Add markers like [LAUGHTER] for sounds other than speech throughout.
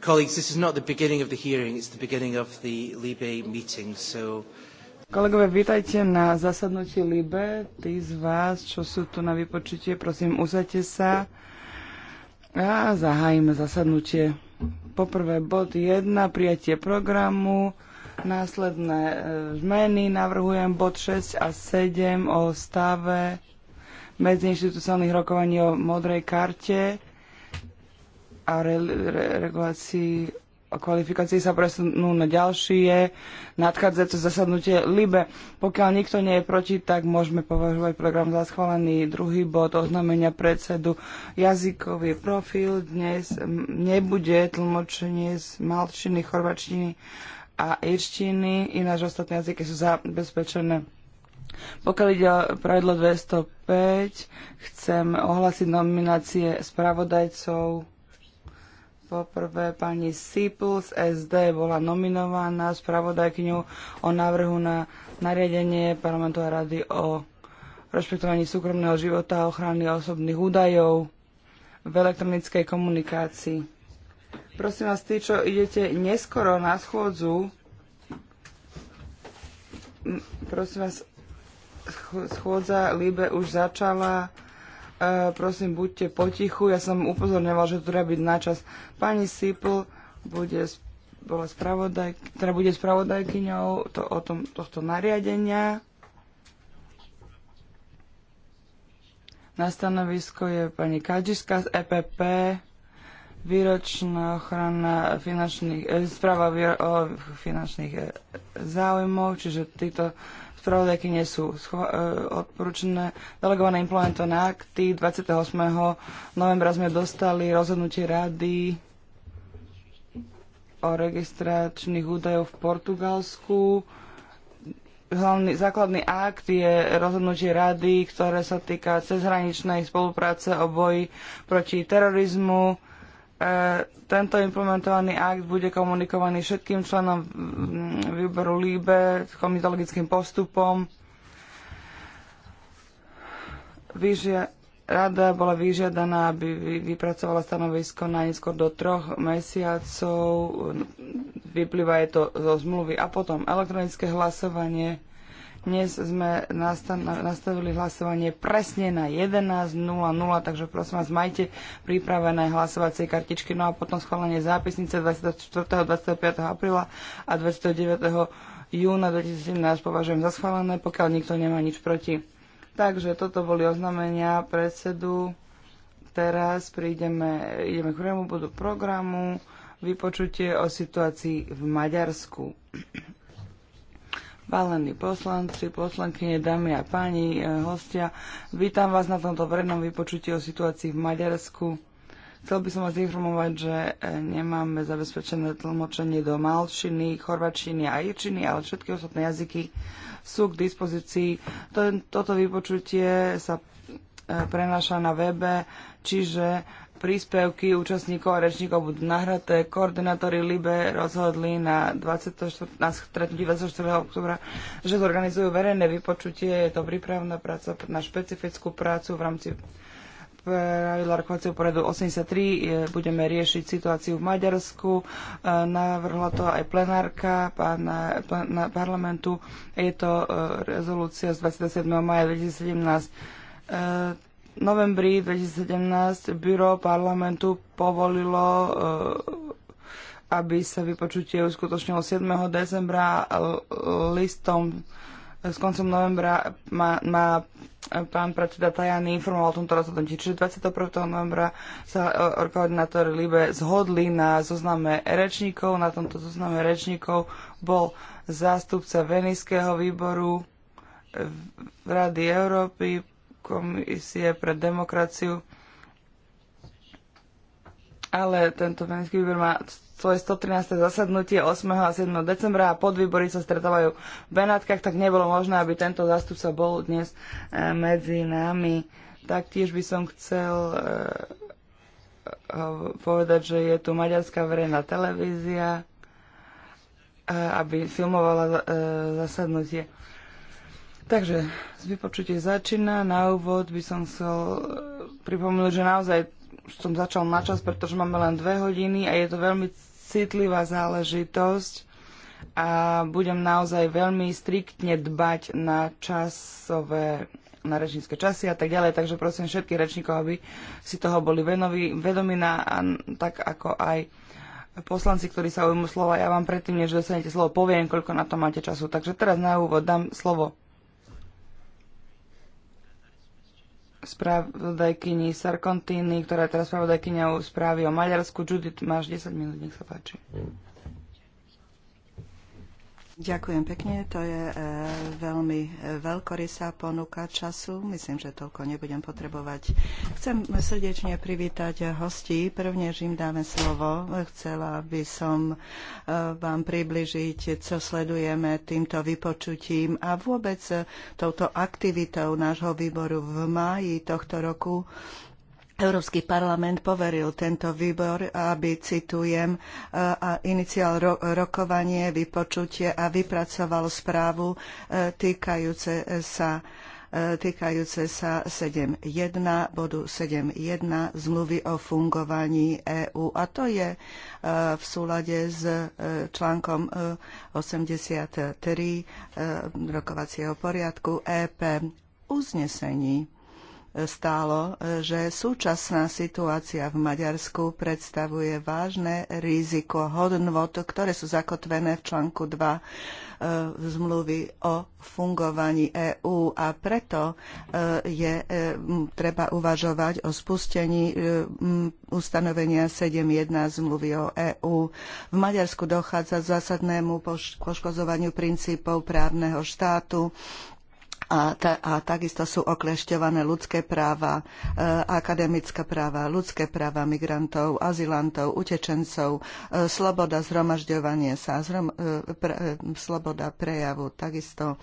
Colleagues, this is not the beginning of the hearing, it's the beginning of the Libe meeting, so... Kolegové, vítajte na zasadnutí Libe. Tí z vás, čo sú tu na vypočutie, prosím, usadte sa a zahájime zasadnutie. Poprvé bod 1, prijatie programu. Následné e, zmeny navrhujem bod 6 a 7 o stave medziinstitucionálnych rokovaní o modrej karte a re, re, regulácii o kvalifikácii sa presunú na ďalšie nadchádzajúce zasadnutie LIBE. Pokiaľ nikto nie je proti, tak môžeme považovať program za schválený. Druhý bod oznámenia predsedu. Jazykový profil dnes nebude tlmočenie z malčiny, chorvačtiny a irštiny, ináč ostatné jazyky sú zabezpečené. Pokiaľ ide o pravidlo 205, chcem ohlásiť nominácie spravodajcov. Poprvé pani Sipl z SD bola nominovaná spravodajkňu o návrhu na nariadenie parlamentu a rady o rešpektovaní súkromného života a ochrany osobných údajov v elektronickej komunikácii. Prosím vás, tí, čo idete neskoro na schôdzu, prosím vás, schôdza Libe už začala. E, prosím, buďte potichu. Ja som upozorňoval, že tu treba byť načas. Pani Sipl bude, bola spravodaj, teda bude spravodajkyňou to, o tom, tohto nariadenia. Na stanovisko je pani Kadžiska z EPP, výročná ochrana finančných, e, správa o finančných e, záujmov, čiže títo nie sú e, odporúčené delegované implementované akty. 28. novembra sme dostali rozhodnutie rady o registračných údajov v Portugalsku. Hlavný, základný akt je rozhodnutie rady, ktoré sa týka cezhraničnej spolupráce o boji proti terorizmu E, tento implementovaný akt bude komunikovaný všetkým členom výboru LIBE komitologickým postupom. Vyžia, rada bola vyžiadaná, aby vypracovala stanovisko najskôr do troch mesiacov. Vyplýva je to zo zmluvy a potom elektronické hlasovanie dnes sme nastavili hlasovanie presne na 11.00, takže prosím vás, majte pripravené hlasovacie kartičky. No a potom schválenie zápisnice 24. 25. apríla a 29. júna 2017 považujem za schválené, pokiaľ nikto nemá nič proti. Takže toto boli oznámenia predsedu. Teraz prídeme, ideme k prvému bodu programu, vypočutie o situácii v Maďarsku. Vážení poslanci, poslankyne, dámy a páni, eh, hostia, vítam vás na tomto verejnom vypočutí o situácii v Maďarsku. Chcel by som vás informovať, že eh, nemáme zabezpečené tlmočenie do malčiny, chorvačiny a irčiny, ale všetky ostatné jazyky sú k dispozícii. Toto vypočutie sa eh, prenáša na webe, čiže príspevky účastníkov a rečníkov budú nahraté. Koordinátori LIBE rozhodli na, 24, na stretnutí 24. oktobra, že zorganizujú verejné vypočutie. Je to prípravná práca na špecifickú prácu v rámci pravidla rokovacieho poradu 83. Budeme riešiť situáciu v Maďarsku. E, navrhla to aj plenárka pána, pána parlamentu. Je to e, rezolúcia z 27. maja 2017 novembri 2017 byro parlamentu povolilo, eh, aby sa vypočutie uskutočnilo 7. decembra eh, listom eh, s koncom novembra má má pán predseda Tajany informoval o tomto rozhodnutí. Čiže 21. novembra sa koordinátori Libe zhodli na zozname rečníkov. Na tomto zozname rečníkov bol zástupca Venického výboru v Rady Európy, komisie pre demokraciu. Ale tento venecký výbor má svoje 113. zasadnutie 8. a 7. decembra a podvýbory sa stretávajú v Benátkach, tak nebolo možné, aby tento zástupca bol dnes e, medzi nami. Taktiež by som chcel e, povedať, že je tu maďarská verejná televízia, e, aby filmovala zasadnutie. Takže vypočutie začína. Na úvod by som chcel e, pripomenúť, že naozaj som začal na čas, pretože máme len dve hodiny a je to veľmi citlivá záležitosť a budem naozaj veľmi striktne dbať na časové na rečnícke časy a tak ďalej, takže prosím všetkých rečníkov, aby si toho boli venovi, vedomí na, a, tak ako aj poslanci, ktorí sa ujmú slova. Ja vám predtým, než dostanete slovo, poviem, koľko na to máte času. Takže teraz na úvod dám slovo spravodajkyni Sarkontini, ktorá je teraz spravodajkyňou správy o Maďarsku. Judith, máš 10 minút, nech sa páči. Mm. Ďakujem pekne, to je e, veľmi e, veľkorysá ponuka času. Myslím, že toľko nebudem potrebovať. Chcem srdečne privítať hostí. Prvne, im dáme slovo, chcela by som e, vám približiť, čo sledujeme týmto vypočutím a vôbec touto aktivitou nášho výboru v máji tohto roku Európsky parlament poveril tento výbor, aby, citujem, e, a iniciál ro- rokovanie, vypočutie a vypracoval správu e, týkajúce sa e, týkajúce sa 7.1, bodu 7.1 zmluvy o fungovaní EÚ. A to je v súlade s článkom 83 rokovacieho poriadku EP uznesení stálo, že súčasná situácia v Maďarsku predstavuje vážne riziko hodnot, ktoré sú zakotvené v článku 2 e, zmluvy o fungovaní EÚ a preto e, je e, treba uvažovať o spustení ustanovenia 7.1 zmluvy o EÚ. V Maďarsku dochádza k zásadnému poškozovaniu princípov právneho štátu a, ta, a takisto sú okliešťované ľudské práva, e, akademické práva, ľudské práva migrantov, azylantov, utečencov, e, sloboda zhromažďovania sa, zhrom, e, pre, sloboda prejavu, takisto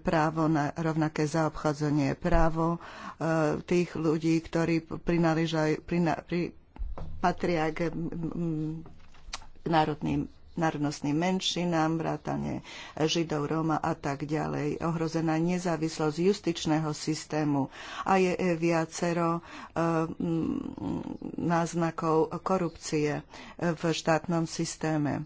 právo na rovnaké zaobchádzanie, právo tých ľudí, ktorí prináležajú, pri, patria k, k národným národnostným menšinám, vrátane Židov, Róma a tak ďalej. Ohrozená nezávislosť justičného systému a je viacero e, náznakov korupcie v štátnom systéme.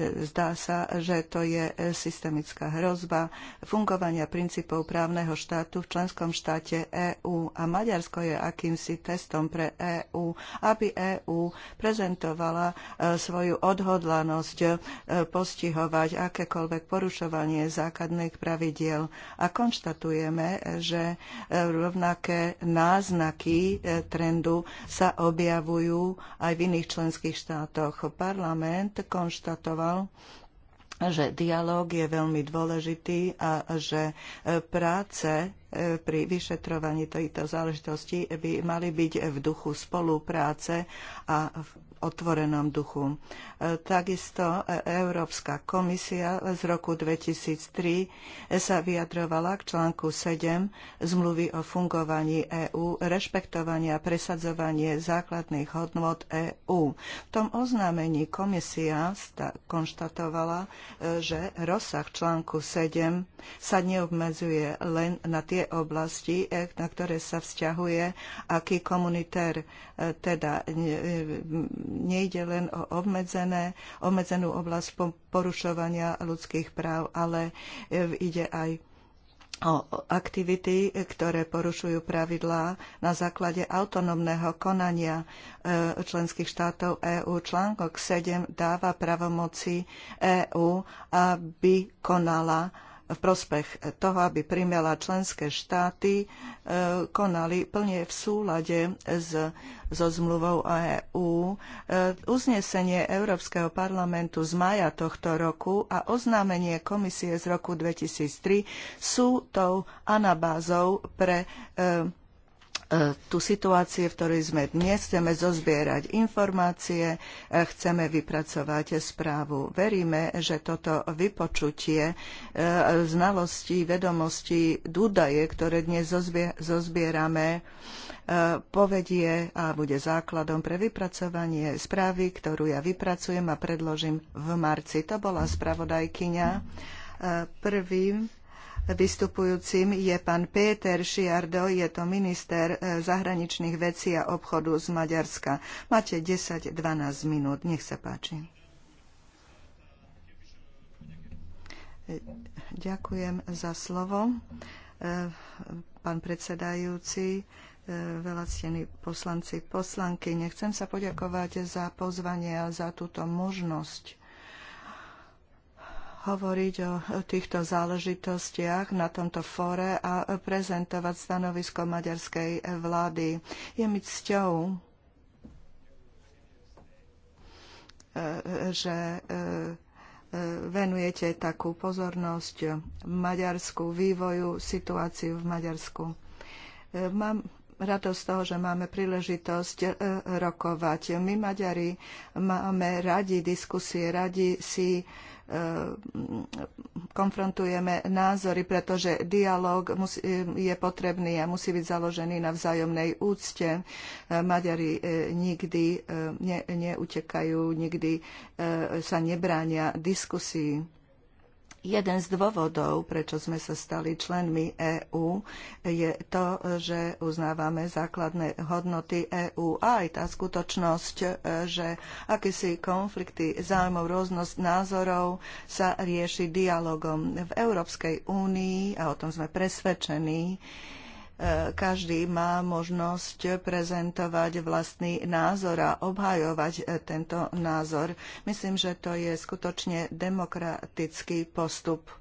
Zdá sa, že to je systemická hrozba fungovania princípov právneho štátu v členskom štáte EÚ a Maďarsko je akýmsi testom pre EÚ, aby EÚ prezentovala e, svoju odhodlanosť e, postihovať akékoľvek porušovanie základných pravidiel. A konštatujeme, že e, rovnaké náznaky trendu sa objavujú aj v iných členských štátoch. Parlament konštatoval, konštatoval, že dialog je veľmi dôležitý a že e, práce e, pri vyšetrovaní tejto záležitosti by mali byť v duchu spolupráce a v otvorenom duchu. E, takisto e, Európska komisia z roku 2003 e, sa vyjadrovala k článku 7 zmluvy o fungovaní EÚ, rešpektovanie a presadzovanie základných hodnot EÚ. V tom oznámení komisia konštatovala, že rozsah článku 7 sa neobmedzuje len na tie oblasti, na ktoré sa vzťahuje aký komunitér, teda nejde len o obmedzené, obmedzenú oblasť porušovania ľudských práv, ale e, ide aj o aktivity, ktoré porušujú pravidlá na základe autonómneho konania e, členských štátov EÚ. Článok 7 dáva pravomoci EÚ, aby konala v prospech toho, aby primela členské štáty e, konali plne v súlade s, so zmluvou EÚ. E, uznesenie Európskeho parlamentu z maja tohto roku a oznámenie komisie z roku 2003 sú tou anabázou pre e, E, tú situáciu, v ktorej sme dnes. Chceme zozbierať informácie, e, chceme vypracovať správu. Veríme, že toto vypočutie e, znalostí, vedomostí, údaje, ktoré dnes zozbierame, povedie a bude základom pre vypracovanie správy, ktorú ja vypracujem a predložím v marci. To bola spravodajkyňa prvým Vystupujúcim je pán Peter Šiardo, je to minister e, zahraničných vecí a obchodu z Maďarska. Máte 10-12 minút, nech sa páči. E, ďakujem za slovo. E, pán predsedajúci, veľa ctení poslanci, poslanky. Nechcem sa poďakovať za pozvanie a za túto možnosť hovoriť o týchto záležitostiach na tomto fóre a prezentovať stanovisko maďarskej vlády. Je mi cťou, e, že e, e, venujete takú pozornosť Maďarsku, vývoju, situáciu v Maďarsku. Mám radosť z toho, že máme príležitosť rokovať. My Maďari máme radi diskusie, radi si Eh, konfrontujeme názory, pretože dialog eh, je potrebný a musí byť založený na vzájomnej úcte. Eh, Maďari nikdy neutekajú, nikdy sa nebránia diskusii Jeden z dôvodov, prečo sme sa stali členmi EÚ, je to, že uznávame základné hodnoty EÚ a aj tá skutočnosť, e, že akési konflikty záujmov, rôznosť názorov sa rieši dialogom. V Európskej únii, a o tom sme presvedčení, každý má možnosť prezentovať vlastný názor a obhajovať e, tento názor. Myslím, že to je skutočne demokratický postup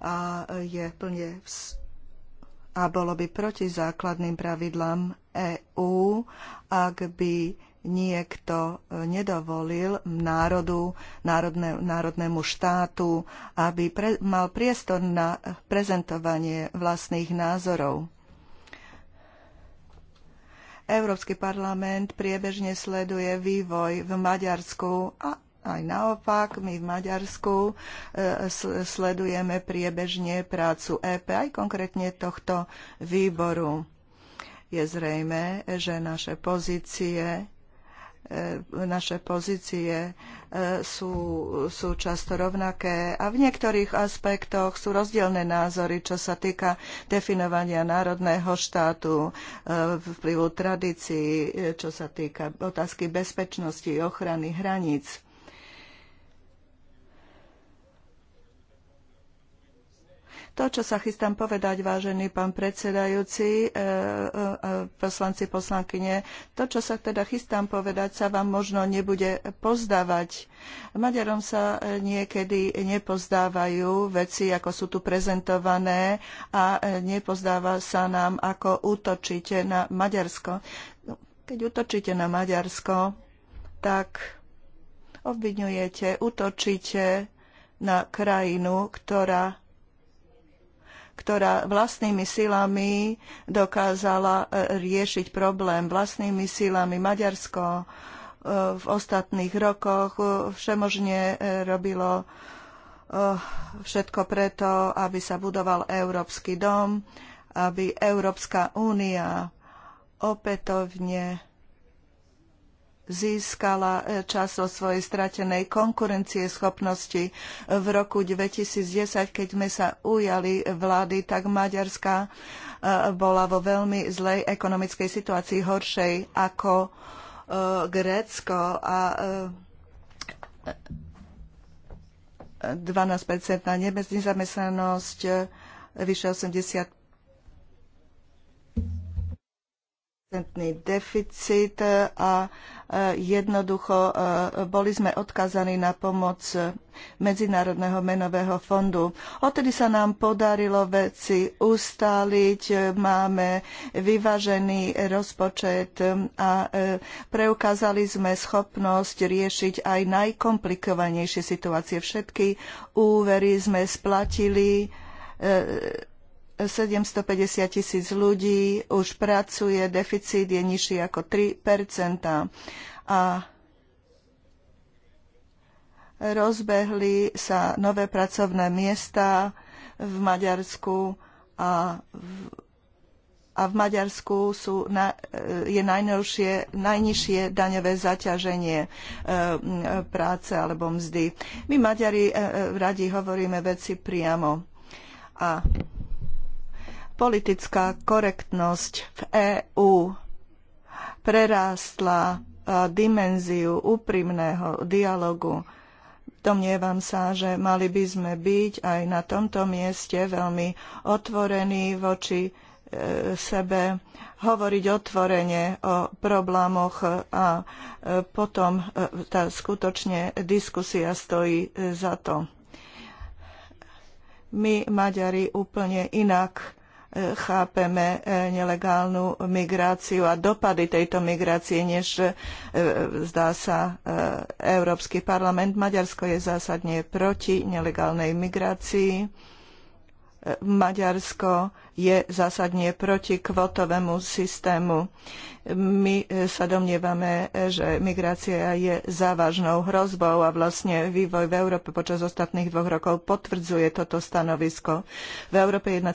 a je plne a bolo by proti základným pravidlám EÚ, ak by niekto e, nedovolil národu, národne, národnému štátu, aby pre, mal priestor na prezentovanie vlastných názorov. Európsky parlament priebežne sleduje vývoj v Maďarsku a aj naopak, my v Maďarsku e, sledujeme priebežne prácu EP, aj konkrétne tohto výboru. Je zrejme, že naše pozície E, naše pozície e, sú, sú často rovnaké a v niektorých aspektoch sú rozdielne názory, čo sa týka definovania národného štátu, e, vplyvu tradícií, čo sa týka otázky bezpečnosti, ochrany hraníc To, čo sa chystám povedať, vážený pán predsedajúci, e, e, e, poslanci, poslankyne, to, čo sa teda chystám povedať, sa vám možno nebude pozdávať. Maďarom sa niekedy nepozdávajú veci, ako sú tu prezentované a nepozdáva sa nám, ako útočíte na Maďarsko. No, keď útočíte na Maďarsko, tak obviňujete, útočíte na krajinu, ktorá ktorá vlastnými silami dokázala e, riešiť problém. Vlastnými silami Maďarsko e, v ostatných rokoch e, všemožne robilo všetko preto, aby sa budoval Európsky dom, aby Európska únia opätovne získala e, čas o svojej stratenej konkurencieschopnosti. V roku 2010, keď sme sa ujali vlády, tak Maďarská e, bola vo veľmi zlej ekonomickej situácii, horšej ako e, Grécko a 12-percentná nezamestnanosť, vyše 80 deficit a Jednoducho e, boli sme odkazaní na pomoc Medzinárodného menového fondu. Odtedy sa nám podarilo veci ustáliť, máme vyvážený rozpočet a e, preukázali sme schopnosť riešiť aj najkomplikovanejšie situácie. Všetky úvery sme splatili e, 750 tisíc ľudí už pracuje, deficit je nižší ako 3 a rozbehli sa nové pracovné miesta v Maďarsku a v, a v Maďarsku sú na, e, je najnovšie, najnižšie daňové zaťaženie e, práce alebo mzdy. My Maďari e, radi hovoríme veci priamo. A politická korektnosť v EÚ prerástla e, dimenziu úprimného dialogu. Domnievam sa, že mali by sme byť aj na tomto mieste veľmi otvorení voči e, sebe, hovoriť otvorene o problémoch a e, potom tá skutočne diskusia stojí za to. My, Maďari, úplne inak chápeme e, nelegálnu migráciu a dopady tejto migrácie, než e, zdá sa e, Európsky parlament. Maďarsko je zásadne proti nelegálnej migrácii Maďarsko je zásadne proti kvotovému systému. My e, sa domnievame, že migrácia je závažnou hrozbou a vlastne vývoj v Európe počas ostatných dvoch rokov potvrdzuje toto stanovisko. V Európe 1,5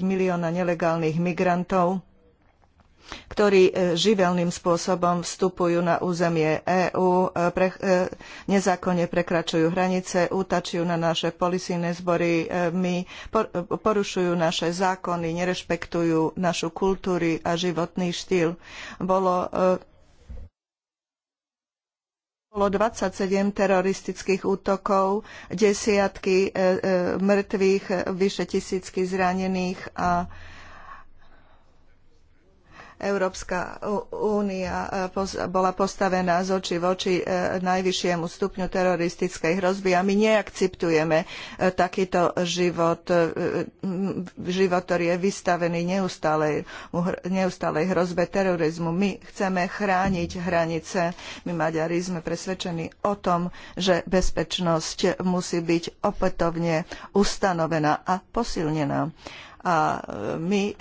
milióna nelegálnych migrantov ktorí e, živelným spôsobom vstupujú na územie EÚ, e, pre, e, nezákonne prekračujú hranice, útačujú na naše policijné zbory, my porušujú naše zákony, nerešpektujú našu kultúru a životný štýl. Bolo bolo 27 teroristických útokov, desiatky mŕtvych, vyše tisícky zranených a Európska únia e, bola postavená z oči v oči e, najvyššiemu stupňu teroristickej hrozby a my neakceptujeme e, takýto život, život, ktorý je vystavený neustálej, neustálej hrozbe terorizmu. My chceme chrániť hranice. My Maďari sme presvedčení o tom, že bezpečnosť musí byť opätovne ustanovená a posilnená a e, my e,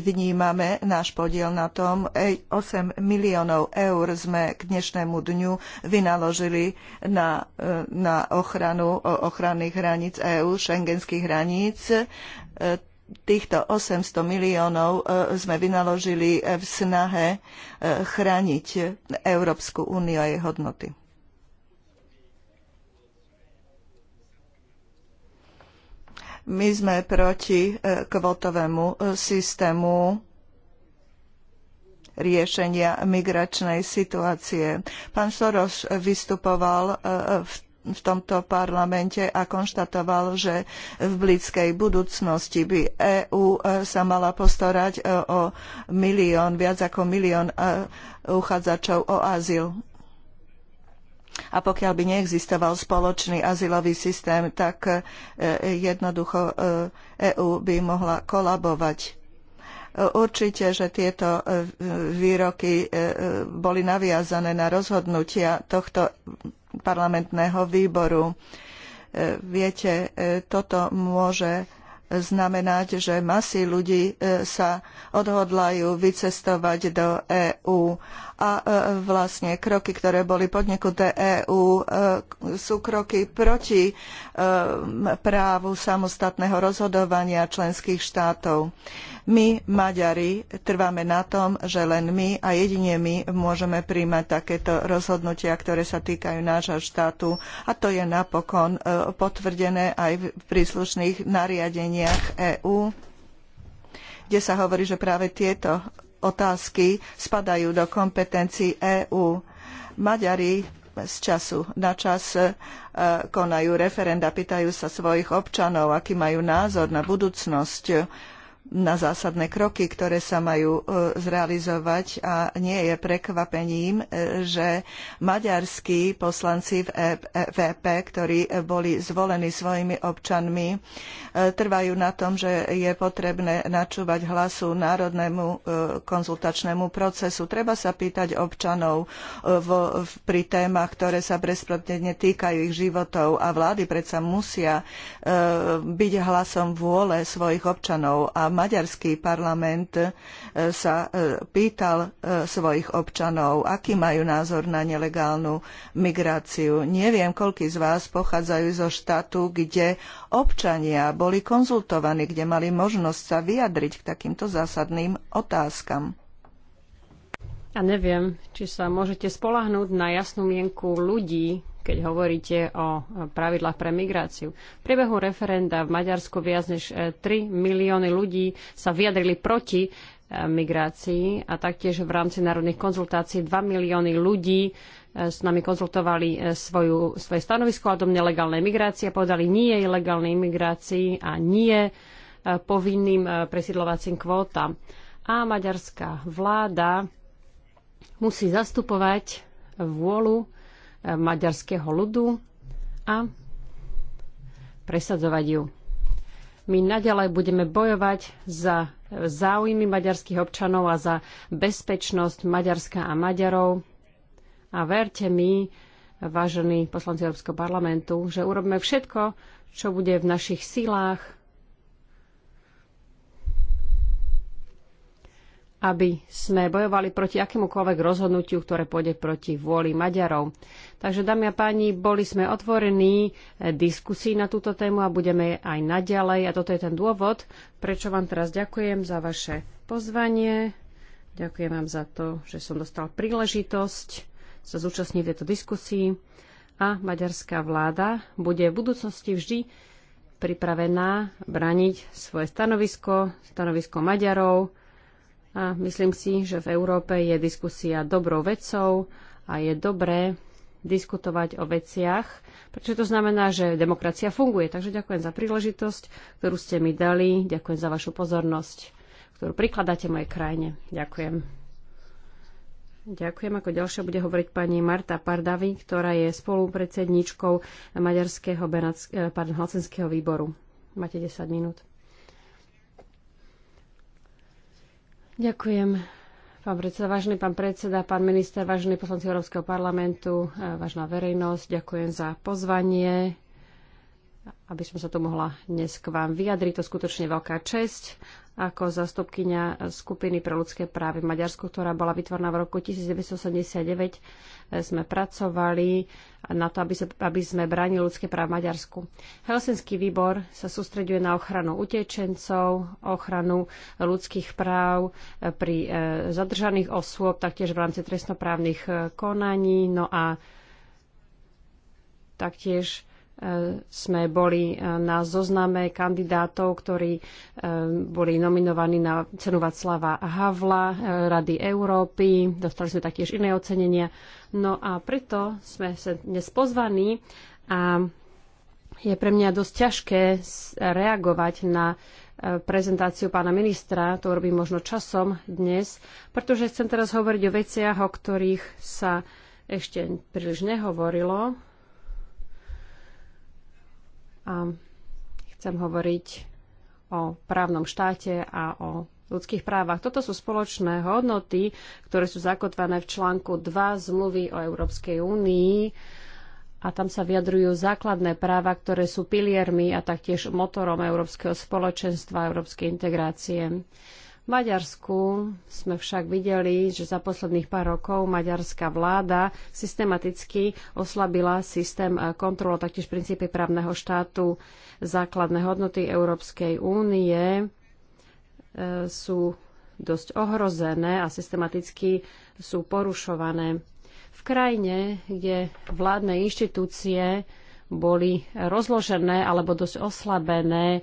vnímame náš podiel na tom. 8 miliónov eur sme k dnešnému dňu vynaložili na, e, na ochranu ochranných hraníc EÚ, šengenských hraníc týchto 800 miliónov sme vynaložili v snahe chrániť Európsku úniu a jej hodnoty. My sme proti e, kvotovému e, systému riešenia migračnej situácie. Pán Soros vystupoval e, v v tomto parlamente a konštatoval, že v blízkej budúcnosti by EÚ sa mala postarať o milión, viac ako milión uchádzačov o azyl. A pokiaľ by neexistoval spoločný azylový systém, tak e, jednoducho EÚ e by mohla kolabovať. E, určite, že tieto výroky boli naviazané na rozhodnutia tohto parlamentného výboru. Viete, toto môže znamenať, že masy ľudí sa odhodlajú vycestovať do EÚ a e, vlastne kroky, ktoré boli podniknuté EÚ, e, sú kroky proti e, právu samostatného rozhodovania členských štátov. My, Maďari, trváme na tom, že len my a jedine my môžeme príjmať takéto rozhodnutia, ktoré sa týkajú nášho štátu a to je napokon potvrdené aj v príslušných nariadeniach EÚ kde sa hovorí, že práve tieto otázky spadajú do kompetencií EÚ. Maďari z času na čas e, konajú referenda, pýtajú sa svojich občanov, aký majú názor na budúcnosť na zásadné kroky, ktoré sa majú e, zrealizovať a nie je prekvapením, e, že maďarskí poslanci v EP, ktorí boli zvolení svojimi občanmi, e, trvajú na tom, že je potrebné načúvať hlasu národnému konzultačnému procesu. Treba sa pýtať občanov pri témach, ktoré sa bezprostredne týkajú ich životov a vlády predsa musia byť hlasom vôle svojich občanov a maďarský parlament e, sa e, pýtal e, svojich občanov, aký majú názor na nelegálnu migráciu. Neviem, koľký z vás pochádzajú zo štátu, kde občania boli konzultovaní, kde mali možnosť sa vyjadriť k takýmto zásadným otázkam. A neviem, či sa môžete spolahnúť na jasnú mienku ľudí, keď hovoríte o pravidlách pre migráciu. V priebehu referenda v Maďarsku viac než 3 e, milióny ľudí sa vyjadrili proti e, migrácii a taktiež v rámci národných konzultácií 2 milióny ľudí e, s nami konzultovali svoju, svoje stanovisko o tom nelegálnej migrácie a povedali nie legálnej migrácii a nie povinným presidlovacím kvótam. A maďarská vláda musí zastupovať vôľu E, maďarského ľudu a presadzovať ju. My naďalej budeme bojovať za záujmy maďarských občanov a za bezpečnosť Maďarska a Maďarov. A verte mi, vážení poslanci Európskeho parlamentu, že urobíme všetko, čo bude v našich silách, aby sme bojovali proti akémukoľvek rozhodnutiu, ktoré pôjde proti vôli Maďarov. Takže, dámy a páni, boli sme otvorení eh, diskusii na túto tému a budeme aj naďalej. A toto je ten dôvod, prečo vám teraz ďakujem za vaše pozvanie. Ďakujem vám za to, že som dostal príležitosť sa zúčastniť v tejto diskusii. A maďarská vláda bude v budúcnosti vždy pripravená braniť svoje stanovisko, stanovisko Maďarov. A myslím si, že v Európe je diskusia dobrou vecou a je dobré, diskutovať o veciach, pretože to znamená, že demokracia funguje. Takže ďakujem za príležitosť, ktorú ste mi dali, ďakujem za vašu pozornosť, ktorú prikladáte mojej krajine. Ďakujem. Ďakujem. Ako ďalšia bude hovoriť pani Marta Pardavi, ktorá je spolupredsedničkou Maďarského Benac- eh, pardon, Halcenského výboru. Máte 10 minút. Ďakujem. Pán predseda, vážený pán predseda, pán minister, vážení poslanci Európskeho parlamentu, eh, vážna verejnosť, ďakujem za pozvanie aby som sa tu mohla dnes k vám vyjadriť. To skutočne veľká česť ako zastupkynia skupiny pre ľudské právy v Maďarsku, ktorá bola vytvorná v roku 1989. Sme pracovali na to, aby, sme bránili ľudské práva v Maďarsku. Helsinský výbor sa sústreďuje na ochranu utečencov, ochranu ľudských práv pri e, zadržaných osôb, taktiež v rámci trestnoprávnych e, konaní, no a taktiež sme boli e, na zozname kandidátov, ktorí e, boli nominovaní na cenu Václava Havla e, Rady Európy. Dostali sme taktiež iné ocenenia. No a preto sme sa dnes pozvaní a je pre mňa dosť ťažké reagovať na prezentáciu pána ministra, to robím možno časom dnes, pretože chcem teraz hovoriť o veciach, o ktorých sa ešte príliš nehovorilo a chcem hovoriť o právnom štáte a o ľudských právach. Toto sú spoločné hodnoty, ktoré sú zakotvené v článku 2 zmluvy o Európskej únii a tam sa vyjadrujú základné práva, ktoré sú piliermi a taktiež motorom Európskeho spoločenstva, Európskej integrácie. V Maďarsku sme však videli, že za posledných pár rokov maďarská vláda systematicky oslabila systém kontrol, taktiež princípy právneho štátu, základné hodnoty Európskej únie e, sú dosť ohrozené a systematicky sú porušované. V krajine, kde vládne inštitúcie boli rozložené alebo dosť oslabené, e,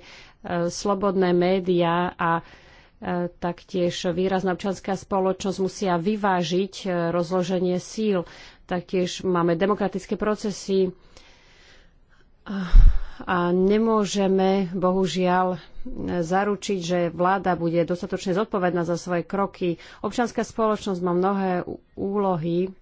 slobodné médiá a taktiež výrazná občanská spoločnosť musia vyvážiť e, rozloženie síl. Taktiež máme demokratické procesy a nemôžeme bohužiaľ e, zaručiť, že vláda bude dostatočne zodpovedná za svoje kroky. Občanská spoločnosť má mnohé úlohy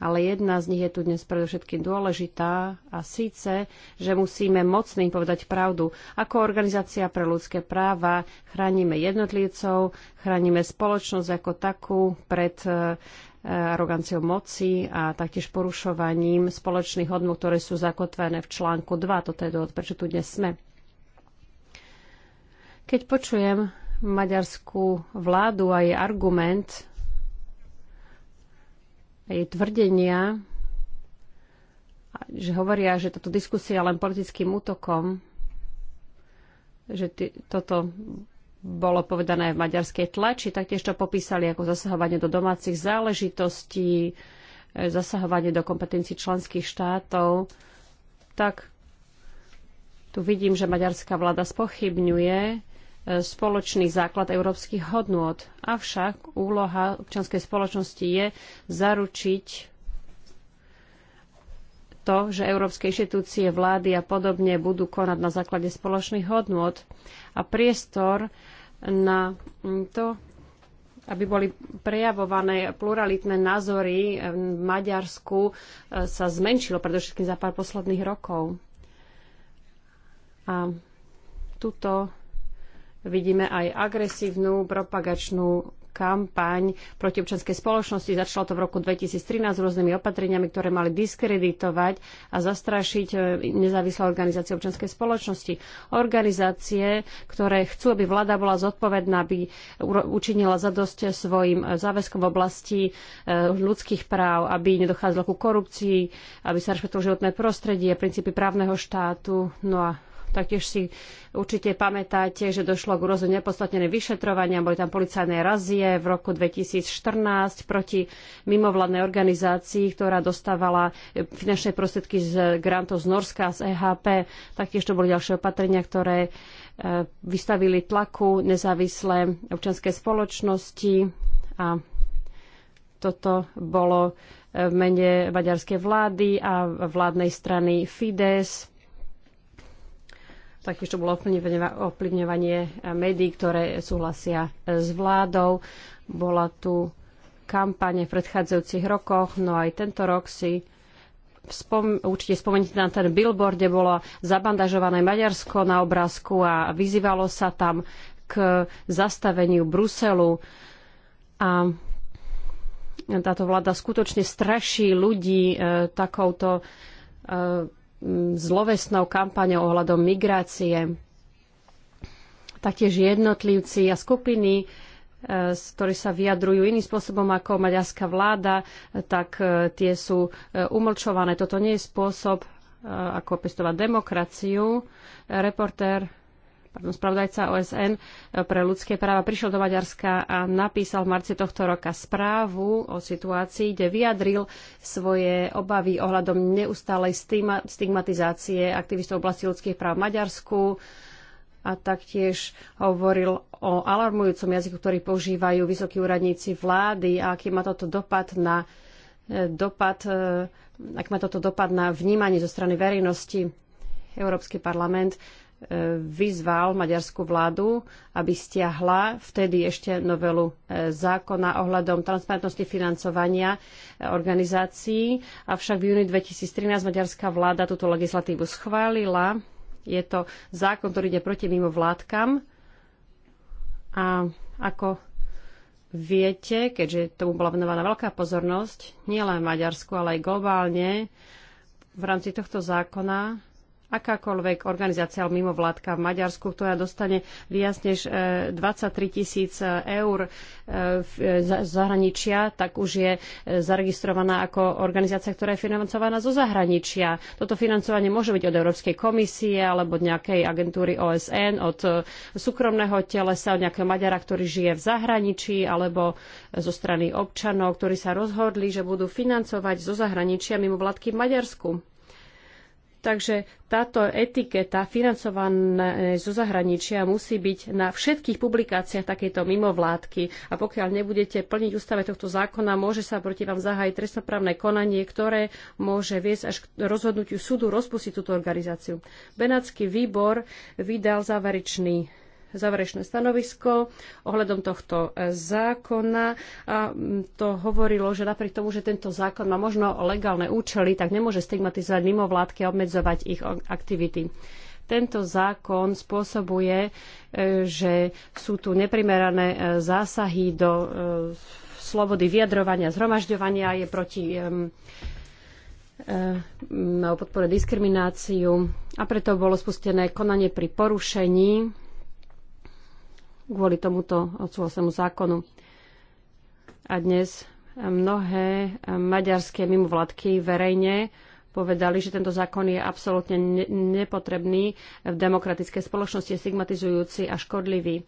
ale jedna z nich je tu dnes predovšetkým dôležitá a síce, že musíme mocným povedať pravdu. Ako organizácia pre ľudské práva chránime jednotlivcov, chránime spoločnosť ako takú pred e, aroganciou moci a taktiež porušovaním spoločných hodnot, ktoré sú zakotvené v článku 2. Toto je dôvod, prečo tu dnes sme. Keď počujem maďarskú vládu a jej argument, jej tvrdenia, že hovoria, že táto diskusia je len politickým útokom, že t- toto bolo povedané v maďarskej tlači, taktiež to popísali ako zasahovanie do domácich záležitostí, e, zasahovanie do kompetencií členských štátov, tak tu vidím, že maďarská vláda spochybňuje spoločný základ európskych hodnôt. Avšak úloha občianskej spoločnosti je zaručiť to, že európske inštitúcie, vlády a podobne budú konať na základe spoločných hodnôt a priestor na to, aby boli prejavované pluralitné názory v Maďarsku e, sa zmenšilo, predovšetkým za pár posledných rokov. A tuto vidíme aj agresívnu propagačnú kampaň proti občanskej spoločnosti. Začalo to v roku 2013 s rôznymi opatreniami, ktoré mali diskreditovať a zastrašiť e, nezávislé organizácie občanskej spoločnosti. Organizácie, ktoré chcú, aby vláda bola zodpovedná, aby učinila zadosť svojim e, záväzkom v oblasti e, ľudských práv, aby nedochádzalo ku korupcii, aby sa rešpektovalo životné prostredie, princípy právneho štátu. No a Taktiež si určite pamätáte, že došlo k rôzne nepodstatnené vyšetrovania, boli tam policajné razie v roku 2014 proti mimovládnej organizácii, ktorá dostávala finančné prostriedky z grantov z Norska a z EHP. Taktiež to boli ďalšie opatrenia, ktoré e, vystavili tlaku nezávislé občianskej spoločnosti a toto bolo v mene maďarskej vlády a vládnej strany Fides. Taktiež to bolo ovplyvňovanie eh, médií, ktoré súhlasia eh, s vládou. Bola tu kampane v predchádzajúcich rokoch, no aj tento rok si spom- určite spomeníte na ten billboard, kde bolo zabandažované Maďarsko na obrázku a vyzývalo sa tam k zastaveniu Bruselu. A táto vláda skutočne straší ľudí e, takouto e, Mm, zlovesnou kampaňou ohľadom migrácie. Taktiež jednotlivci a skupiny, e, ktorí sa vyjadrujú iným spôsobom ako maďarská vláda, e, tak e, tie sú umlčované. Toto nie je spôsob, ako pestovať demokraciu. Reportér pardon, spravodajca OSN e, pre ľudské práva, prišiel do Maďarska a napísal v marci tohto roka správu o situácii, kde vyjadril svoje obavy ohľadom neustálej stigmatizácie aktivistov v oblasti ľudských práv v Maďarsku a taktiež hovoril o alarmujúcom jazyku, ktorý používajú vysokí úradníci vlády a aký má toto dopad na e, dopad, e, ak má toto dopad na vnímanie zo strany verejnosti. Európsky parlament E, vyzval maďarskú vládu, aby stiahla vtedy ešte novelu e, zákona ohľadom transparentnosti financovania e, organizácií. Avšak v júni 2013 maďarská vláda túto legislatívu schválila. Je to zákon, ktorý ide proti mimo vládkam. A ako viete, keďže tomu bola venovaná veľká pozornosť, nielen v Maďarsku, ale aj globálne, v rámci tohto zákona akákoľvek organizácia alebo mimovládka v Maďarsku, ktorá dostane viac než 23 e, tisíc e, eur e, v zahraničia, tak už je zaregistrovaná ako organizácia, ktorá je financovaná zo zahraničia. Toto financovanie môže byť od Európskej komisie alebo od nejakej agentúry OSN, od súkromného telesa, od nejakého Maďara, ktorý žije v zahraničí, alebo zo strany občanov, ktorí sa rozhodli, že budú financovať zo zahraničia mimovládky v Maďarsku. Takže táto etiketa financované zo zahraničia musí byť na všetkých publikáciách takejto mimovládky. A pokiaľ nebudete plniť ústave tohto zákona, môže sa proti vám zahájiť trestnoprávne konanie, ktoré môže viesť až k rozhodnutiu súdu rozpustiť túto organizáciu. Benátsky výbor vydal záverečný záverečné stanovisko ohľadom tohto zákona a mm, to hovorilo, že napriek tomu, že tento zákon má možno legálne účely, tak nemôže stigmatizovať mimovládky a obmedzovať ich aktivity tento zákon spôsobuje, e, že sú tu neprimerané e, zásahy do e, slobody vyjadrovania, zhromažďovania, je proti podpore diskrimináciu a preto bolo spustené konanie pri porušení kvôli tomuto odsúhlasenému zákonu. A dnes mnohé maďarské mimovládky verejne povedali, že tento zákon je absolútne nepotrebný v demokratickej spoločnosti, je stigmatizujúci a škodlivý.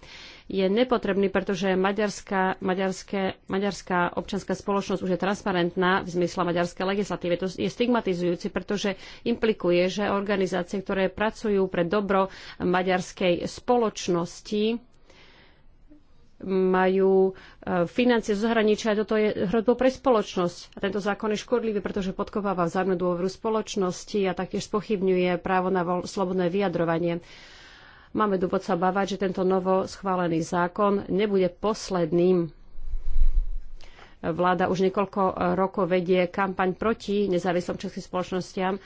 Je nepotrebný, pretože maďarská, maďarské, maďarská občanská spoločnosť už je transparentná v zmysle maďarskej legislatívy. To je stigmatizujúci, pretože implikuje, že organizácie, ktoré pracujú pre dobro maďarskej spoločnosti, majú e, financie zo zahraničia. Toto je hrozbou pre spoločnosť. A tento zákon je škodlivý, pretože podkováva vzájomnú dôveru spoločnosti a taktiež spochybňuje právo na slobodné vyjadrovanie. Máme dôvod sa bávať, že tento novo schválený zákon nebude posledným. Vláda už niekoľko rokov vedie kampaň proti nezávislým českým spoločnostiam e,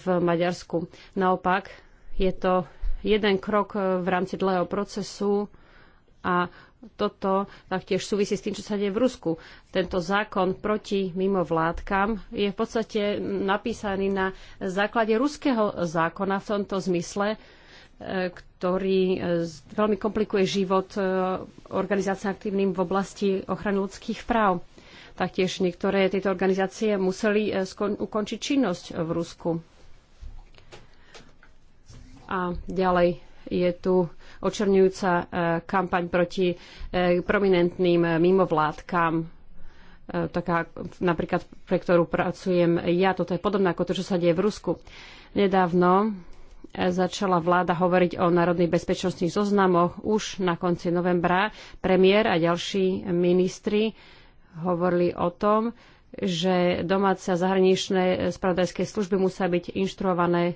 v Maďarsku. Naopak, je to jeden krok e, v rámci dlhého procesu, a toto taktiež súvisí s tým, čo sa deje v Rusku. Tento zákon proti mimovládkam je v podstate napísaný na základe ruského zákona v tomto zmysle, e, ktorý e, veľmi komplikuje život e, organizáciám aktívnym v oblasti ochrany ľudských práv. Taktiež niektoré tieto organizácie museli ukončiť činnosť v Rusku. A ďalej je tu očerňujúca e, kampaň proti e, prominentným e, mimovládkam, taká napríklad, pre ktorú pracujem ja. Toto je podobné ako to, čo sa deje v Rusku. Nedávno začala vláda hovoriť o národných bezpečnostných zoznamoch už na konci novembra. Premiér a ďalší ministri hovorili o tom, že domáce a zahraničné spravodajské služby musia byť inštruované,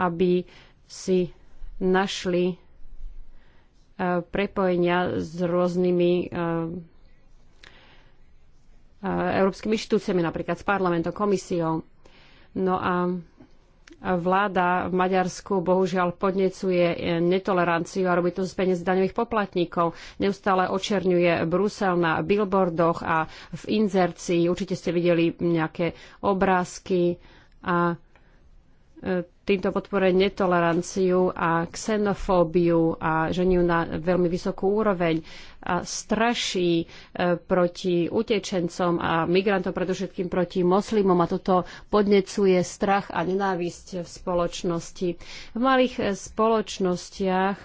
aby si našli e, prepojenia s rôznymi e, e, európskymi inštitúciami, napríklad s parlamentom, komisiou. No a vláda v Maďarsku bohužiaľ podnecuje netoleranciu a robí to z peniaz daňových poplatníkov. Neustále očerňuje Brusel na billboardoch a v inzercii. Určite ste videli nejaké obrázky a týmto podporuje netoleranciu a xenofóbiu a ženiu na veľmi vysokú úroveň a straší e, proti utečencom a migrantom, predovšetkým proti moslimom a toto podnecuje strach a nenávisť v spoločnosti. V malých e, spoločnostiach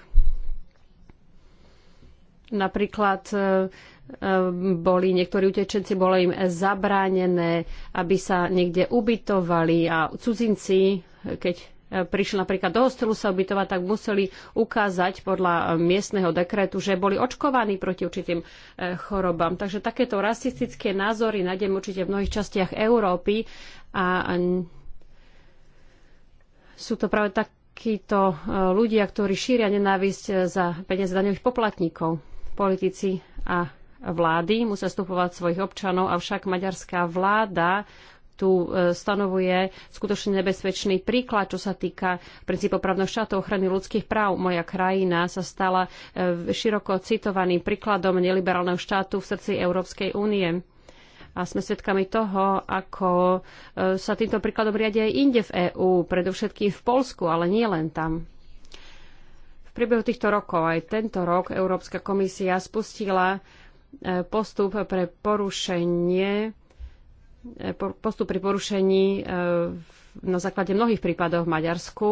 napríklad e, boli niektorí utečenci, bolo im zabránené, aby sa niekde ubytovali a cudzinci keď e, prišli napríklad do hostelu sa ubytovať, tak museli ukázať podľa e, miestneho dekrétu, že boli očkovaní proti určitým e, chorobám. Takže takéto rasistické názory nájdeme určite v mnohých častiach Európy a sú to práve takíto ľudia, ktorí šíria nenávisť za peniaze daňových poplatníkov, politici a vlády musia stupovať svojich občanov, avšak maďarská vláda tu e, stanovuje skutočne nebezpečný príklad, čo sa týka princípov právneho štátu ochrany ľudských práv. Moja krajina sa stala e, široko citovaným príkladom neliberálneho štátu v srdci Európskej únie. A sme svedkami toho, ako e, sa týmto príkladom riadia aj inde v EÚ, predovšetkým v Polsku, ale nie len tam. V priebehu týchto rokov, aj tento rok, Európska komisia spustila postup pre porušenie E, postup pri porušení e, na základe mnohých prípadov v Maďarsku,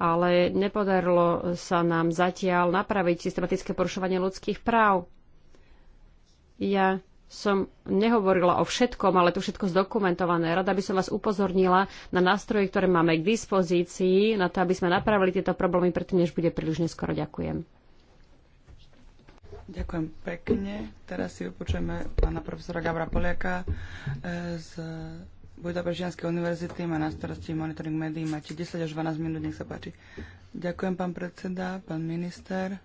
ale nepodarilo sa nám zatiaľ napraviť systematické porušovanie ľudských práv. Ja som nehovorila o všetkom, ale to všetko zdokumentované. Rada by som vás upozornila na nástroje, ktoré máme k dispozícii, na to, aby sme napravili tieto problémy, pretože než bude príliš neskoro. Ďakujem. Ďakujem pekne. Teraz si vypočujeme pána profesora Gabra Poliaka eh, z Budapešťanskej univerzity. Má na starosti monitoring médií. Máte 10 až 12 minút, nech sa páči. Ďakujem, pán predseda, pán minister.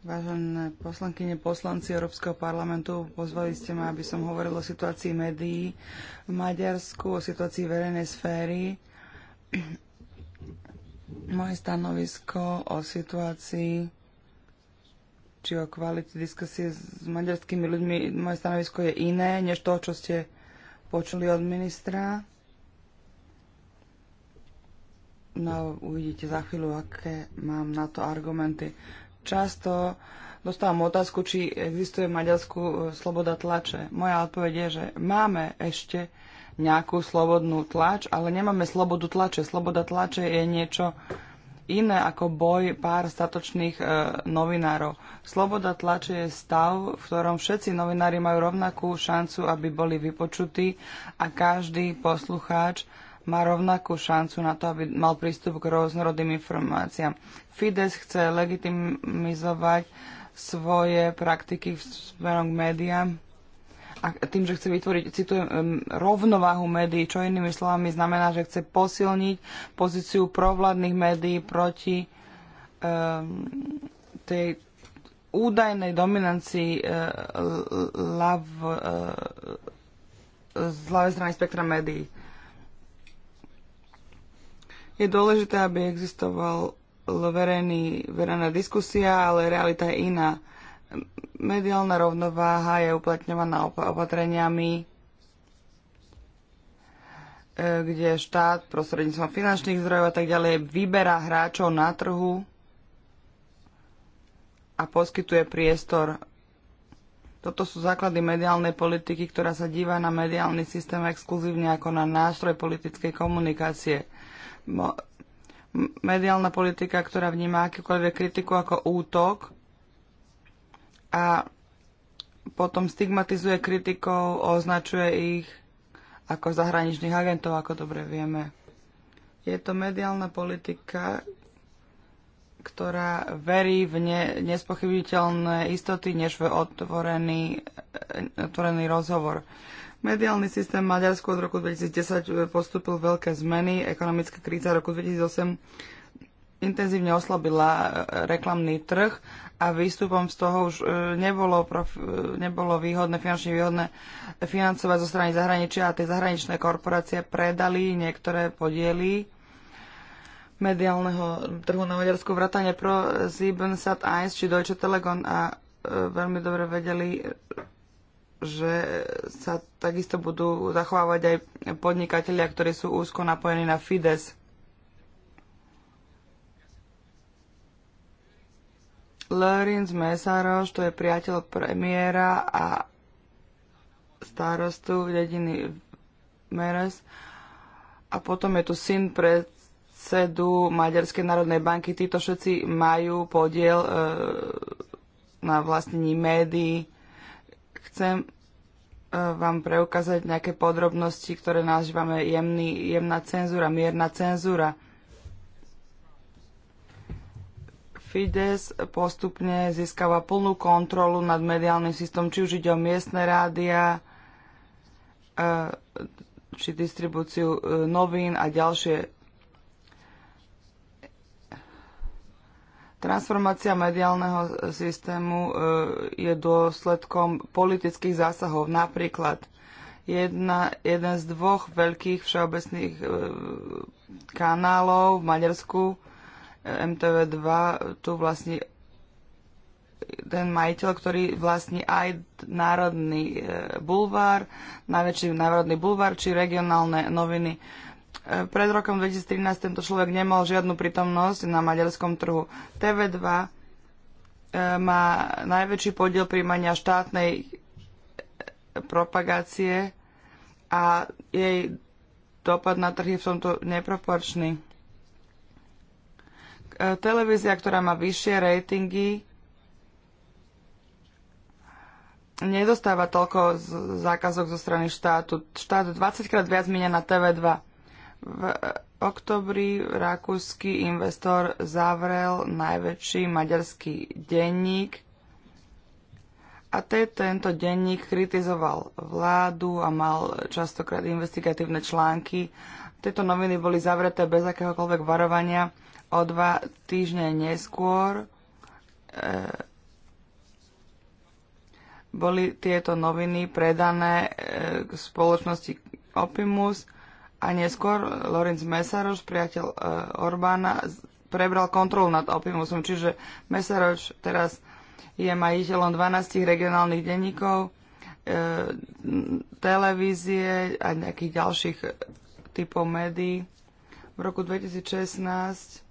Vážené poslankyne, poslanci Európskeho parlamentu, pozvali ste ma, aby som hovoril o situácii médií v Maďarsku, o situácii verejnej sféry moje stanovisko o situácii či o kvalite diskusie s maďarskými ľuďmi, moje stanovisko je iné, než to, čo ste počuli od ministra. No, uvidíte za chvíľu, aké mám na to argumenty. Často dostávam otázku, či existuje v Maďarsku eh, sloboda tlače. Moja odpoveď je, že máme ešte nejakú slobodnú tlač, ale nemáme slobodu tlače. Sloboda tlače je niečo iné ako boj pár statočných e, novinárov. Sloboda tlače je stav, v ktorom všetci novinári majú rovnakú šancu, aby boli vypočutí a každý poslucháč má rovnakú šancu na to, aby mal prístup k rôznorodným informáciám. Fides chce legitimizovať svoje praktiky v smerom k médiám a tým, že chce vytvoriť, citujem, rovnováhu médií, čo inými slovami znamená, že chce posilniť pozíciu provládnych médií proti um, tej údajnej dominancii uh, lav, uh, z ľavej strany spektra médií. Je dôležité, aby existoval verejný, verejná diskusia, ale realita je iná mediálna rovnováha je uplatňovaná opatreniami, e, kde štát prostredníctvom finančných zdrojov a tak ďalej vyberá hráčov na trhu a poskytuje priestor. Toto sú základy mediálnej politiky, ktorá sa díva na mediálny systém exkluzívne ako na nástroj politickej komunikácie. Mediálna politika, ktorá vníma akúkoľvek kritiku ako útok, a potom stigmatizuje kritikov, označuje ich ako zahraničných agentov, ako dobre vieme. Je to mediálna politika, ktorá verí v ne, nespochybiteľné istoty, než v otvorený, otvorený rozhovor. Mediálny systém Maďarsku od roku 2010 postúpil veľké zmeny. Ekonomická kríza roku 2008 intenzívne oslabila reklamný trh a výstupom z toho už e, nebolo, prof, e, nebolo výhodné, finančne výhodné financovať zo strany zahraničia a tie zahraničné korporácie predali niektoré podiely mediálneho trhu na Maďarsku vrátane pro Siebensat 1 či Deutsche Telekom a e, veľmi dobre vedeli, že sa takisto budú zachovávať aj podnikatelia, ktorí sú úzko napojení na Fides. Lorenz Mesaroš, to je priateľ premiéra a starostu dediny Meres. A potom je tu syn predsedu Maďarskej národnej banky. Títo všetci majú podiel e, na vlastnení médií. Chcem e, vám preukázať nejaké podrobnosti, ktoré nazývame jemný, jemná cenzúra, mierna cenzúra. Fides postupne získava plnú kontrolu nad mediálnym systémom, či už ide o miestne rádia, e, či distribúciu e, novín a ďalšie. Transformácia mediálneho systému e, je dôsledkom politických zásahov. Napríklad jedna, jeden z dvoch veľkých všeobecných kanálov v Maďarsku MTV2 tu vlastne ten majiteľ, ktorý vlastní aj národný e, bulvár, najväčší národný bulvár či regionálne noviny. E, pred rokom 2013 tento človek nemal žiadnu prítomnosť na maďarskom trhu. TV2 e, má najväčší podiel príjmania štátnej propagácie a jej dopad na trhy v tomto neproporčný televízia, ktorá má vyššie ratingy, nedostáva toľko zákazok zo strany štátu. Štát 20 krát viac minia na TV2. V oktobri rakúsky investor zavrel najväčší maďarský denník a te, tento denník kritizoval vládu a mal častokrát investigatívne články. Tieto noviny boli zavreté bez akéhokoľvek varovania o dva týždne neskôr e, boli tieto noviny predané e, k spoločnosti Opimus a neskôr Lorenz Mesaroš, priateľ e, Orbána, prebral kontrolu nad Opimusom. Čiže Mesaroš teraz je majiteľom 12 regionálnych denníkov, e, televízie a nejakých ďalších typov médií. V roku 2016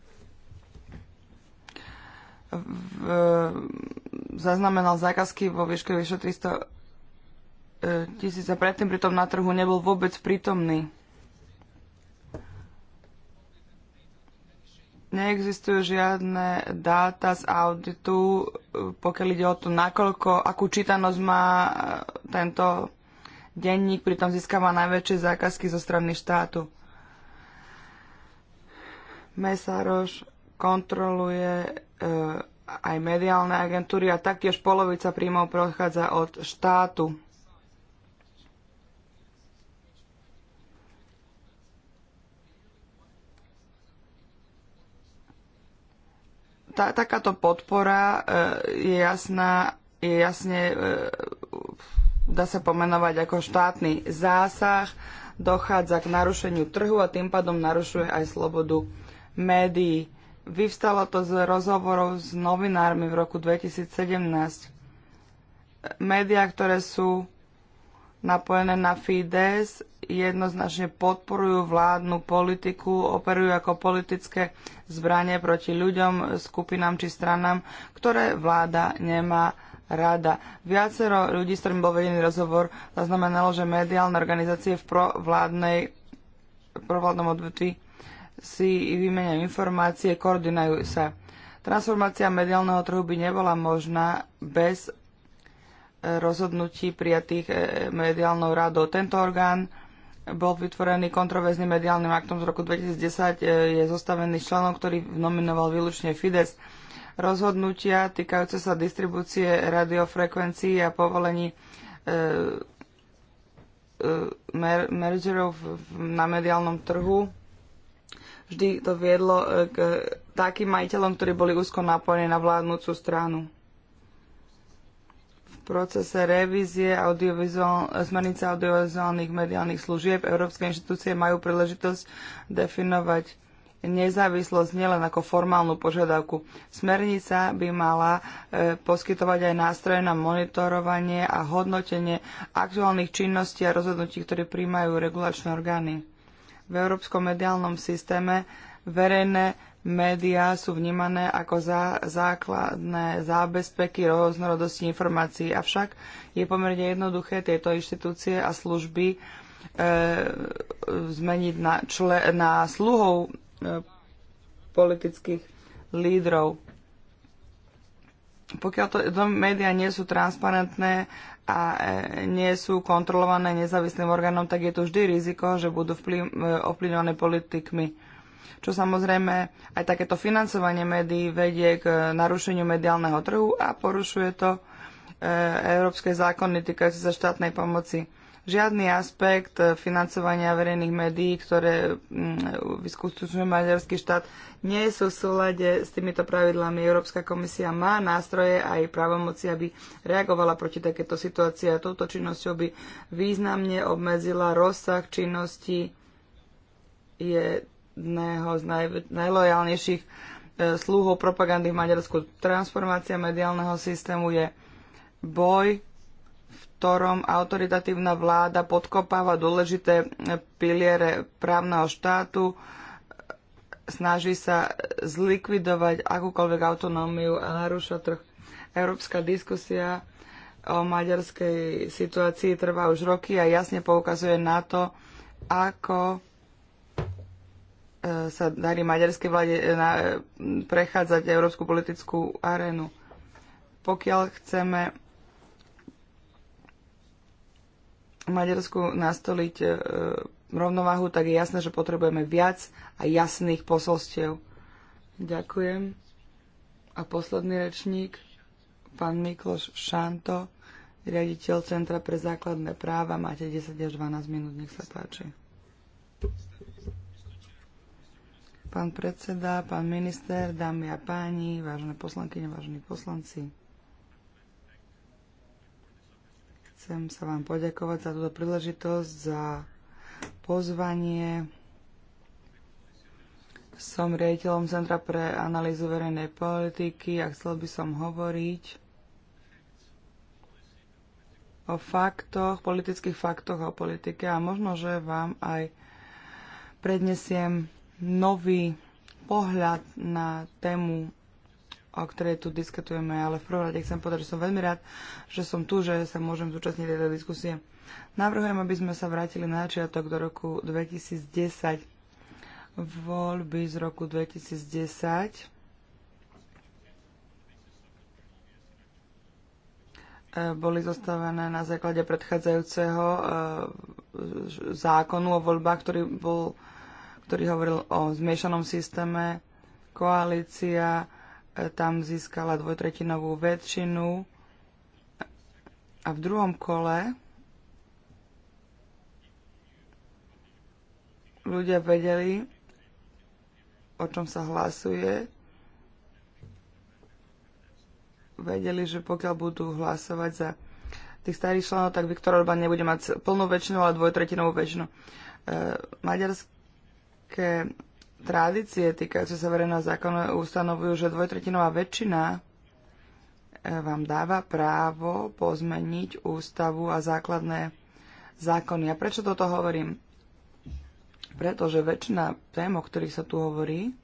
zaznamenal zákazky vo výške vyše 300 e, tisíc a predtým pritom na trhu nebol vôbec prítomný. Neexistujú žiadne dáta z auditu, e, pokiaľ ide o to, nakoľko, akú čítanosť má e, tento denník, pritom získava najväčšie zákazky zo strany štátu. Mesároš kontroluje Eh, aj mediálne agentúry a taktiež polovica príjmov prochádza od štátu. Tá, takáto podpora eh, je jasná, je jasne, eh, dá sa pomenovať ako štátny zásah, dochádza k narušeniu trhu a tým pádom narušuje aj slobodu médií Vyvstalo to z rozhovorov s novinármi v roku 2017. Média, ktoré sú napojené na Fides, jednoznačne podporujú vládnu politiku, operujú ako politické zbranie proti ľuďom, skupinám či stranám, ktoré vláda nemá rada. Viacero ľudí, s ktorým bol vedený rozhovor, zaznamenalo, že mediálne organizácie v provládnej, provládnom odvetví si vymenia informácie, koordinujú sa. Transformácia mediálneho trhu by nebola možná bez e, rozhodnutí prijatých e, mediálnou radou. Tento orgán bol vytvorený kontroverzným mediálnym aktom z roku 2010. E, je zostavený členom, ktorý nominoval výlučne Fides. Rozhodnutia týkajúce sa distribúcie radiofrekvencií a povolení mergerov na mediálnom trhu vždy to viedlo e, k takým majiteľom, ktorí boli úzko napojení na vládnúcu stranu. V procese revízie audiovizuál, smernice audiovizuálnych mediálnych služieb európske inštitúcie majú príležitosť definovať nezávislosť nielen ako formálnu požiadavku. Smernica by mala e, poskytovať aj nástroje na monitorovanie a hodnotenie aktuálnych činností a rozhodnutí, ktoré príjmajú regulačné orgány v európskom mediálnom systéme verejné médiá sú vnímané ako zá, základné zábezpeky rôznorodosti informácií. Avšak je pomerne jednoduché tieto inštitúcie a služby e, zmeniť na, čle, na sluhov e, politických lídrov. Pokiaľ to, to médiá nie sú transparentné a e, nie sú kontrolované nezávislým orgánom, tak je tu vždy riziko, že budú vplyv, e, ovplyvňované politikmi. Čo samozrejme aj takéto financovanie médií vedie k narušeniu mediálneho trhu a porušuje to e, európske zákony týkajúce sa štátnej pomoci žiadny aspekt eh, financovania verejných médií, ktoré mm, vyskúšuje maďarský štát, nie sú v súlade s týmito pravidlami. Európska komisia má nástroje a aj právomoci, aby reagovala proti takéto situácii a touto činnosťou by významne obmedzila rozsah činnosti jedného z naj- najlojálnejších eh, sluhov propagandy v Maďarsku. Transformácia mediálneho systému je boj ktorom autoritatívna vláda podkopáva dôležité e, piliere právneho štátu, snaží sa zlikvidovať akúkoľvek autonómiu a narúša trh. Európska diskusia o maďarskej situácii trvá už roky a jasne poukazuje na to, ako e, sa darí maďarskej vláde e, prechádzať európsku politickú arénu. Pokiaľ chceme Maďarsku nastoliť e, rovnováhu, tak je jasné, že potrebujeme viac a jasných posolstiev. Ďakujem. A posledný rečník, pán Mikloš Šanto, riaditeľ Centra pre základné práva. Máte 10 až 12 minút, nech sa páči. Pán predseda, pán minister, dámy a páni, vážené poslankyne, vážení poslanci. Chcem sa vám poďakovať za túto príležitosť, za pozvanie. Som riaditeľom Centra pre analýzu verejnej politiky a chcel by som hovoriť o faktoch, politických faktoch o politike a možno, že vám aj prednesiem nový pohľad na tému o ktorej tu diskutujeme, ale v prvom rade chcem povedať, že som veľmi rád, že som tu, že sa môžem zúčastniť tejto diskusie. Navrhujem, aby sme sa vrátili na začiatok do roku 2010, voľby z roku 2010. E, boli zostavené na základe predchádzajúceho e, zákonu o voľbách, ktorý, bol, ktorý hovoril o zmiešanom systéme, koalícia, tam získala dvojtretinovú väčšinu a v druhom kole ľudia vedeli, o čom sa hlasuje. Vedeli, že pokiaľ budú hlasovať za tých starých členov, tak Viktor Orbán nebude mať plnú väčšinu, ale dvojtretinovú väčšinu. E, maďarské tradície týkajúce sa verejného zákona ustanovujú, že dvojtretinová väčšina eh, vám dáva právo pozmeniť ústavu a základné zákony. A prečo toto hovorím? Pretože väčšina tém, o ktorých sa tu hovorí,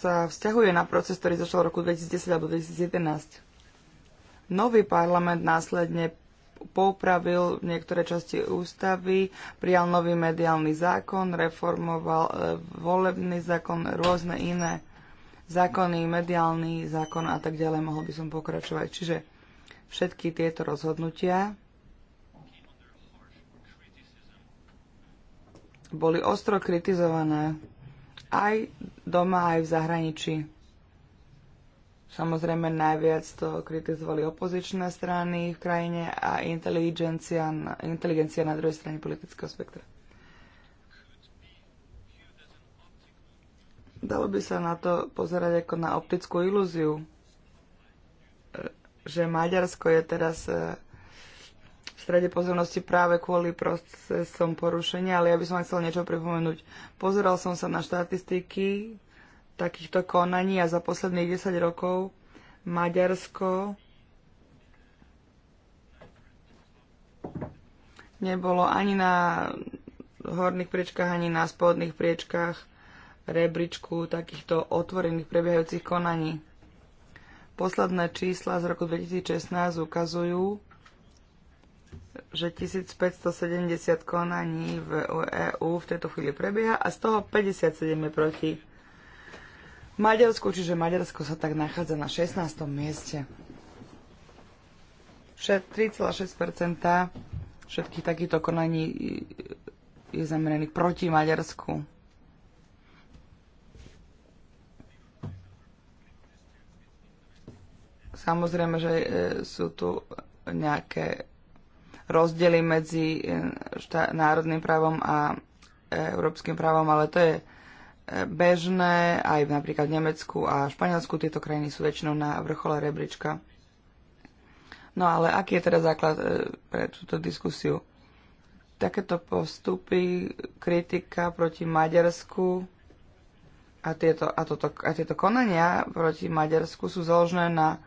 sa vzťahuje na proces, ktorý začal v roku 2010 alebo 2011. Nový parlament následne poupravil niektoré časti ústavy, prijal nový mediálny zákon, reformoval e, volebný zákon, rôzne iné zákony, mediálny zákon a tak ďalej, mohol by som pokračovať. Čiže všetky tieto rozhodnutia boli ostro kritizované aj doma, aj v zahraničí. Samozrejme najviac to kritizovali opozičné strany v krajine a inteligencia, inteligencia na druhej strane politického spektra. Dalo by sa na to pozerať ako na optickú ilúziu, že Maďarsko je teraz e, v strede pozornosti práve kvôli procesom porušenia, ale ja by som chcel niečo pripomenúť. Pozeral som sa na štatistiky takýchto konaní a za posledných 10 rokov Maďarsko nebolo ani na horných priečkách, ani na spodných priečkách rebríčku takýchto otvorených prebiehajúcich konaní. Posledné čísla z roku 2016 ukazujú, že 1570 konaní v EÚ v tejto chvíli prebieha a z toho 57 je proti Maďarsku, čiže Maďarsko sa tak nachádza na 16. mieste. 3,6% všetkých takýchto konaní je zameraný proti Maďarsku. Samozrejme, že e, sú tu nejaké rozdiely medzi e, národným právom a e, európskym právom, ale to je bežné, aj napríklad v Nemecku a Španielsku tieto krajiny sú väčšinou na vrchole rebríčka. No ale aký je teda základ e, pre túto diskusiu? Takéto postupy, kritika proti Maďarsku a tieto, a, toto, a tieto konania proti Maďarsku sú založené na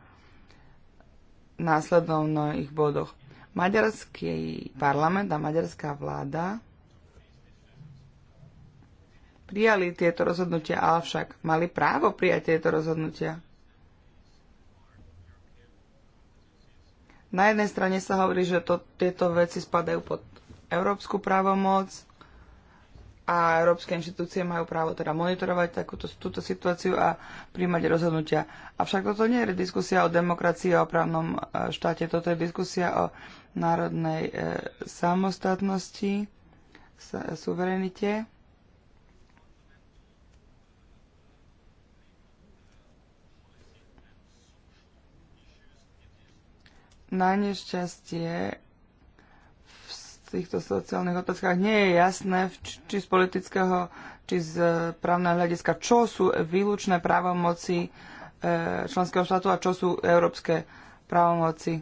následovných no, bodoch. Maďarský parlament a maďarská vláda prijali tieto rozhodnutia, avšak mali právo prijať tieto rozhodnutia. Na jednej strane sa hovorí, že to, tieto veci spadajú pod európsku právomoc a európske inštitúcie majú právo teda monitorovať takúto, túto situáciu a príjmať rozhodnutia. Avšak toto nie je diskusia o demokracii a o právnom e, štáte, toto je diskusia o národnej e, samostatnosti, sa, suverenite. na nešťastie v týchto sociálnych otázkach nie je jasné, či z politického, či z e, právneho hľadiska, čo sú výlučné právomoci e, členského štátu a čo sú európske právomoci.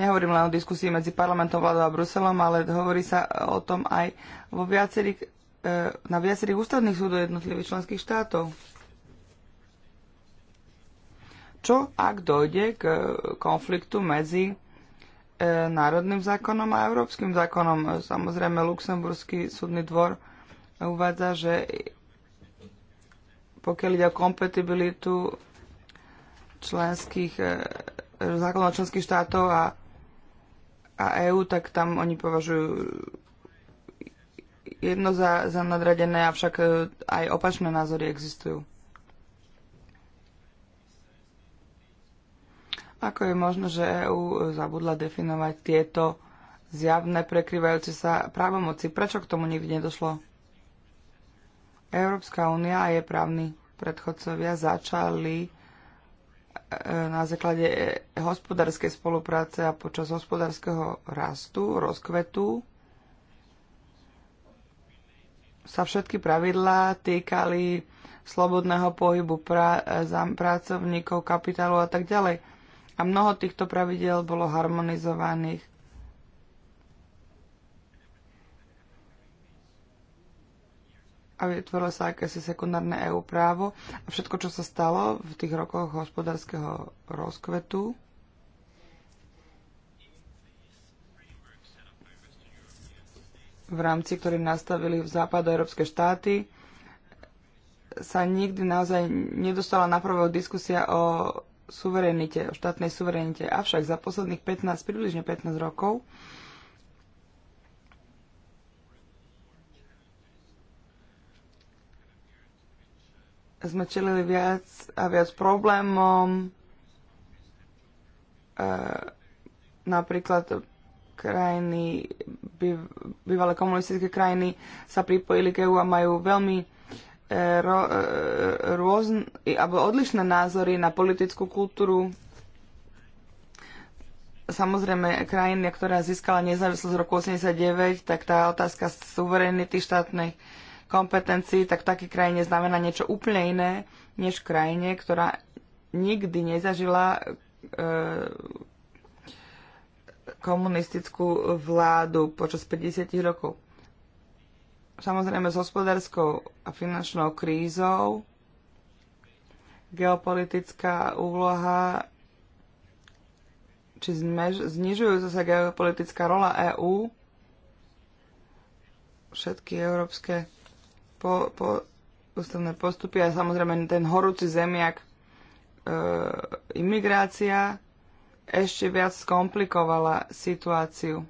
Nehovorím len o diskusii medzi parlamentom, vládou a Bruselom, ale hovorí sa o tom aj vo viacerých, e, na viacerých ústavných súdoch jednotlivých členských štátov čo ak dojde k eh, konfliktu medzi eh, národným zákonom a európskym zákonom. Samozrejme, Luxemburský súdny dvor uvádza, že pokiaľ ide o kompatibilitu členských, eh, zákonov členských štátov a, a EÚ, tak tam oni považujú jedno za, za nadradené, avšak aj opačné názory existujú. Ako je možno, že EÚ e, zabudla definovať tieto zjavné prekryvajúce sa právomoci? Prečo k tomu nikdy nedošlo? Európska únia a jej právni predchodcovia začali e, e, na základe hospodárskej spolupráce a počas hospodárskeho rastu, rozkvetu, sa všetky pravidlá týkali slobodného pohybu pra- pracovníkov, kapitálu a tak ďalej. A mnoho týchto pravidel bolo harmonizovaných. a vytvorilo sa akési sekundárne EU právo a všetko, čo sa stalo v tých rokoch hospodárskeho rozkvetu, v rámci ktorý nastavili v európske štáty, sa nikdy naozaj nedostala na prvého diskusia o suverenite, o štátnej suverenite. Avšak za posledných 15, približne 15 rokov sme čelili viac a viac problémom. E, napríklad krajiny, bývalé komunistické krajiny sa pripojili k EU a majú veľmi ro, e, rôzne, alebo odlišné názory na politickú kultúru. Samozrejme, krajiny, ktorá získala nezávislosť v roku 89, tak tá otázka suverenity štátnej kompetencií, tak v takej krajine znamená niečo úplne iné, než krajine, ktorá nikdy nezažila e, komunistickú vládu počas 50 rokov samozrejme s hospodárskou a finančnou krízou geopolitická úloha či znižujúca sa geopolitická rola EÚ všetky európske po, po, ústavné postupy a samozrejme ten horúci zemiak e, imigrácia ešte viac skomplikovala situáciu.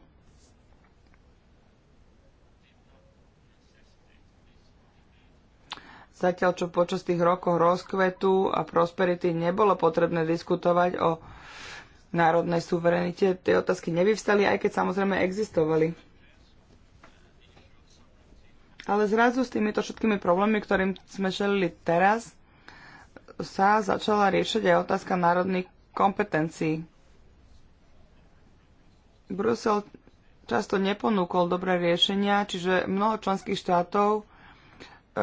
Zatiaľ, čo počas tých rokov rozkvetu a prosperity nebolo potrebné diskutovať o národnej suverenite, tie otázky nevyvstali, aj keď samozrejme existovali. Ale zrazu s týmito všetkými problémy, ktorým sme čelili teraz, sa začala riešiť aj otázka národných kompetencií. Brusel často neponúkol dobré riešenia, čiže mnoho členských štátov E,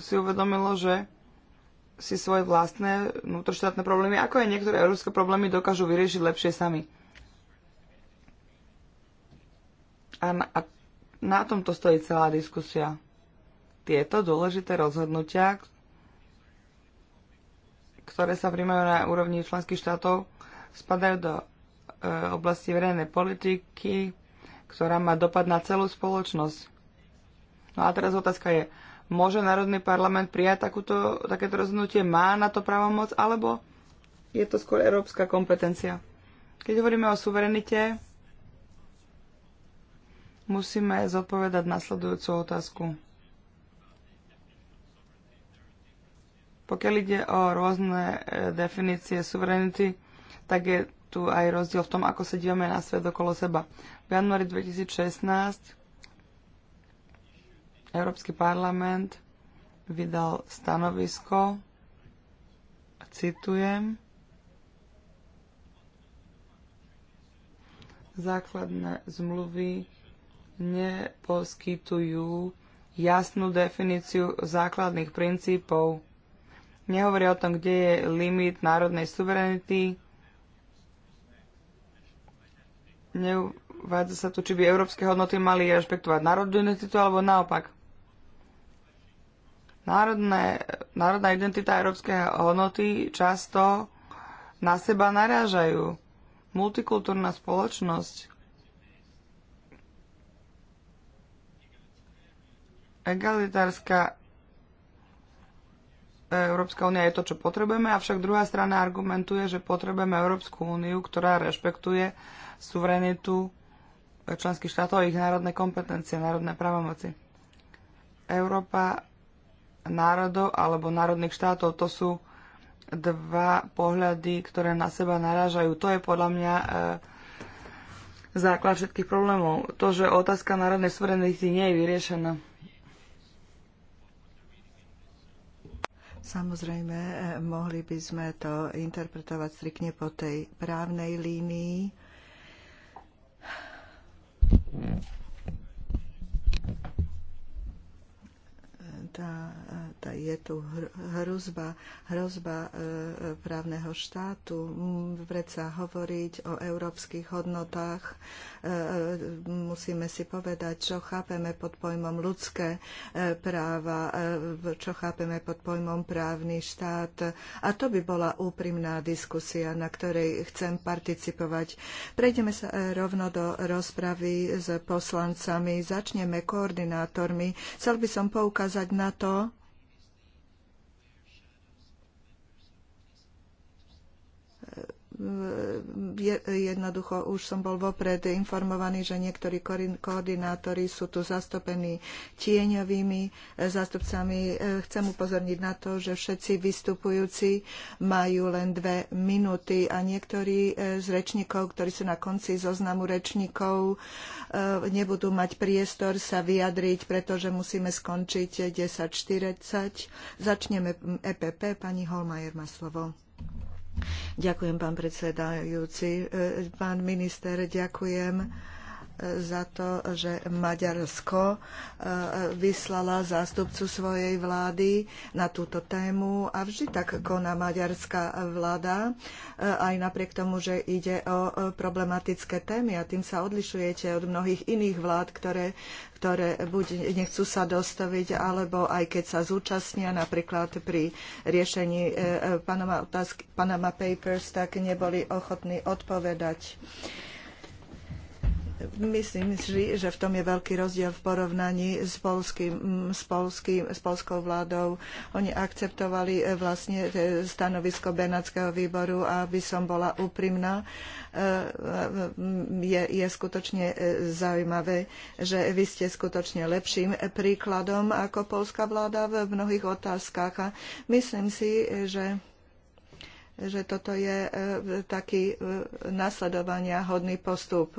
si uvedomilo, že si svoje vlastné vnútroštátne problémy, ako aj niektoré európske problémy, dokážu vyriešiť lepšie sami. A na, a na tomto stojí celá diskusia. Tieto dôležité rozhodnutia, ktoré sa príjmajú na úrovni členských štátov, spadajú do e, oblasti verejnej politiky, ktorá má dopad na celú spoločnosť. No a teraz otázka je, Môže Národný parlament prijať takúto, takéto rozhodnutie? Má na to právomoc? Alebo je to skôr európska kompetencia? Keď hovoríme o suverenite, musíme zodpovedať nasledujúcu otázku. Pokiaľ ide o rôzne e, definície suverenity, tak je tu aj rozdiel v tom, ako sa dívame na svet okolo seba. V januári 2016 Európsky parlament vydal stanovisko, citujem, základné zmluvy neposkytujú jasnú definíciu základných princípov. Nehovoria o tom, kde je limit národnej suverenity. Neuvádza sa tu, či by európske hodnoty mali rešpektovať národnú identitu alebo naopak. Národné, národná identita a európske hodnoty často na seba narážajú. Multikultúrna spoločnosť. Egalitárska e, Európska únia je to, čo potrebujeme, avšak druhá strana argumentuje, že potrebujeme Európsku úniu, ktorá rešpektuje suverenitu e, členských štátov a ich národné kompetencie, národné právomoci. Európa národov alebo národných štátov. To sú dva pohľady, ktoré na seba narážajú. To je podľa mňa e, základ všetkých problémov. To, že otázka národnej suverenity nie je vyriešená. Samozrejme, e, mohli by sme to interpretovať strikne po tej právnej línii. tá, tá je tu hrozba, hrozba e, právneho štátu. Predsa hovoriť o európskych hodnotách, e, e, musíme si povedať, čo chápeme pod pojmom ľudské práva, čo chápeme pod pojmom právny štát. A to by bola úprimná diskusia, na ktorej chcem participovať. Prejdeme sa rovno do rozpravy s poslancami. Začneme koordinátormi. Chcel by som poukázať na na to, E, jednoducho už som bol vopred informovaný, že niektorí koordinátori sú tu zastopení tieňovými e, zástupcami. E, chcem upozorniť na to, že všetci vystupujúci majú len dve minúty a niektorí z rečníkov, ktorí sú na konci zoznamu rečníkov, nebudú mať priestor sa vyjadriť, pretože musíme skončiť 10.40. Začneme EPP. Pani Holmajer má slovo. Ďakujem, pán predsedajúci. E, pán minister, ďakujem za to, že Maďarsko e, vyslala zástupcu svojej vlády na túto tému a vždy tak koná maďarská vláda, e, aj napriek tomu, že ide o e, problematické témy a tým sa odlišujete od mnohých iných vlád, ktoré ktoré buď nechcú sa dostaviť, alebo aj keď sa zúčastnia napríklad pri riešení Panama, otázky, Panama Papers, tak neboli ochotní odpovedať. Uh, Myslím si, že v tom je veľký rozdiel v porovnaní s, polským, s, polským, s polskou vládou. Oni akceptovali eh, vlastne eh, stanovisko Benátskeho výboru a aby som bola úprimná, eh, je, je skutočne zaujímavé, že vy ste skutočne lepším príkladom ako polská vláda v mnohých otázkach. A myslím si, že že toto je e, taký e, nasledovania hodný postup.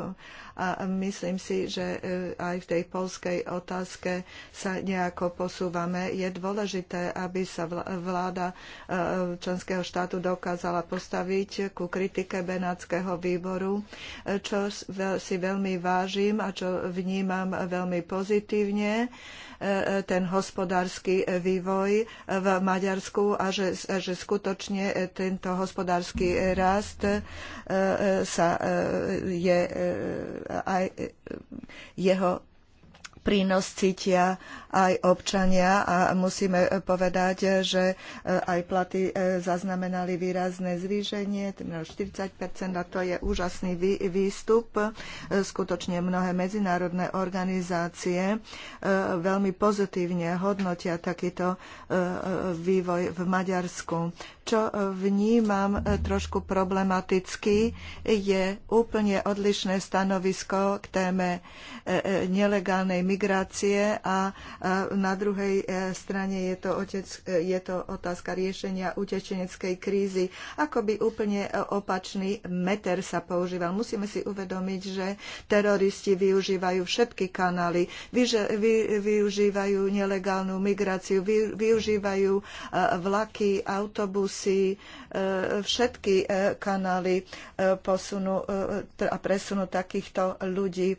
A myslím si, že e, aj v tej polskej otázke sa nejako posúvame. Je dôležité, aby sa vláda členského štátu dokázala postaviť ku kritike Benátskeho výboru, čo si veľmi vážim a čo vnímam veľmi pozitívne ten hospodársky vývoj v Maďarsku a že, že skutočne tento hospodársky rast e, e, sa e, je aj jeho prínos cítia aj občania a musíme povedať, že e, aj platy e, zaznamenali výrazné zvýšenie, 40 teda a to je úžasný výstup. E, skutočne mnohé medzinárodné organizácie veľmi pozitívne hodnotia takýto vývoj v Maďarsku. Čo vnímam trošku problematicky, je úplne odlišné stanovisko k téme nelegálnej migrácie a na druhej e, strane je to, otec, e, je to otázka riešenia utečeneckej krízy. Akoby úplne e, opačný meter sa používal. Musíme si uvedomiť, že teroristi využívajú všetky kanály, využívajú nelegálnu migráciu, využívajú vlaky, autobusy, všetky kanály posunú a presunú takýchto ľudí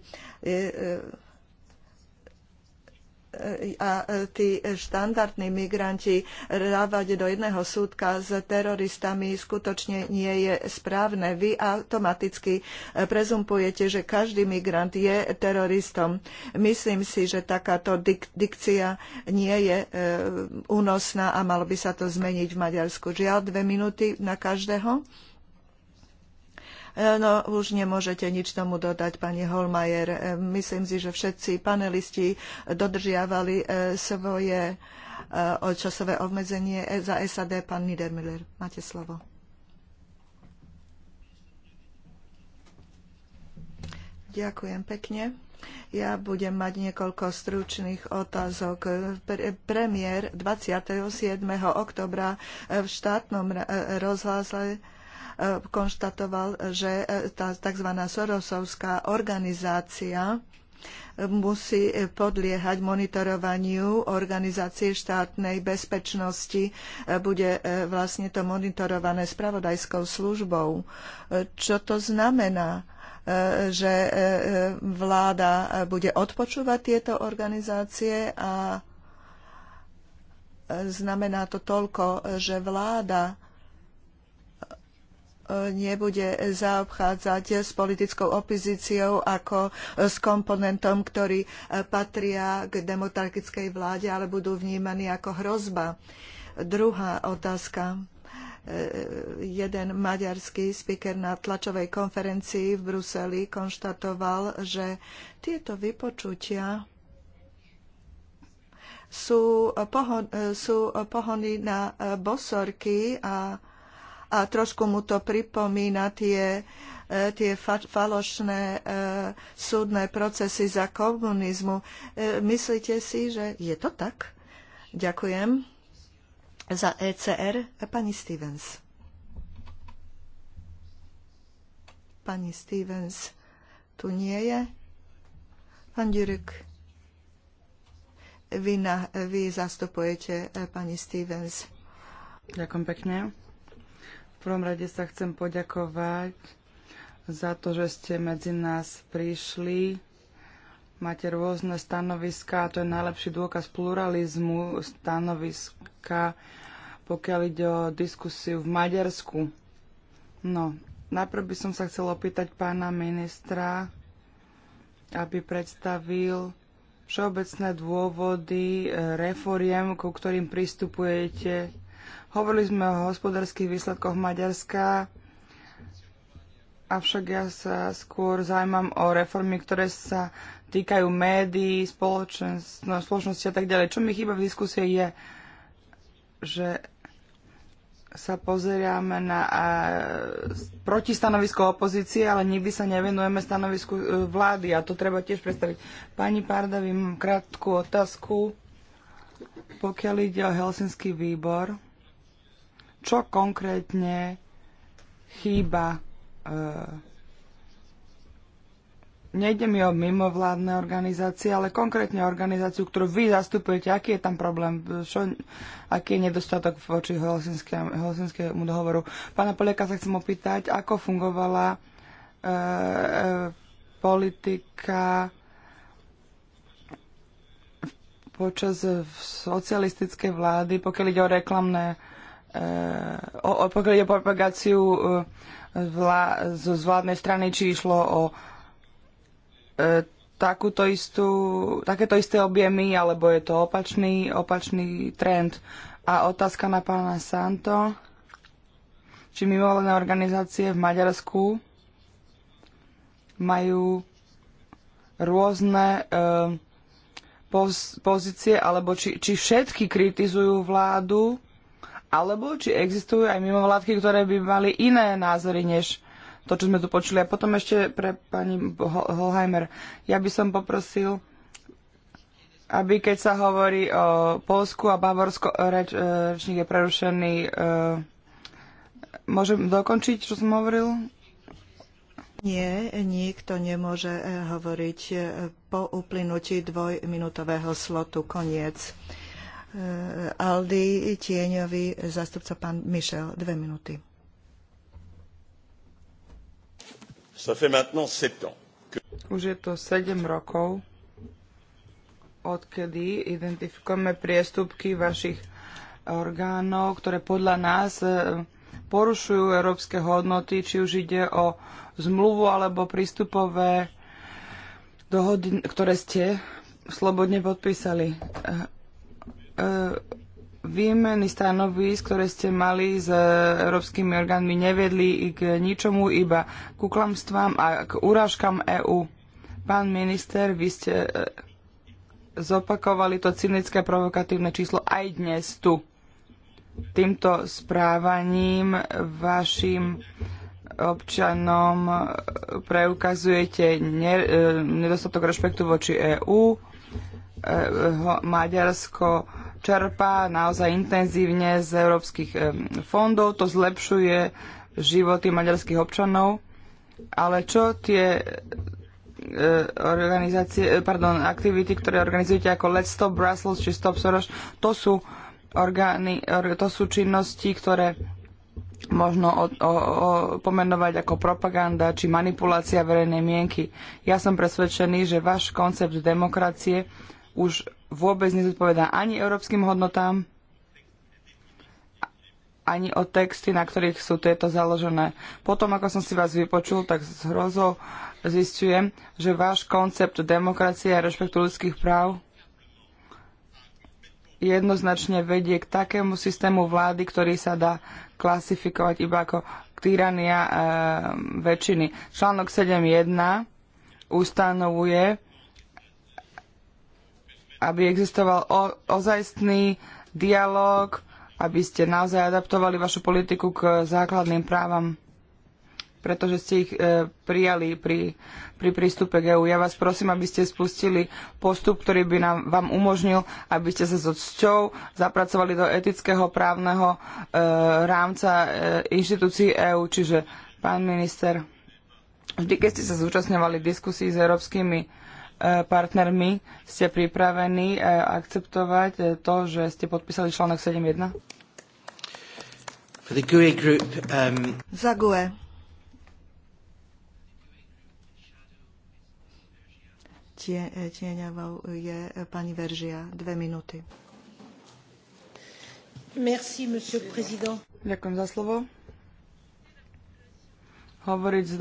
a e, tí štandardní migranti rávať do jedného súdka s teroristami skutočne nie je správne. Vy automaticky e, prezumpujete, že každý migrant je teroristom. Myslím si, že takáto dik- dikcia nie je e, únosná a malo by sa to zmeniť v Maďarsku. Žiaľ, dve minúty na každého. E, no už nemôžete nič tomu dodať, pani Holmajer. E, myslím si, že všetci panelisti dodržiavali e, svoje časové obmedzenie za SAD. Pán Niedermüller, máte slovo. Ďakujem pekne. Ja budem mať niekoľko stručných otázok. Premiér 27. oktobra v štátnom rozhlase E, konštatoval, že e, tá tzv. Sorosovská organizácia e, musí podliehať monitorovaniu organizácie štátnej bezpečnosti. Bude vlastne to monitorované spravodajskou službou. Čo to znamená? že vláda bude odpočúvať tieto organizácie a znamená to toľko, že vláda nebude zaobchádzať s politickou opozíciou ako s komponentom, ktorí e, patria k demokratickej vláde, ale budú vnímaní ako hrozba. Druhá otázka e, jeden maďarský speaker na tlačovej konferencii v Bruseli konštatoval, že tieto vypočutia sú, e, sú pohony na bosorky a a trošku mu to pripomína tie, e, tie falošné e, súdne procesy za komunizmu. E, myslíte si, že je to tak? Ďakujem. Za ECR pani Stevens. Pani Stevens tu nie je. Pán Ďurik, vy, na, vy zastupujete pani Stevens. Ďakujem pekne prvom rade sa chcem poďakovať za to, že ste medzi nás prišli. Máte rôzne stanoviská a to je najlepší dôkaz pluralizmu stanoviska, pokiaľ ide o diskusiu v Maďarsku. No, najprv by som sa chcel opýtať pána ministra, aby predstavil všeobecné dôvody eh, reforiem, ku ktorým pristupujete Hovorili sme o hospodárskych výsledkoch Maďarska, avšak ja sa skôr zaujímam o reformy, ktoré sa týkajú médií, no, spoločnosti a tak ďalej. Čo mi chýba v diskusie je, že sa pozeráme na protistanovisko opozície, ale nikdy sa nevenujeme stanovisku e, vlády a to treba tiež predstaviť. Pani Pardavi, mám krátku otázku. Pokiaľ ide o Helsinský výbor, čo konkrétne chýba. E, nejde mi o mimovládne organizácie, ale konkrétne organizáciu, ktorú vy zastupujete. Aký je tam problém? Čo, aký je nedostatok voči Helsinskému dohovoru? Pána Poliaka sa chcem opýtať, ako fungovala e, e, politika počas socialistickej vlády, pokiaľ ide o reklamné Eh, o, pokiaľ ide o propagáciu eh, z vládnej strany, či išlo o eh, takúto istú, takéto isté objemy, alebo je to opačný, opačný trend. A otázka na pána Santo, či mimovládne organizácie v Maďarsku majú rôzne e, poz, pozície, alebo či, či všetky kritizujú vládu, alebo či existujú aj mimovládky, ktoré by mali iné názory než to, čo sme tu počuli. A potom ešte pre pani Holheimer. Ja by som poprosil, aby keď sa hovorí o Polsku a Bavorsko, reč, e, rečník je prerušený. E, môžem dokončiť, čo som hovoril? Nie, nikto nemôže e, hovoriť po uplynutí dvojminútového slotu. Koniec. Eh, Aldi, tieňový zastupca pán Michel. Dve minúty. Už je to 7 rokov, odkedy identifikujeme priestupky vašich orgánov, ktoré podľa nás eh, porušujú európske hodnoty, či už ide o zmluvu alebo prístupové dohody, ktoré ste slobodne podpísali. Eh, E, výmeny stanovísk, ktoré ste mali s európskymi orgánmi, neviedli k ničomu, iba k klamstvám a k urážkam EÚ. Pán minister, vy ste e, zopakovali to cynické provokatívne číslo aj dnes tu. Týmto správaním vašim občanom preukazujete e, nedostatok rešpektu voči EÚ. Maďarsko čerpá naozaj intenzívne z európskych fondov, to zlepšuje životy maďarských občanov, ale čo tie e, organizácie, e, pardon, aktivity, ktoré organizujete ako Let's Stop Brussels či Stop Soros, to sú, orgány, to sú činnosti, ktoré možno o, o, o, pomenovať ako propaganda či manipulácia verejnej mienky. Ja som presvedčený, že váš koncept demokracie už vôbec nezodpovedá ani európskym hodnotám, ani o texty, na ktorých sú tieto založené. Potom, ako som si vás vypočul, tak s hrozou zistujem, že váš koncept demokracie a rešpektu ľudských práv jednoznačne vedie k takému systému vlády, ktorý sa dá klasifikovať iba ako tyrania e, väčšiny. Článok 7.1 ustanovuje, aby existoval o, ozajstný dialog, aby ste naozaj adaptovali vašu politiku k základným právam, pretože ste ich e, prijali pri, pri prístupe k EU. Ja vás prosím, aby ste spustili postup, ktorý by nám, vám umožnil, aby ste sa so cťou zapracovali do etického právneho e, rámca e, inštitúcií EÚ. Čiže, pán minister, vždy, keď ste sa zúčastňovali diskusí s európskymi E, partnermi ste pripravení e, akceptovať e, to, že ste podpísali článok 7.1? Group, um... Za GUE. tieňavou je pani Veržia. Dve minúty. Merci, Ďakujem za slovo. Hovoriť z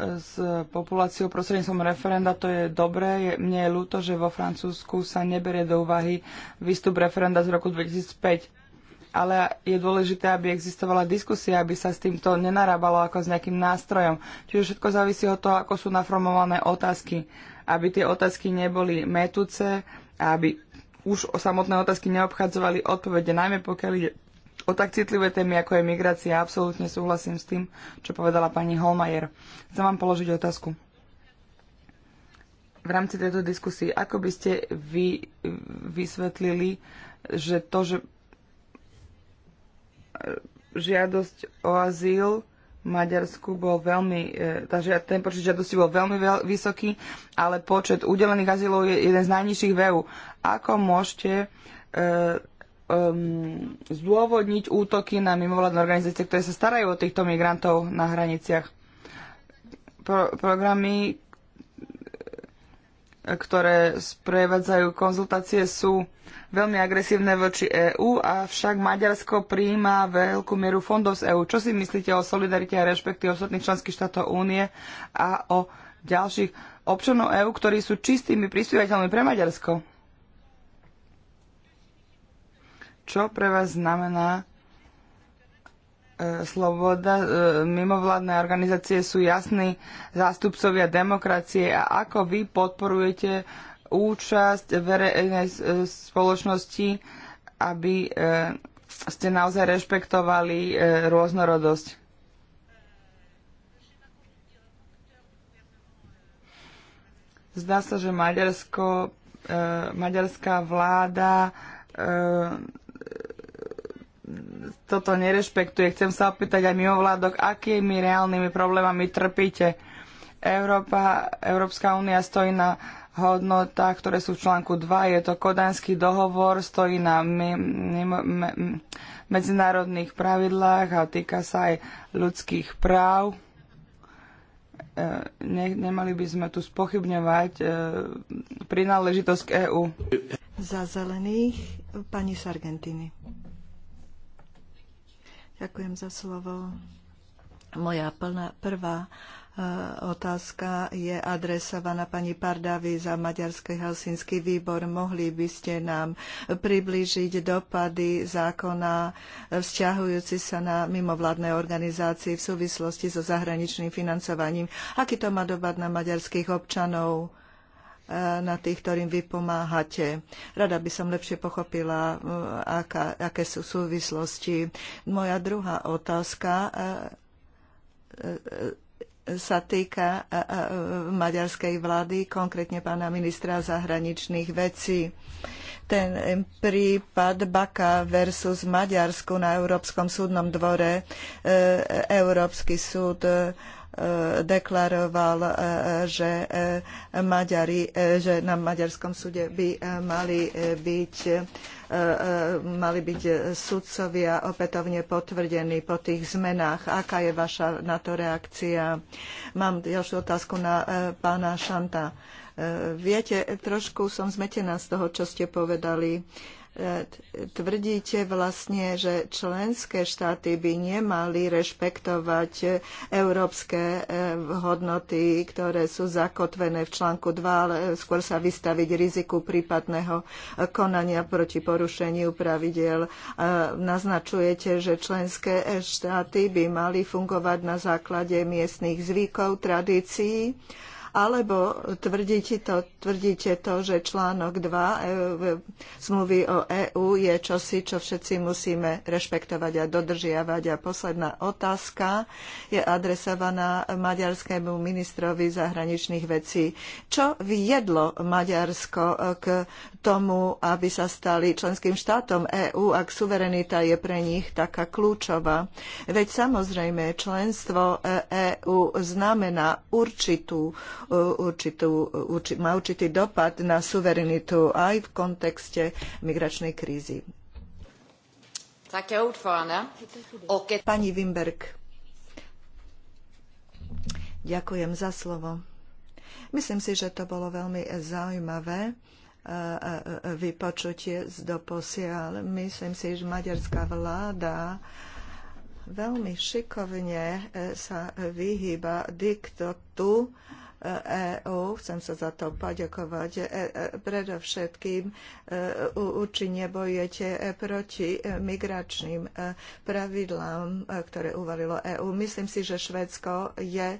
s populáciou prostredníctvom referenda, to je dobré. Mne je ľúto, že vo Francúzsku sa neberie do úvahy výstup referenda z roku 2005. Ale je dôležité, aby existovala diskusia, aby sa s týmto nenarábalo ako s nejakým nástrojom. Čiže všetko závisí od toho, ako sú naformované otázky. Aby tie otázky neboli metúce aby už samotné otázky neobchádzovali odpovede, najmä pokiaľ ide o tak citlivé témy, ako je migrácia. Absolútne súhlasím s tým, čo povedala pani Holmajer. Chcem vám položiť otázku. V rámci tejto diskusie, ako by ste vy vysvetlili, že to, že e, žiadosť o azyl v Maďarsku bol veľmi, takže ten počet žiadosti bol veľmi veľ, vysoký, ale počet udelených azylov je jeden z najnižších v EU. Ako môžete e, um, zdôvodniť útoky na mimovládne organizácie, ktoré sa starajú o týchto migrantov na hraniciach. Pro, programy, ktoré sprevádzajú konzultácie, sú veľmi agresívne voči EÚ, avšak Maďarsko prijíma veľkú mieru fondov z EÚ. Čo si myslíte o solidarite a rešpekty ostatných členských štátov únie a o ďalších občanov EÚ, ktorí sú čistými prispievateľmi pre Maďarsko? čo pre vás znamená e, sloboda, e, mimovládne organizácie sú jasní zástupcovia demokracie a ako vy podporujete účasť verejnej e, spoločnosti, aby ste naozaj rešpektovali rôznorodosť. Zdá sa, že Maďarsko, maďarská vláda toto nerešpektuje. Chcem sa opýtať aj mimo vládok, akými reálnymi problémami trpíte. Európa, Európska únia stojí na hodnotách, ktoré sú v článku 2. Je to Kodanský dohovor, stojí na medzinárodných pravidlách a týka sa aj ľudských práv. E, ne, nemali by sme tu spochybňovať e, prináležitosť k EÚ. Za zelených pani Sargentini. Ďakujem za slovo. Moja plná, prvá e, otázka je adresovaná pani Pardavi za Maďarský Helsinský výbor. Mohli by ste nám priblížiť dopady zákona e, vzťahujúci sa na mimovládne organizácie v súvislosti so zahraničným financovaním? Aký to má dopad na maďarských občanov? Eh, na tých, ktorým vy pomáhate. Rada by som lepšie pochopila, eh, aká, aké sú súvislosti. Moja druhá otázka eh, sa týka maďarskej vlády, konkrétne pána ministra zahraničných vecí. Ten prípad Baka versus Maďarsku na Európskom súdnom dvore, Európsky súd deklaroval, e, že, e, Maďari, e, že na maďarskom súde by mali byť, mali byť sudcovia opätovne potvrdení po tých zmenách. Aká je vaša na to reakcia? Mám ďalšiu otázku na pána Šanta. Viete, trošku som zmetená z toho, čo ste povedali tvrdíte vlastne, že členské štáty by nemali rešpektovať e, európske e, hodnoty, ktoré sú zakotvené v článku 2, ale skôr sa vystaviť riziku prípadného e, konania proti porušeniu pravidel. Naznačujete, že členské štáty by mali fungovať na základe miestnych zvykov, tradícií alebo tvrdíte to, tvrdíte to že článok 2 e, zmluvy o EÚ je čosi, čo všetci musíme rešpektovať a dodržiavať. A posledná otázka je adresovaná maďarskému ministrovi zahraničných vecí. Čo viedlo Maďarsko e, k tomu, aby sa stali členským štátom EÚ, ak suverenita je pre nich taká kľúčová? Veď samozrejme, členstvo EÚ e znamená určitú určitú, urči, má určitý dopad na suverenitu aj v kontexte migračnej krízy. Pani Wimberg, ďakujem za slovo. Myslím si, že to bolo veľmi zaujímavé e, e, e, vypočutie z doposiaľ. Myslím si, že maďarská vláda veľmi šikovne sa vyhýba diktatu EÚ. E Chcem sa za to poďakovať. E, e, predovšetkým účinne bojujete proti migračným pravidlám, ktoré uvalilo EÚ. Myslím si, že Švedsko je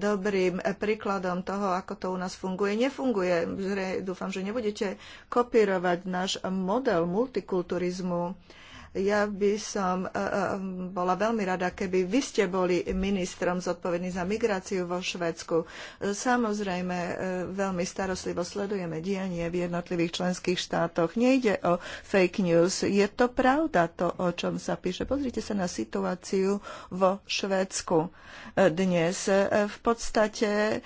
dobrým príkladom toho, ako to u nás funguje. Nefunguje. Dúfam, že nebudete kopírovať náš model multikulturizmu ja by som e, e, bola veľmi rada, keby vy ste boli ministrom zodpovedný za migráciu vo Švedsku. Samozrejme, e, veľmi starostlivo sledujeme dianie v jednotlivých členských štátoch. Nejde o fake news. Je to pravda to, o čom sa píše. Pozrite sa na situáciu vo Švedsku dnes. V podstate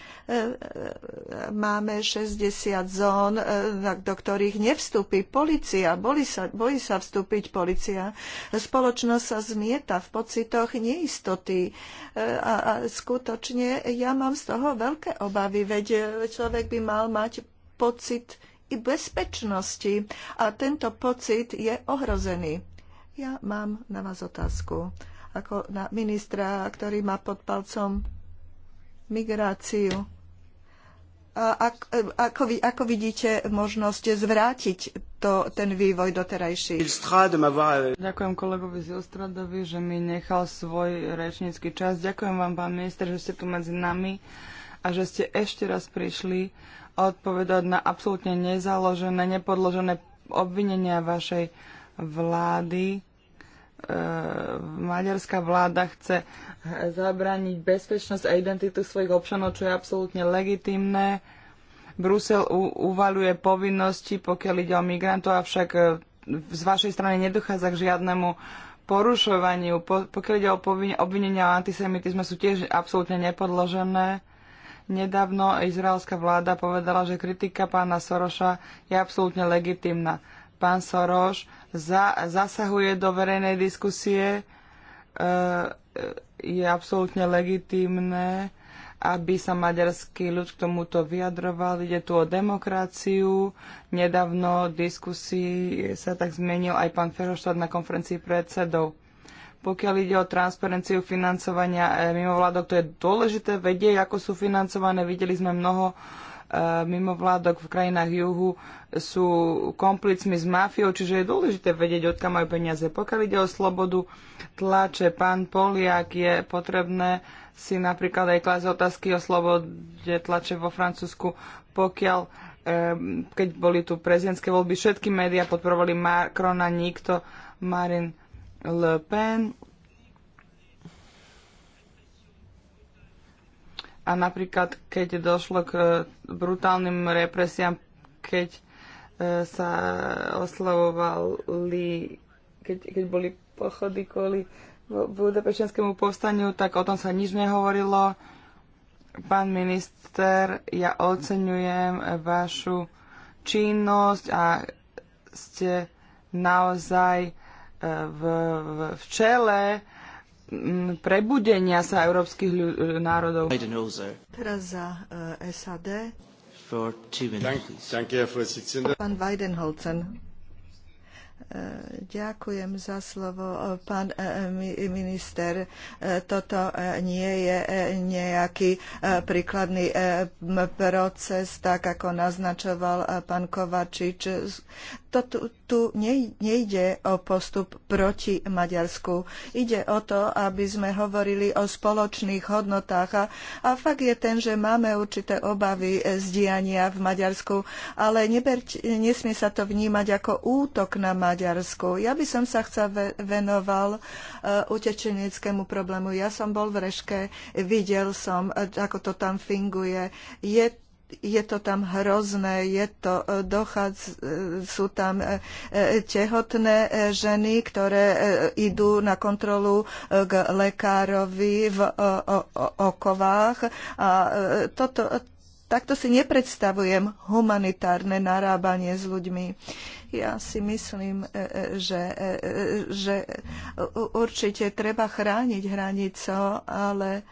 máme 60 zón, do ktorých nevstúpi policia. Boli sa, bojí sa vstúpiť policia situácia. Spoločnosť sa zmieta v pocitoch neistoty e, a, a skutočne ja mám z toho veľké obavy, veď e, človek by mal mať pocit i bezpečnosti a tento pocit je ohrozený. Ja mám na vás otázku ako na ministra, ktorý má pod palcom migráciu ako, ako vidíte možnosť zvrátiť to, ten vývoj doterajší? Ďakujem kolegovi Zilstradovi, že mi nechal svoj rečnícky čas. Ďakujem vám, pán minister, že ste tu medzi nami a že ste ešte raz prišli odpovedať na absolútne nezaložené, nepodložené obvinenia vašej vlády E, maďarská vláda chce zabrániť bezpečnosť a identitu svojich občanov, čo je absolútne legitimné. Brusel uvaluje povinnosti, pokiaľ ide o migrantov, avšak e, z vašej strany nedochádza k žiadnemu porušovaniu. Po, pokiaľ ide o obvinenia o antisemitizme, sú tiež absolútne nepodložené. Nedávno izraelská vláda povedala, že kritika pána Soroša je absolútne legitimná pán Soroš za, zasahuje do verejnej diskusie, e, e, je absolútne legitimné, aby sa maďarský ľud k tomuto vyjadroval. Ide tu o demokraciu. Nedávno v diskusii sa tak zmenil aj pán Ferhoštát na konferencii predsedov. Pokiaľ ide o transparenciu financovania e, mimovládok, to je dôležité vedieť, ako sú financované. Videli sme mnoho uh, E, mimovládok v krajinách juhu sú komplicmi s mafiou, čiže je dôležité vedieť, odkiaľ majú peniaze. Pokiaľ ide o slobodu tlače, pán Poliak, je potrebné si napríklad aj klásť otázky o slobode tlače vo Francúzsku, pokiaľ e, keď boli tu prezidentské voľby, všetky médiá podporovali Macrona, nikto Marine Le Pen A napríklad, keď došlo k e, brutálnym represiám, keď e, sa oslavovali, keď, keď boli pochody kvôli budapešťanskému povstaniu, tak o tom sa nič nehovorilo. Pán minister, ja oceňujem vašu činnosť a ste naozaj e, v, v, v čele prebudenia sa európskych e, národov. Teraz za SAD. Pán Weidenholzen, Ďakujem za slovo, e, pán e, minister. Toto nie je nejaký príkladný proces, tak ako naznačoval pán Kovačič to tu, tu nejde o postup proti Maďarsku. Ide o to, aby sme hovorili o spoločných hodnotách. A, a fakt je ten, že máme určité obavy z diania v Maďarsku, ale neberť, nesmie sa to vnímať ako útok na Maďarsku. Ja by som sa chcel venoval uh, utečeneckému problému. Ja som bol v Reške, videl som, e, ako to tam finguje. Je je to tam hrozné, je to, e, dochádz, e, sú tam e, tehotné ženy, ktoré idú na kontrolu k lekárovi v okovách a toto, takto si nepredstavujem humanitárne narábanie s ľuďmi. Ja si myslím, že, že určite treba chrániť hranico, ale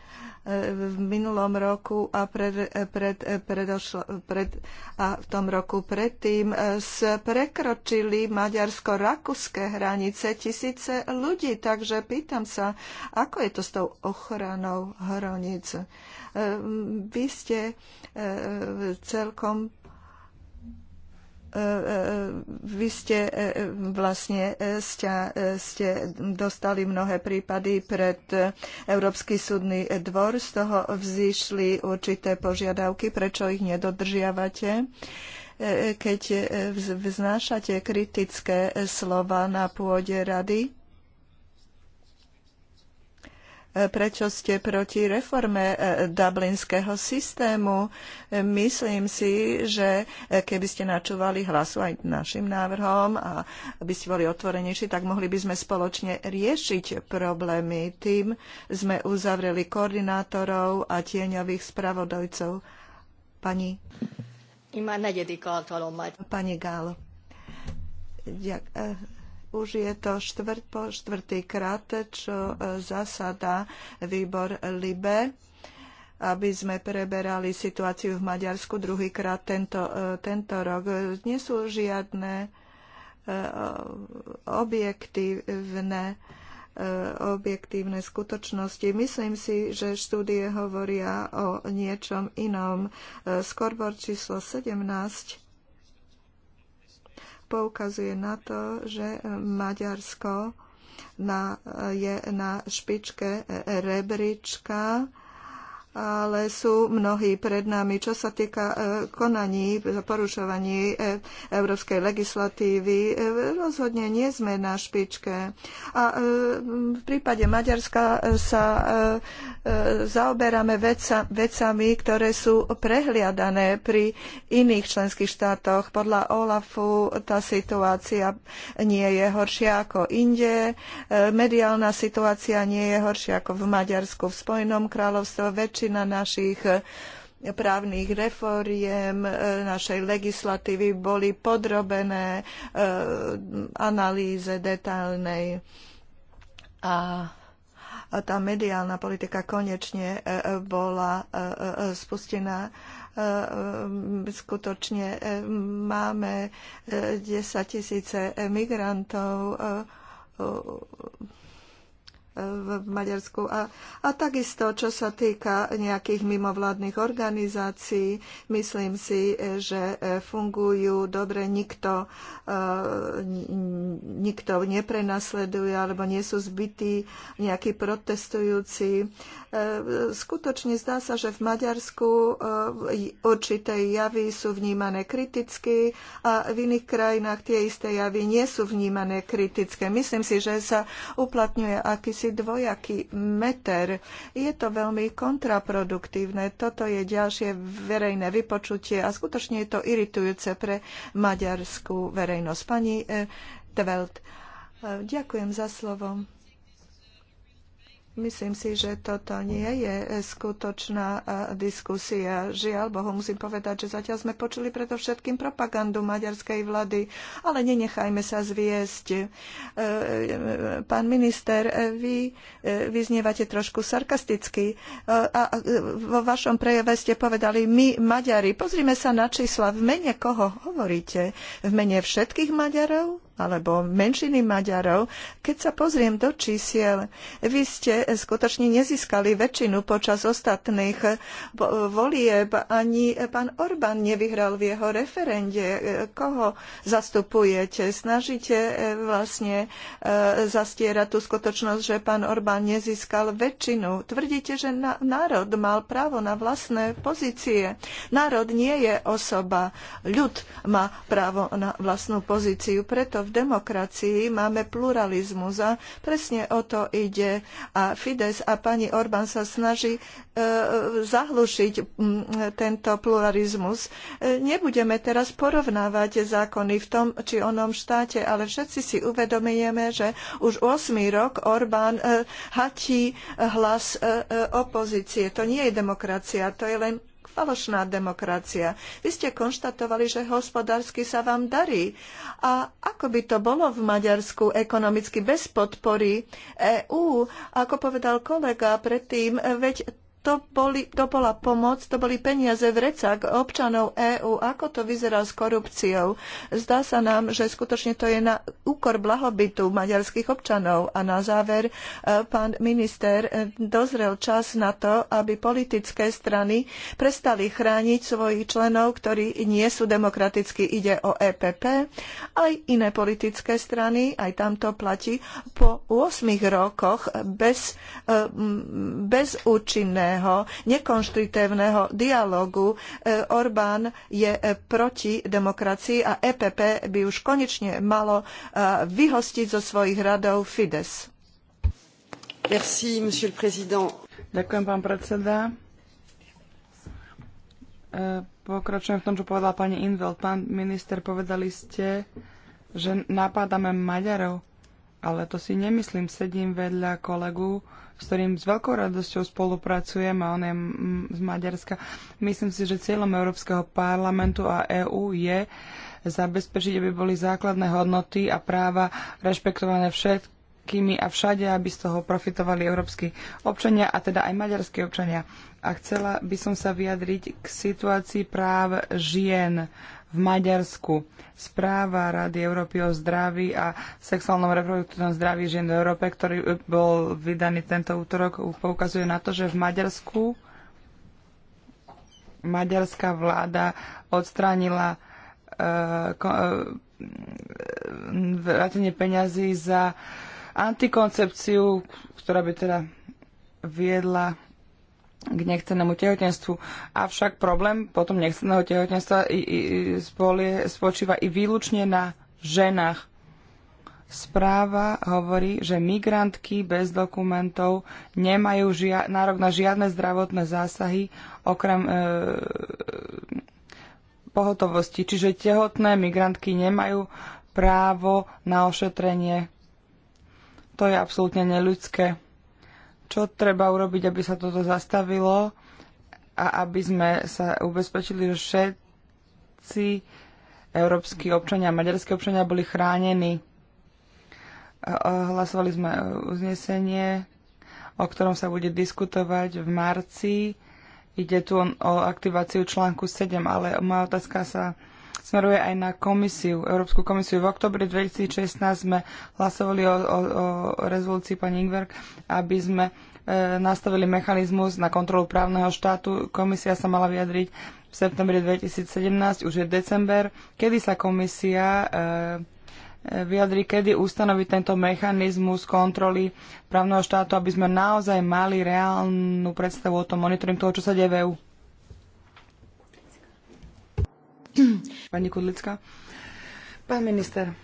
v minulom roku a, pred, pred, predošlo, pred, a v tom roku predtým e, prekročili maďarsko-rakúske hranice tisíce ľudí. Takže pýtam sa, ako je to s tou ochranou hraníc? E, vy ste e, celkom E, e, vy ste e, vlastne ste dostali mnohé prípady pred Európsky súdny dvor, z toho vzýšli určité požiadavky, prečo ich nedodržiavate keď vznášate kritické slova na pôde rady, prečo ste proti reforme e, dublinského systému. Myslím si, že e, keby ste načúvali hlasu aj našim návrhom a by ste boli otvorenejší, tak mohli by sme spoločne riešiť problémy. Tým sme uzavreli koordinátorov a tieňových spravodajcov. Pani. Pani Gál. Ďakujem. Už je to štvrt po štvrtý krát, čo e, zasada výbor LIBE aby sme preberali situáciu v Maďarsku druhýkrát tento, e, tento rok. Nie sú žiadne e, objektívne objektívne skutočnosti. Myslím si, že štúdie hovoria o niečom inom. Skorbor číslo 17 poukazuje na to, že Maďarsko na, je na špičke rebríčka ale sú mnohí pred nami. Čo sa týka e, konaní porušovaní e, európskej legislatívy, e, rozhodne nie sme na špičke. A v prípade Maďarska sa zaoberáme veca, vecami, ktoré sú prehliadané pri iných členských štátoch. Podľa OLAFu tá situácia nie je horšia ako inde. Mediálna situácia nie je horšia ako v Maďarsku, v Spojenom kráľovstve, väčšie väčšina našich eh, právnych reforiem eh, našej legislatívy boli podrobené eh, analýze detailnej a tá mediálna politika konečne bola spustená skutočne máme 10 tisíce migrantov v Maďarsku. A, a takisto, čo sa týka nejakých mimovládnych organizácií, myslím si, že e, fungujú dobre, nikto, e, nikto neprenasleduje alebo nie sú zbytí nejakí protestujúci. E, skutočne zdá sa, že v Maďarsku e, určité javy sú vnímané kriticky a v iných krajinách tie isté javy nie sú vnímané kritické. Myslím si, že sa uplatňuje akýsi dvojaký meter. Je to veľmi kontraproduktívne. Toto je ďalšie verejné vypočutie a skutočne je to iritujúce pre maďarskú verejnosť. Pani e, Tvelt, ďakujem za slovo. Myslím si, že toto nie je e, skutočná e, diskusia. Žiaľ Bohu, musím povedať, že zatiaľ sme počuli predovšetkým propagandu maďarskej vlády, ale nenechajme sa zviesť. E, pán minister, vy vyznievate trošku sarkasticky a vo vašom prejave ste povedali my Maďari. Pozrime sa na čísla. V mene koho hovoríte? V mene všetkých Maďarov? alebo menšiny Maďarov. Keď sa pozriem do čísiel, vy ste skutočne nezískali väčšinu počas ostatných volieb. Ani pán Orbán nevyhral v jeho referende. Koho zastupujete? Snažíte e, vlastne e, zastierať tú skutočnosť, že pán Orbán nezískal väčšinu. Tvrdíte, že národ mal právo na vlastné pozície. Národ nie je osoba. Ľud má právo na vlastnú pozíciu. Preto v demokracii máme pluralizmus a presne o to ide. A Fides a pani Orbán sa snaží e, zahlušiť tento pluralizmus. E, nebudeme teraz porovnávať zákony v tom či onom štáte, ale všetci si uvedomujeme, že už 8 rok Orbán e, hatí hlas opozície. To nie je demokracia, to je len falošná demokracia. Vy ste konštatovali, že hospodársky sa vám darí. A ako by to bolo v Maďarsku ekonomicky bez podpory EÚ? Ako povedal kolega predtým, veď to, boli, to bola pomoc, to boli peniaze v recach občanov EÚ. Ako to vyzerá s korupciou? Zdá sa nám, že skutočne to je na úkor blahobytu maďarských občanov. A na záver, e, pán minister, e, dozrel čas na to, aby politické strany prestali chrániť svojich členov, ktorí nie sú demokraticky. Ide o EPP, aj iné politické strany, aj tamto platí, po 8 rokoch bez, e, bezúčinné otvoreného, nekonštritívneho dialogu. E, Orbán je e, proti demokracii a EPP by už konečne malo e, vyhostiť zo svojich radov Fides. Merci, monsieur le président. Ďakujem, pán predseda. Pokračujem v tom, čo povedala pani Inveld. Pán minister, povedali ste, že napádame Maďarov ale to si nemyslím. Sedím vedľa kolegu, s ktorým s veľkou radosťou spolupracujem a on je z Maďarska. Myslím si, že cieľom Európskeho parlamentu a EÚ je zabezpečiť, aby boli základné hodnoty a práva rešpektované všetkými a všade, aby z toho profitovali európsky občania a teda aj maďarskí občania. A chcela by som sa vyjadriť k situácii práv žien v Maďarsku. Správa Rady Európy o zdraví a sexuálnom reproduktívnom zdraví žien v Európe, ktorý e, bol vydaný tento útorok, poukazuje na to, že v Maďarsku maďarská vláda odstránila uh, vrátenie peňazí za antikoncepciu, ktorá by teda viedla k nechcenému tehotenstvu. Avšak problém potom nechceného tehotenstva spočíva i výlučne na ženách. Správa hovorí, že migrantky bez dokumentov nemajú žia- nárok na žiadne zdravotné zásahy okrem e, pohotovosti. Čiže tehotné migrantky nemajú právo na ošetrenie. To je absolútne neľudské čo treba urobiť, aby sa toto zastavilo a aby sme sa ubezpečili, že všetci európsky občania a maďarskí občania boli chránení. Hlasovali sme uznesenie, o ktorom sa bude diskutovať v marci. Ide tu o aktiváciu článku 7, ale moja otázka sa smeruje aj na komisiu, Európsku komisiu. V oktobri 2016 sme hlasovali o, o, o rezolúcii pani Ingberg, aby sme e, nastavili mechanizmus na kontrolu právneho štátu. Komisia sa mala vyjadriť v septembri 2017, už je december, kedy sa komisia e, e vyjadri, kedy ustanoviť tento mechanizmus kontroly právneho štátu, aby sme naozaj mali reálnu predstavu o tom monitoring toho, čo sa deje v EU. [CLEARS THROAT] Pani Kudlická. Pán minister,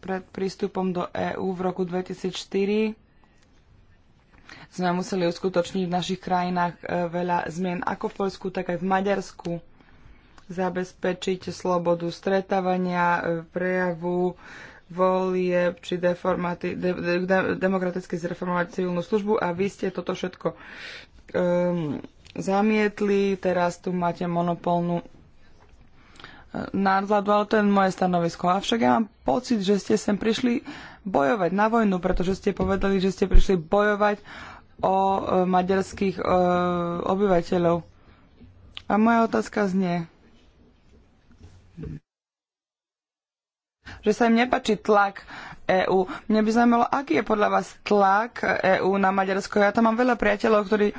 pred prístupom do EÚ v roku 2004 sme museli uskutočniť v našich krajinách e, veľa zmien, ako v Poľsku, tak aj v Maďarsku. Zabezpečiť slobodu stretávania, e, prejavu, volieb či de, de, demokraticky zreformovať civilnú službu a vy ste toto všetko um, zamietli, teraz tu máte monopolnú e, nadvládu, ale to je moje stanovisko. Avšak ja mám pocit, že ste sem prišli bojovať na vojnu, pretože ste povedali, že ste prišli bojovať o e, maďarských e, obyvateľov. A moja otázka znie, že sa im nepačí tlak EÚ. Mne by zaujímalo, aký je podľa vás tlak EÚ na Maďarsko. Ja tam mám veľa priateľov, ktorí e,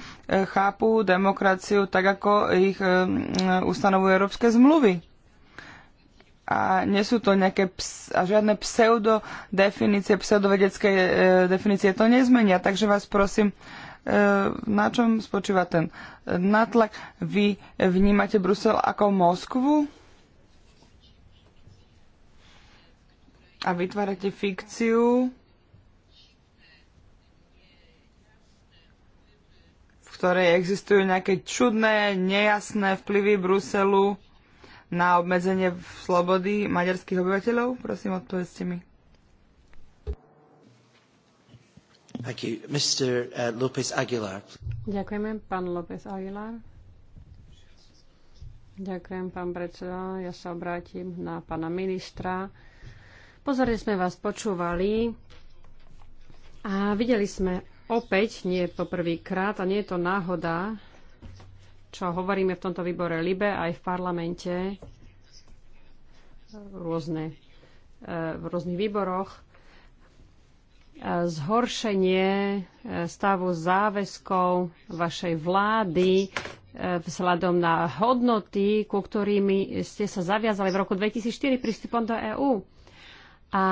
chápu demokraciu tak, ako ich e, e, ustanovujú európske zmluvy. A nie sú to nejaké ps- a žiadne pseudodefinície, pseudovedecké e, definície to nezmenia. Takže vás prosím, na čom spočíva ten natlak? Vy vnímate Brusel ako Moskvu? a vytvárate fikciu, v ktorej existujú nejaké čudné, nejasné vplyvy Bruselu na obmedzenie slobody maďarských obyvateľov? Prosím, odpovedzte mi. Thank uh, Ďakujeme, pán López Aguilar. Ďakujem, pán predseda. Ja sa obrátim na pána ministra. Pozorne sme vás počúvali a videli sme opäť, nie je to prvýkrát a nie je to náhoda, čo hovoríme v tomto výbore LIBE aj v parlamente, rôzne, e, v rôznych výboroch, e, zhoršenie e, stavu záväzkov vašej vlády vzhľadom na hodnoty, ku ktorými ste sa zaviazali v roku 2004 prístupom do EÚ. A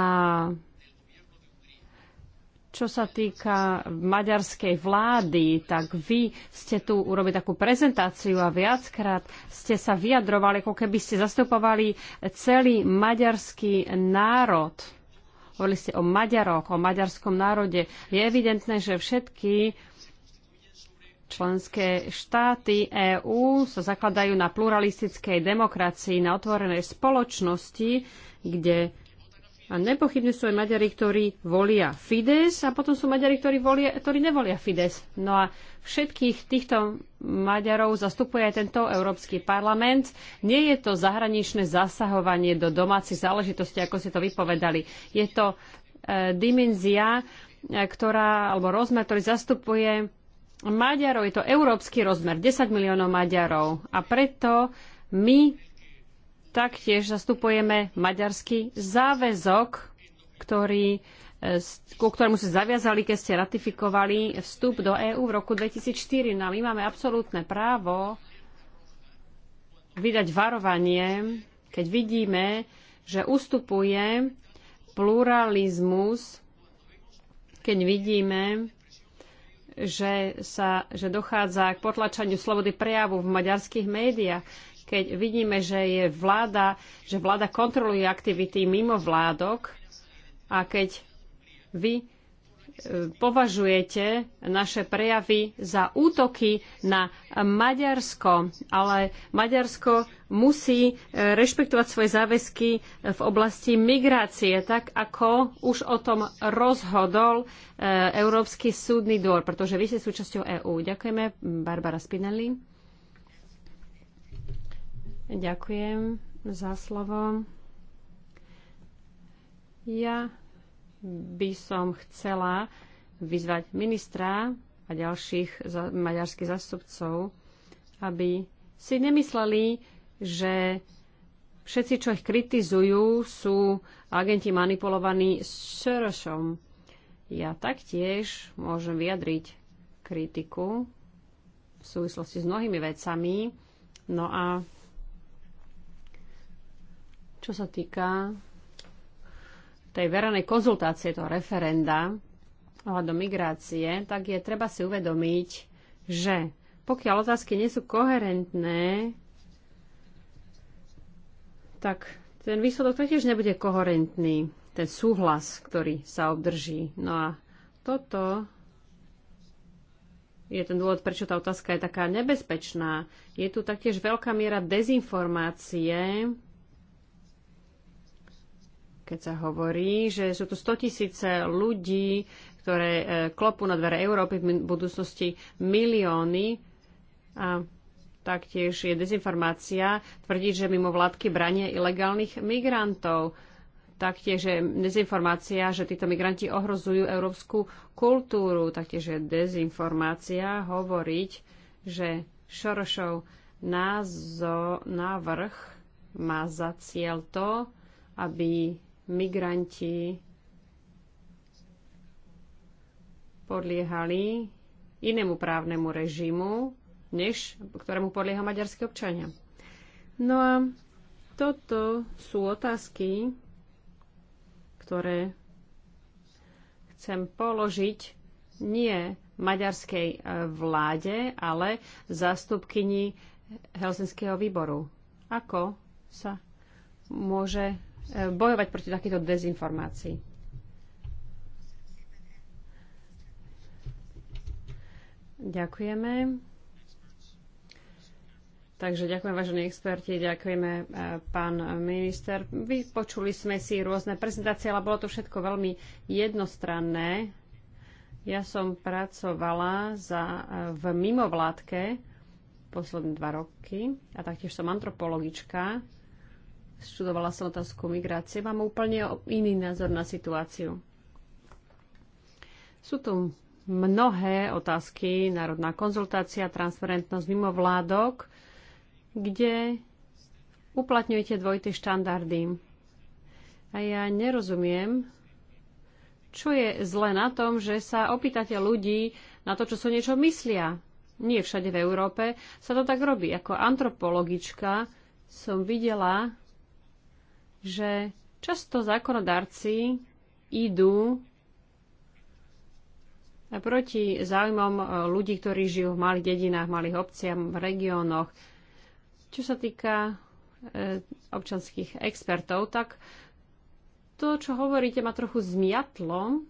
čo sa týka maďarskej vlády, tak vy ste tu urobili takú prezentáciu a viackrát ste sa vyjadrovali, ako keby ste zastupovali celý maďarský národ. Hovorili ste o Maďaroch, o maďarskom národe. Je evidentné, že všetky členské štáty EÚ sa zakladajú na pluralistickej demokracii, na otvorenej spoločnosti, kde a nepochybne sú aj Maďari, ktorí volia Fides a potom sú Maďari, ktorí, volia, ktorí nevolia Fides. No a všetkých týchto Maďarov zastupuje aj tento Európsky parlament. Nie je to zahraničné zasahovanie do domácich záležitostí, ako ste to vypovedali. Je to e, dimenzia, e, ktorá, alebo rozmer, ktorý zastupuje Maďarov. Je to európsky rozmer, 10 miliónov Maďarov. A preto my Taktiež zastupujeme maďarský záväzok, ktorý, e, ku ktorému ste zaviazali, keď ste ratifikovali vstup do EÚ v roku 2004. No a my máme absolútne právo vydať varovanie, keď vidíme, že ustupuje pluralizmus, keď vidíme, že, sa, že dochádza k potlačaniu slobody prejavu v maďarských médiách keď vidíme, že je vláda, že vláda kontroluje aktivity mimo vládok a keď vy e, považujete naše prejavy za útoky na Maďarsko, ale Maďarsko musí e, rešpektovať svoje záväzky e, v oblasti migrácie, tak ako už o tom rozhodol Európsky súdny dvor, pretože vy ste súčasťou EÚ. Ďakujeme, Barbara Spinelli. Ďakujem za slovo. Ja by som chcela vyzvať ministra a ďalších maďarských zastupcov, aby si nemysleli, že všetci, čo ich kritizujú, sú agenti manipulovaní Sorosom. Ja taktiež môžem vyjadriť kritiku v súvislosti s mnohými vecami. No a čo sa týka tej verejnej konzultácie, toho referenda ohľadom migrácie, tak je treba si uvedomiť, že pokiaľ otázky nie sú koherentné, tak ten výsledok taktiež nebude koherentný, ten súhlas, ktorý sa obdrží. No a toto je ten dôvod, prečo tá otázka je taká nebezpečná. Je tu taktiež veľká miera dezinformácie, keď sa hovorí, že sú tu 100 tisíce ľudí, ktoré e, klopú na dvere Európy, v budúcnosti milióny. A taktiež je dezinformácia tvrdiť, že mimo vládky branie ilegálnych migrantov. Taktiež je dezinformácia, že títo migranti ohrozujú európsku kultúru. Taktiež je dezinformácia hovoriť, že Šorošov názo, návrh má za cieľ to, aby migranti podliehali inému právnemu režimu, než ktorému podlieha maďarskí občania. No a toto sú otázky, ktoré chcem položiť nie maďarskej e, vláde, ale zástupkyni Helsinského výboru. Ako sa môže bojovať proti takýto dezinformácii. Ďakujeme. Takže ďakujem, vážení experti, ďakujeme, e, pán minister. Vypočuli sme si rôzne prezentácie, ale bolo to všetko veľmi jednostranné. Ja som pracovala za, e, v mimovládke posledné dva roky a taktiež som antropologička študovala som otázku migrácie, mám úplne iný názor na situáciu. Sú tu mnohé otázky, národná konzultácia, transparentnosť mimo vládok, kde uplatňujete dvojité štandardy. A ja nerozumiem, čo je zle na tom, že sa opýtate ľudí na to, čo sa so niečo myslia. Nie všade v Európe sa to tak robí. Ako antropologička som videla že často zákonodarci idú proti záujmom e, ľudí, ktorí žijú v malých dedinách, malých obciach, v regiónoch. Čo sa týka e, občanských expertov, tak to, čo hovoríte, ma trochu zmiatlo.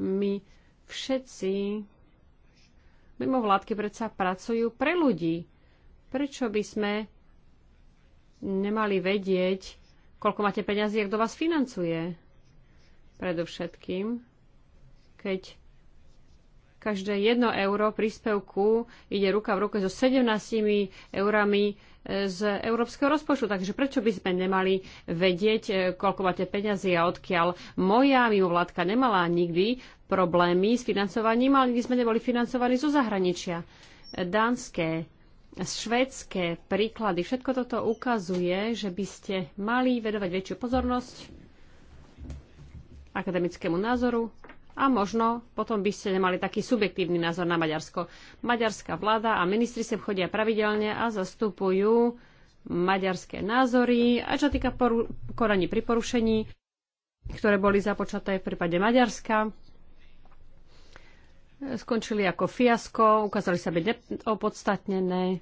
My všetci mimo vládky predsa pracujú pre ľudí. Prečo by sme nemali vedieť, koľko máte peňazí a kto vás financuje. Predovšetkým, keď každé jedno euro príspevku ide ruka v ruke so 17 eurami e, z európskeho rozpočtu. Takže prečo by sme nemali vedieť, e, koľko máte peňazí a odkiaľ? Moja mimovládka nemala nikdy problémy s financovaním, ale nikdy sme neboli financovaní zo zahraničia. E, dánske švédske príklady, všetko toto ukazuje, že by ste mali vedovať väčšiu pozornosť akademickému názoru a možno potom by ste nemali taký subjektívny názor na Maďarsko. Maďarská vláda a ministri sem chodia pravidelne a zastupujú maďarské názory. A čo týka koraní pri porušení, ktoré boli započaté v prípade Maďarska, skončili ako fiasko, ukázali sa byť neopodstatnené.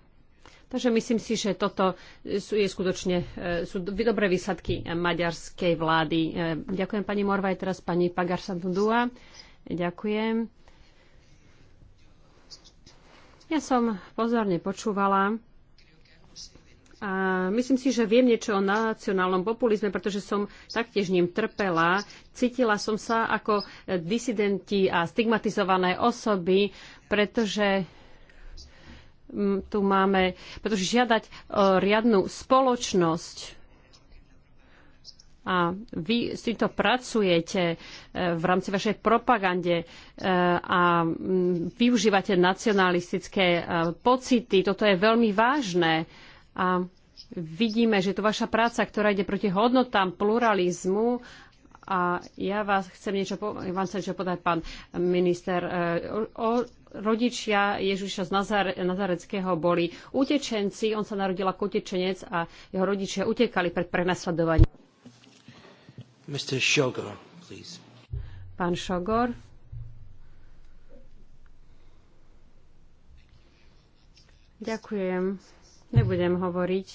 Takže myslím si, že toto sú, je skutočne, e, sú dobré výsledky maďarskej vlády. E, ďakujem pani Morvaj, teraz pani Santundua. Ďakujem. Ja som pozorne počúvala a myslím si, že viem niečo o nacionálnom populizme, pretože som taktiež ním trpela. Cítila som sa ako disidenti a stigmatizované osoby, pretože mm, tu máme, pretože žiadať o riadnu spoločnosť a vy s týmto pracujete e, v rámci vašej propagande e, a mm, využívate nacionalistické e, pocity. Toto je veľmi vážne a vidíme, že to vaša práca, ktorá ide proti hodnotám pluralizmu a ja vás chcem niečo, po- vám chcem niečo podať, pán minister. O, rodičia Ježiša z Nazare- Nazareckého boli utečenci, on sa narodil ako utečenec a jeho rodičia utekali pred prenasledovaním. Mr. Shogor, please. Pán Šogor. Ďakujem. Nebudem hovoriť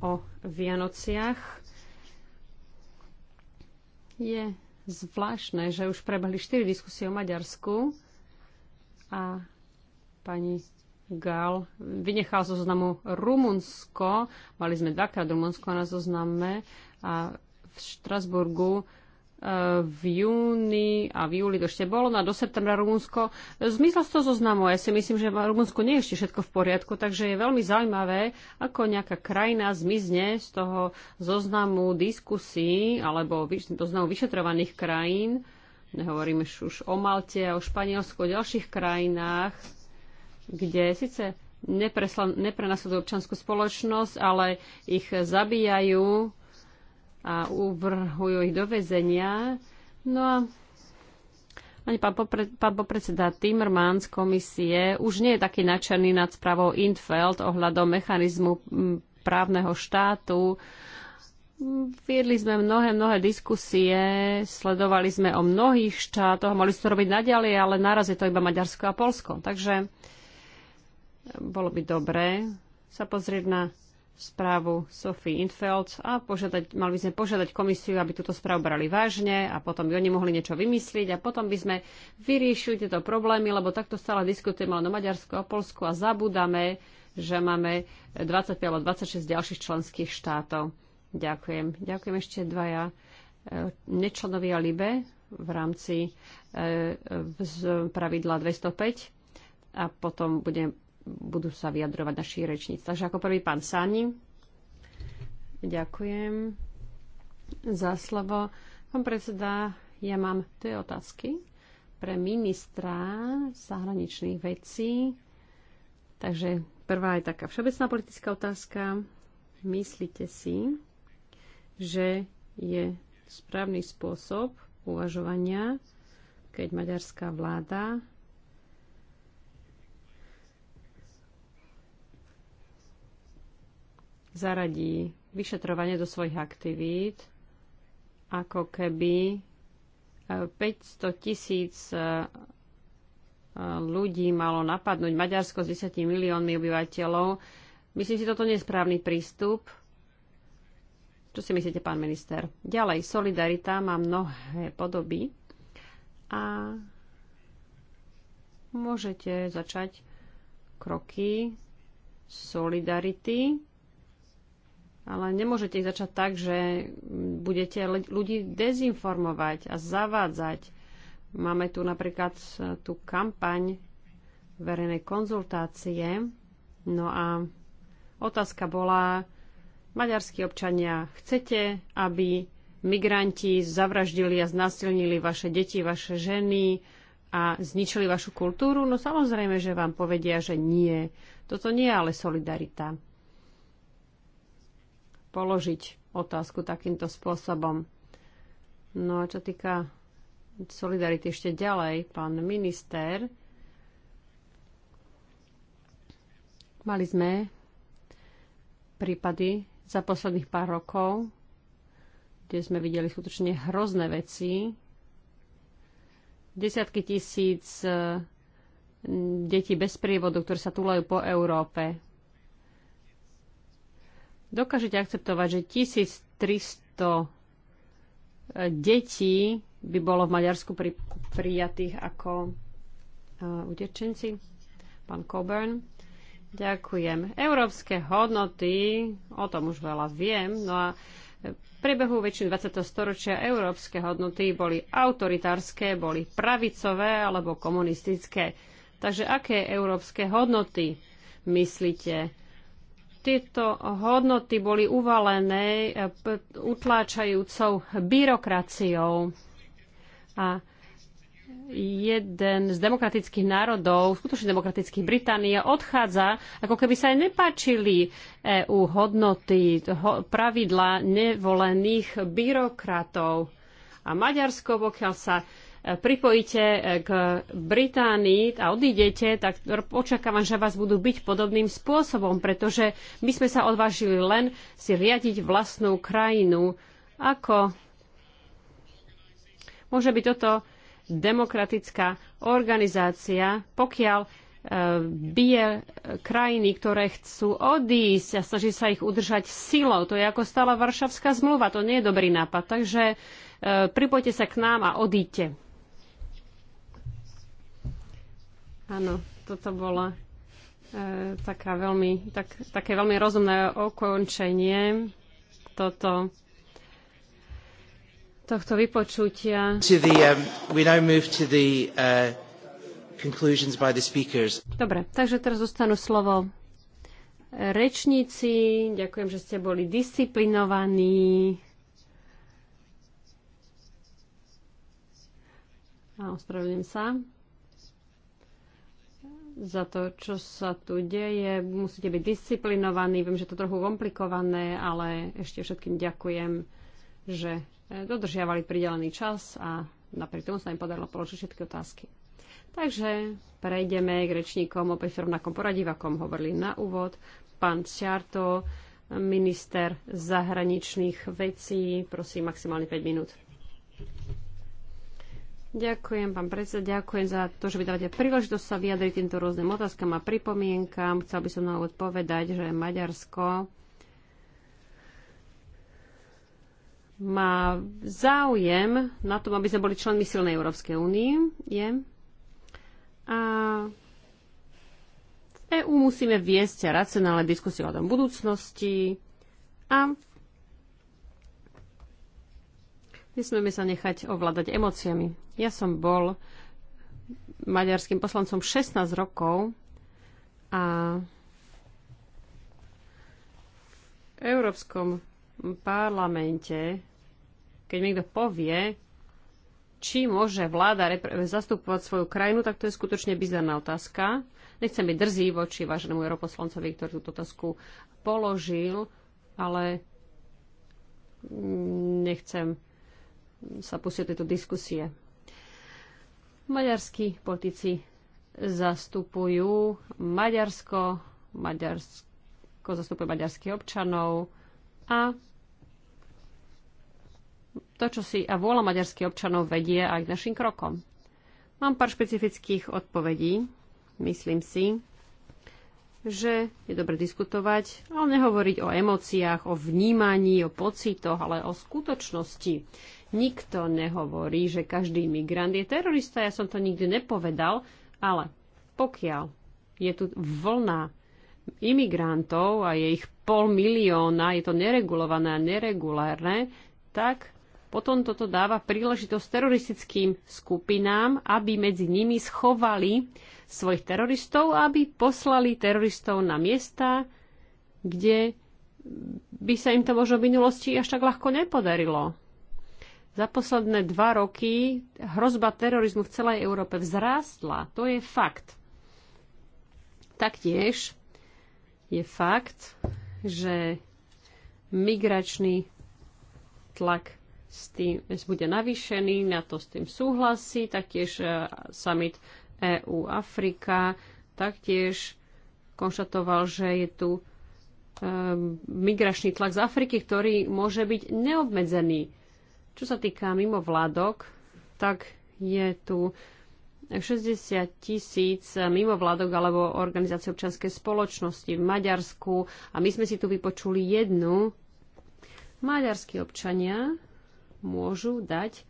o Vianociach. Je zvláštne, že už prebehli 4 diskusie o Maďarsku a pani Gal vynechal zo zoznamu Rumunsko. Mali sme dvakrát Rumunsko na zozname a v Štrasburgu v júni a v júli to ešte bolo, no a do septembra Rumunsko zmizlo z toho zoznamu. Ja si myslím, že Rumunsko nie je ešte všetko v poriadku, takže je veľmi zaujímavé, ako nejaká krajina zmizne z toho zoznamu diskusí alebo zoznamu vyšetrovaných krajín. Nehovoríme už o Malte a o Španielsku, o ďalších krajinách, kde síce neprenasledujú občanskú spoločnosť, ale ich zabíjajú a uvrhujú ich do väzenia. No a ani pán, popre, pán popredseda Timmermans komisie už nie je taký nadšený nad správou Infeld ohľadom mechanizmu právneho štátu. Viedli sme mnohé, mnohé diskusie, sledovali sme o mnohých štátoch, mohli sme to robiť naďalej, ale naraz je to iba Maďarsko a Polsko. Takže bolo by dobré sa pozrieť na správu Sophie Infeld a požiadať, mali by sme požiadať komisiu, aby túto správu brali vážne a potom by oni mohli niečo vymyslieť a potom by sme vyriešili tieto problémy, lebo takto stále diskutujeme len o Maďarsku a Polsku a zabudáme, že máme 25 alebo 26 ďalších členských štátov. Ďakujem. Ďakujem ešte dvaja eh, nečlenovia LIBE v rámci eh, pravidla 205 a potom budem budú sa vyjadrovať naši rečníci. Takže ako prvý pán Sani. Ďakujem za slovo. Pán predseda, ja mám dve otázky pre ministra zahraničných vecí. Takže prvá je taká všeobecná politická otázka. Myslíte si, že je správny spôsob uvažovania, keď maďarská vláda zaradí vyšetrovanie do svojich aktivít, ako keby 500 e, tisíc e, e, ľudí malo napadnúť Maďarsko s 10 miliónmi obyvateľov. Myslím si, toto nie je správny prístup. Čo si myslíte, pán minister? Ďalej, solidarita má mnohé podoby a môžete začať kroky solidarity ale nemôžete ich začať tak, že budete ľudí dezinformovať a zavádzať. Máme tu napríklad e, tú kampaň verejnej konzultácie. No a otázka bola, maďarskí občania, chcete, aby migranti zavraždili a znásilnili vaše deti, vaše ženy a zničili vašu kultúru? No samozrejme, že vám povedia, že nie. Toto nie je ale solidarita položiť otázku takýmto spôsobom. No a čo týka solidarity ešte ďalej, pán minister, mali sme prípady za posledných pár rokov, kde sme videli skutočne hrozné veci. Desiatky tisíc eh, detí bez prievodu, ktoré sa túlajú po Európe dokážete akceptovať, že 1300 detí by bolo v Maďarsku pri, prijatých ako uh, utečenci? Pán Coburn. Ďakujem. Európske hodnoty, o tom už veľa viem, no a v priebehu väčšiny 20. storočia európske hodnoty boli autoritárske, boli pravicové alebo komunistické. Takže aké európske hodnoty myslíte? tieto hodnoty boli uvalené e, utláčajúcou byrokraciou. A jeden z demokratických národov, skutočne demokratických Británie, odchádza, ako keby sa aj nepáčili EU hodnoty, ho, pravidla nevolených byrokratov. A Maďarsko, pokiaľ sa pripojíte eh, k Británii a odídete, tak očakávam, že vás budú byť podobným spôsobom, pretože my sme sa odvážili len si riadiť vlastnú krajinu. Ako môže byť toto demokratická organizácia, pokiaľ eh, bije krajiny, ktoré chcú odísť a snaží sa ich udržať silou. To je ako stála Varšavská zmluva, to nie je dobrý nápad. Takže eh, pripojte sa k nám a odíďte. Áno, toto bola e, taká veľmi, tak, také veľmi rozumné ukončenie toto, tohto vypočutia. To the, um, we now move to the, uh, conclusions by the speakers. Dobre, takže teraz zostanú slovo rečníci. Ďakujem, že ste boli disciplinovaní. A ospravedlňujem sa za to, čo sa tu deje. Musíte byť disciplinovaní. Viem, že to je trochu komplikované, ale ešte všetkým ďakujem, že e, dodržiavali pridelený čas a napriek tomu sa im podarilo položiť všetky otázky. Takže prejdeme k rečníkom opäť v rovnakom poradí, v akom hovorili na úvod. Pán Ciarto, minister zahraničných vecí, prosím maximálne 5 minút. Ďakujem, pán predseda, ďakujem za to, že mi dávate príležitosť sa vyjadriť týmto rôznym otázkam a pripomienkam. Chcel by som na úvod povedať, že Maďarsko má záujem na tom, aby sme boli členmi silnej Európskej únie. Je. A v EÚ musíme viesť racionálne diskusie o tom budúcnosti a Nesmieme sa nechať ovládať emóciami. Ja som bol maďarským poslancom 16 rokov a v Európskom parlamente, keď niekto povie, či môže vláda zastupovať svoju krajinu, tak to je skutočne bizarná otázka. Nechcem byť drzý voči váženému europoslancovi, ktorý túto otázku položil, ale nechcem sa pustia tieto diskusie. Maďarskí politici zastupujú Maďarsko, Maďarsko zastupuje maďarských občanov a to, čo si a vôľa maďarských občanov vedie aj k našim krokom. Mám pár špecifických odpovedí. Myslím si, že je dobre diskutovať, ale nehovoriť o emóciách, o vnímaní, o pocitoch, ale o skutočnosti. Nikto nehovorí, že každý migrant je terorista, ja som to nikdy nepovedal, ale pokiaľ je tu vlna imigrantov a je ich pol milióna, je to neregulované a neregulárne, tak potom toto dáva príležitosť teroristickým skupinám, aby medzi nimi schovali svojich teroristov, aby poslali teroristov na miesta, kde by sa im to možno v minulosti až tak ľahko nepodarilo. Za posledné dva roky hrozba terorizmu v celej Európe vzrástla. To je fakt. Taktiež je fakt, že migračný tlak s tým bude navýšený, na to s tým súhlasí, taktiež e, summit EU-Afrika, taktiež konštatoval, že je tu e, migračný tlak z Afriky, ktorý môže byť neobmedzený. Čo sa týka mimo vládok, tak je tu 60 tisíc mimovládok alebo organizácie občianskej spoločnosti v Maďarsku a my sme si tu vypočuli jednu. Maďarskí občania môžu dať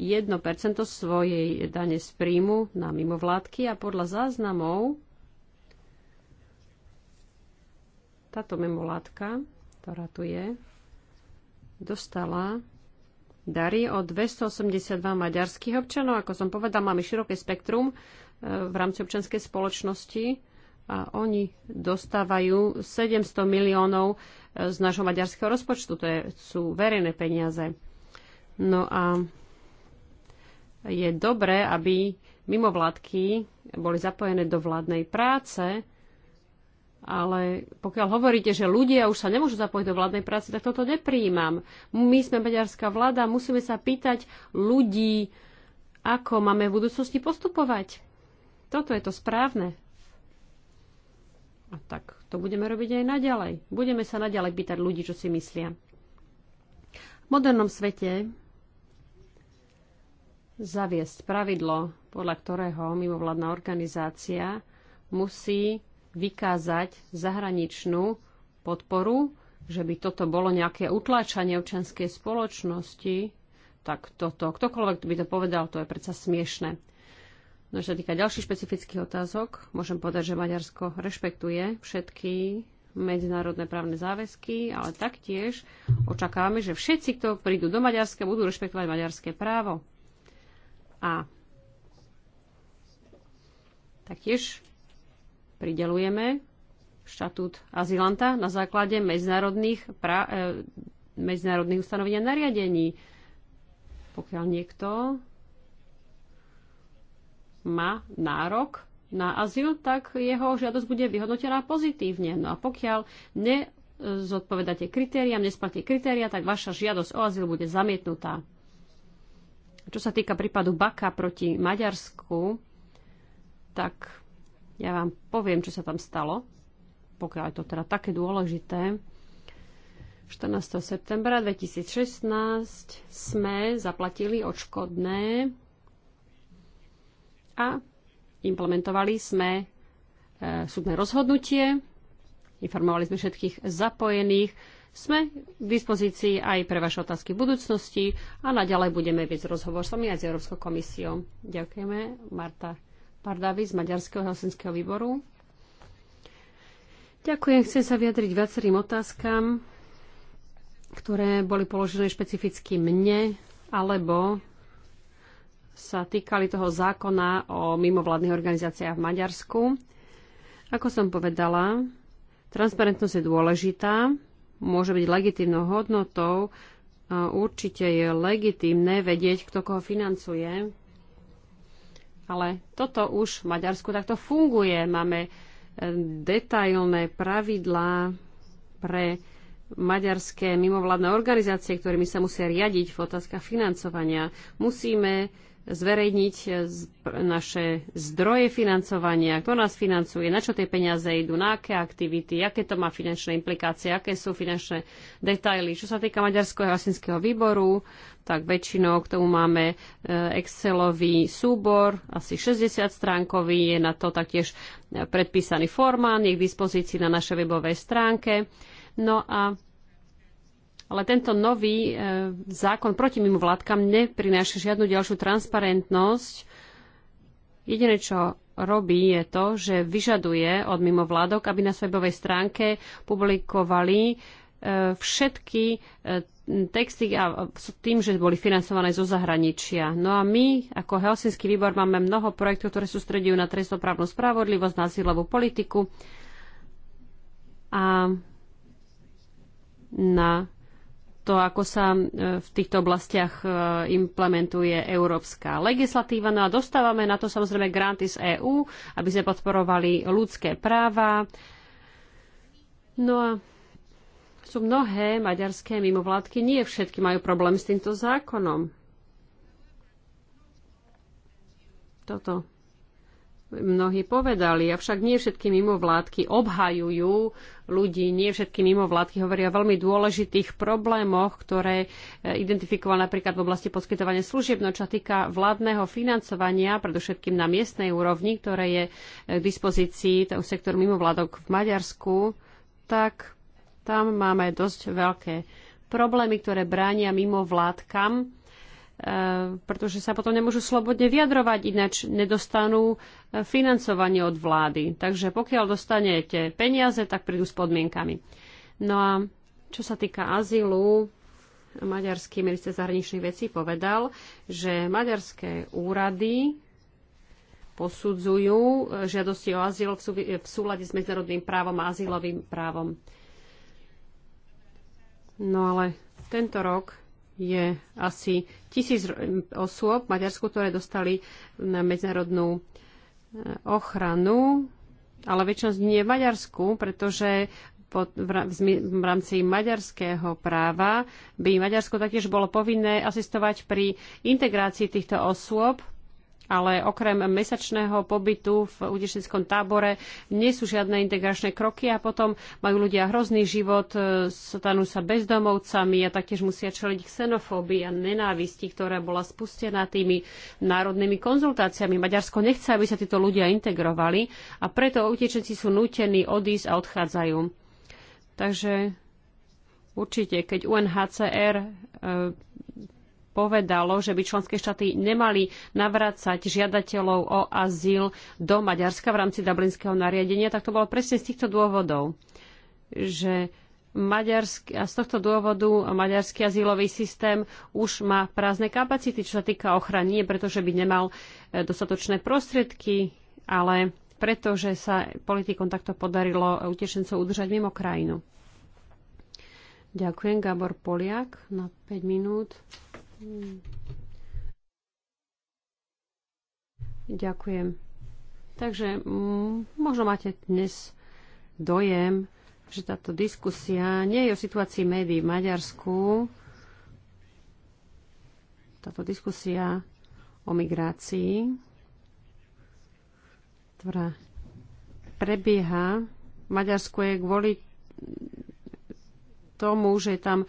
1% svojej dane z príjmu na mimovládky a podľa záznamov táto mimovládka, ktorá tu je, dostala darí od 282 maďarských občanov. Ako som povedal, máme široké spektrum e, v rámci občanskej spoločnosti a oni dostávajú 700 miliónov e, z nášho maďarského rozpočtu. To je, sú verejné peniaze. No a je dobré, aby mimovládky boli zapojené do vládnej práce, ale pokiaľ hovoríte, že ľudia už sa nemôžu zapojiť do vládnej práce, tak toto nepríjmam. My sme maďarská vláda, musíme sa pýtať ľudí, ako máme v budúcnosti postupovať. Toto je to správne. A tak to budeme robiť aj naďalej. Budeme sa naďalej pýtať ľudí, čo si myslia. V modernom svete zaviesť pravidlo, podľa ktorého mimovládna organizácia musí vykázať zahraničnú podporu, že by toto bolo nejaké utláčanie občianskej spoločnosti, tak toto, ktokoľvek by to povedal, to je predsa smiešne. No čo sa týka ďalších špecifických otázok, môžem povedať, že Maďarsko rešpektuje všetky medzinárodné právne záväzky, ale taktiež očakávame, že všetci, kto prídu do Maďarska, budú rešpektovať maďarské právo. A taktiež pridelujeme štatút azylanta na základe medzinárodných, pra, e, medzinárodných ustanovenia nariadení. Pokiaľ niekto má nárok na azyl, tak jeho žiadosť bude vyhodnotená pozitívne. No a pokiaľ nezodpovedáte kritériám, nesplatíte kritéria, tak vaša žiadosť o azyl bude zamietnutá. Čo sa týka prípadu Baka proti Maďarsku, tak ja vám poviem, čo sa tam stalo, pokiaľ je to teda také dôležité. 14. septembra 2016 sme zaplatili odškodné a implementovali sme e, súdne rozhodnutie, informovali sme všetkých zapojených, sme k dispozícii aj pre vaše otázky v budúcnosti a naďalej budeme viesť rozhovor s vami aj s Európskou komisiou. Ďakujeme, Marta Pardavi z Maďarského Helsinského výboru. Ďakujem, chcem sa vyjadriť viacerým otázkam, ktoré boli položené špecificky mne, alebo sa týkali toho zákona o mimovládnych organizáciách v Maďarsku. Ako som povedala, transparentnosť je dôležitá, môže byť legitímnou hodnotou, určite je legitímne vedieť, kto koho financuje. Ale toto už v Maďarsku takto funguje. Máme e, detailné pravidlá pre maďarské mimovládne organizácie, ktorými sa musia riadiť v otázkach financovania. Musíme zverejniť e, naše zdroje financovania, kto nás financuje, na čo tie peniaze idú, na aké aktivity, aké to má finančné implikácie, aké sú finančné detaily. Čo sa týka Maďarského hasinského výboru, tak väčšinou k tomu máme e, Excelový súbor, asi 60 stránkový, je na to taktiež e, predpísaný formán, je k dispozícii na našej webovej stránke. No a ale tento nový e, zákon proti mimovládkam neprináša žiadnu ďalšiu transparentnosť. Jediné, čo robí, je to, že vyžaduje od mimovládok, aby na svojej webovej stránke publikovali e, všetky e, texty a tým, že boli financované zo zahraničia. No a my ako Helsinský výbor máme mnoho projektov, ktoré sústredujú na trestnoprávnu spravodlivosť, na sílovú politiku a na to, ako sa e, v týchto oblastiach e, implementuje európska legislatíva. No a dostávame na to samozrejme granty z EÚ, aby sme podporovali ľudské práva. No a sú mnohé maďarské mimovládky, nie všetky majú problém s týmto zákonom. Toto mnohí povedali. Avšak nie všetky mimovládky obhajujú ľudí, nie všetky mimovládky hovoria o veľmi dôležitých problémoch, ktoré e, identifikoval napríklad v oblasti poskytovania služieb, no čo týka vládneho financovania, predovšetkým na miestnej úrovni, ktoré je e, k dispozícii ten sektor mimovládok v Maďarsku, tak tam máme dosť veľké problémy, ktoré bránia mimovládkam Eh, pretože sa potom nemôžu slobodne vyjadrovať, ináč nedostanú eh, financovanie od vlády. Takže pokiaľ dostanete peniaze, tak prídu s podmienkami. No a čo sa týka azylu, maďarský minister zahraničných vecí povedal, že maďarské úrady posudzujú eh, žiadosti o azyl v súlade s medzinárodným právom a azylovým právom. No ale tento rok je asi tisíc osôb v Maďarsku, ktoré dostali na medzinárodnú e, ochranu, ale väčšinou z nich je v Maďarsku, pretože pod, v, v rámci maďarského práva by Maďarsko taktiež bolo povinné asistovať pri integrácii týchto osôb ale okrem mesačného pobytu v utečeneckom tábore nie sú žiadne integračné kroky a potom majú ľudia hrozný život, e, stanú sa bezdomovcami a taktiež musia čeliť xenofóbii a nenávisti, ktorá bola spustená tými národnými konzultáciami. Maďarsko nechce, aby sa títo ľudia integrovali a preto utečenci sú nútení odísť a odchádzajú. Takže Určite, keď UNHCR e, povedalo, že by členské štáty nemali navrácať žiadateľov o azyl do Maďarska v rámci dublinského nariadenia, tak to bolo presne z týchto dôvodov, že Maďarský, a z tohto dôvodu maďarský azylový systém už má prázdne kapacity, čo sa týka ochrany, nie preto, že by nemal e, dostatočné prostriedky, ale preto, že sa politikom takto podarilo utečencov udržať mimo krajinu. Ďakujem, Gabor Poliak, na 5 minút. Ďakujem. Takže mm, možno máte dnes dojem, že táto diskusia nie je o situácii médií v Maďarsku. Táto diskusia o migrácii, ktorá prebieha v Maďarsku je kvôli tomu, že je tam e,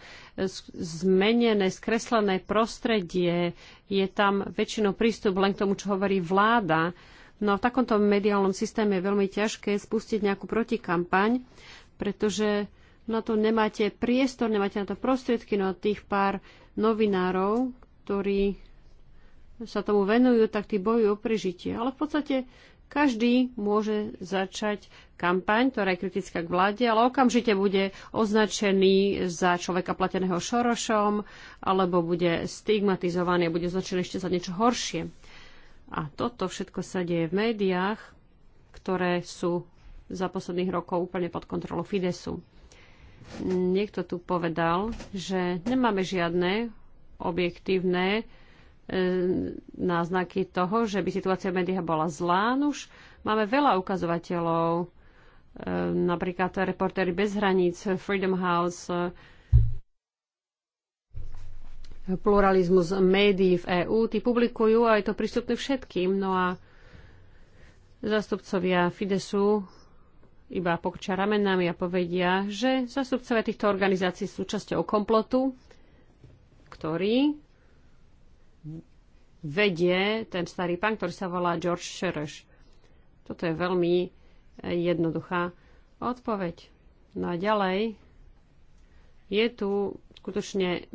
zmenené, skreslené prostredie, je tam väčšinou prístup len k tomu, čo hovorí vláda. No v takomto mediálnom systéme je veľmi ťažké spustiť nejakú protikampaň, pretože na no to nemáte priestor, nemáte na to prostriedky, no tých pár novinárov, ktorí sa tomu venujú, tak tí bojujú o prežitie. Ale v podstate každý môže začať kampaň, ktorá je kritická k vláde, ale okamžite bude označený za človeka plateného Šorošom, alebo bude stigmatizovaný a bude označený ešte za niečo horšie. A toto všetko sa deje v médiách, ktoré sú za posledných rokov úplne pod kontrolou Fidesu. Niekto tu povedal, že nemáme žiadne objektívne náznaky toho, že by situácia v médiách bola zlá. No už máme veľa ukazovateľov, e, napríklad reportéry bez hraníc, Freedom House, e, pluralizmus médií v EÚ, tí publikujú a je to prístupné všetkým. No a zastupcovia Fidesu iba pokrčia ramenami a povedia, že zastupcovia týchto organizácií sú časťou komplotu, ktorý vedie ten starý pán, ktorý sa volá George Sherrish. Toto je veľmi e, jednoduchá odpoveď. No a ďalej je tu skutočne,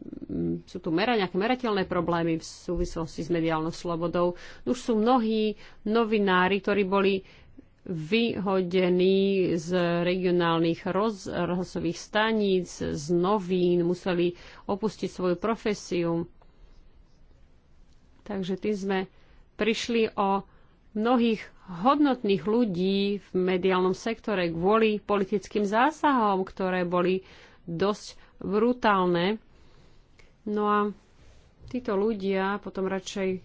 sú tu mera, nejaké merateľné problémy v súvislosti s mediálnou slobodou. Už sú mnohí novinári, ktorí boli vyhodení z regionálnych rozhlasových staníc, z novín, museli opustiť svoju profesiu. Takže tým sme prišli o mnohých hodnotných ľudí v mediálnom sektore kvôli politickým zásahom, ktoré boli dosť brutálne. No a títo ľudia potom radšej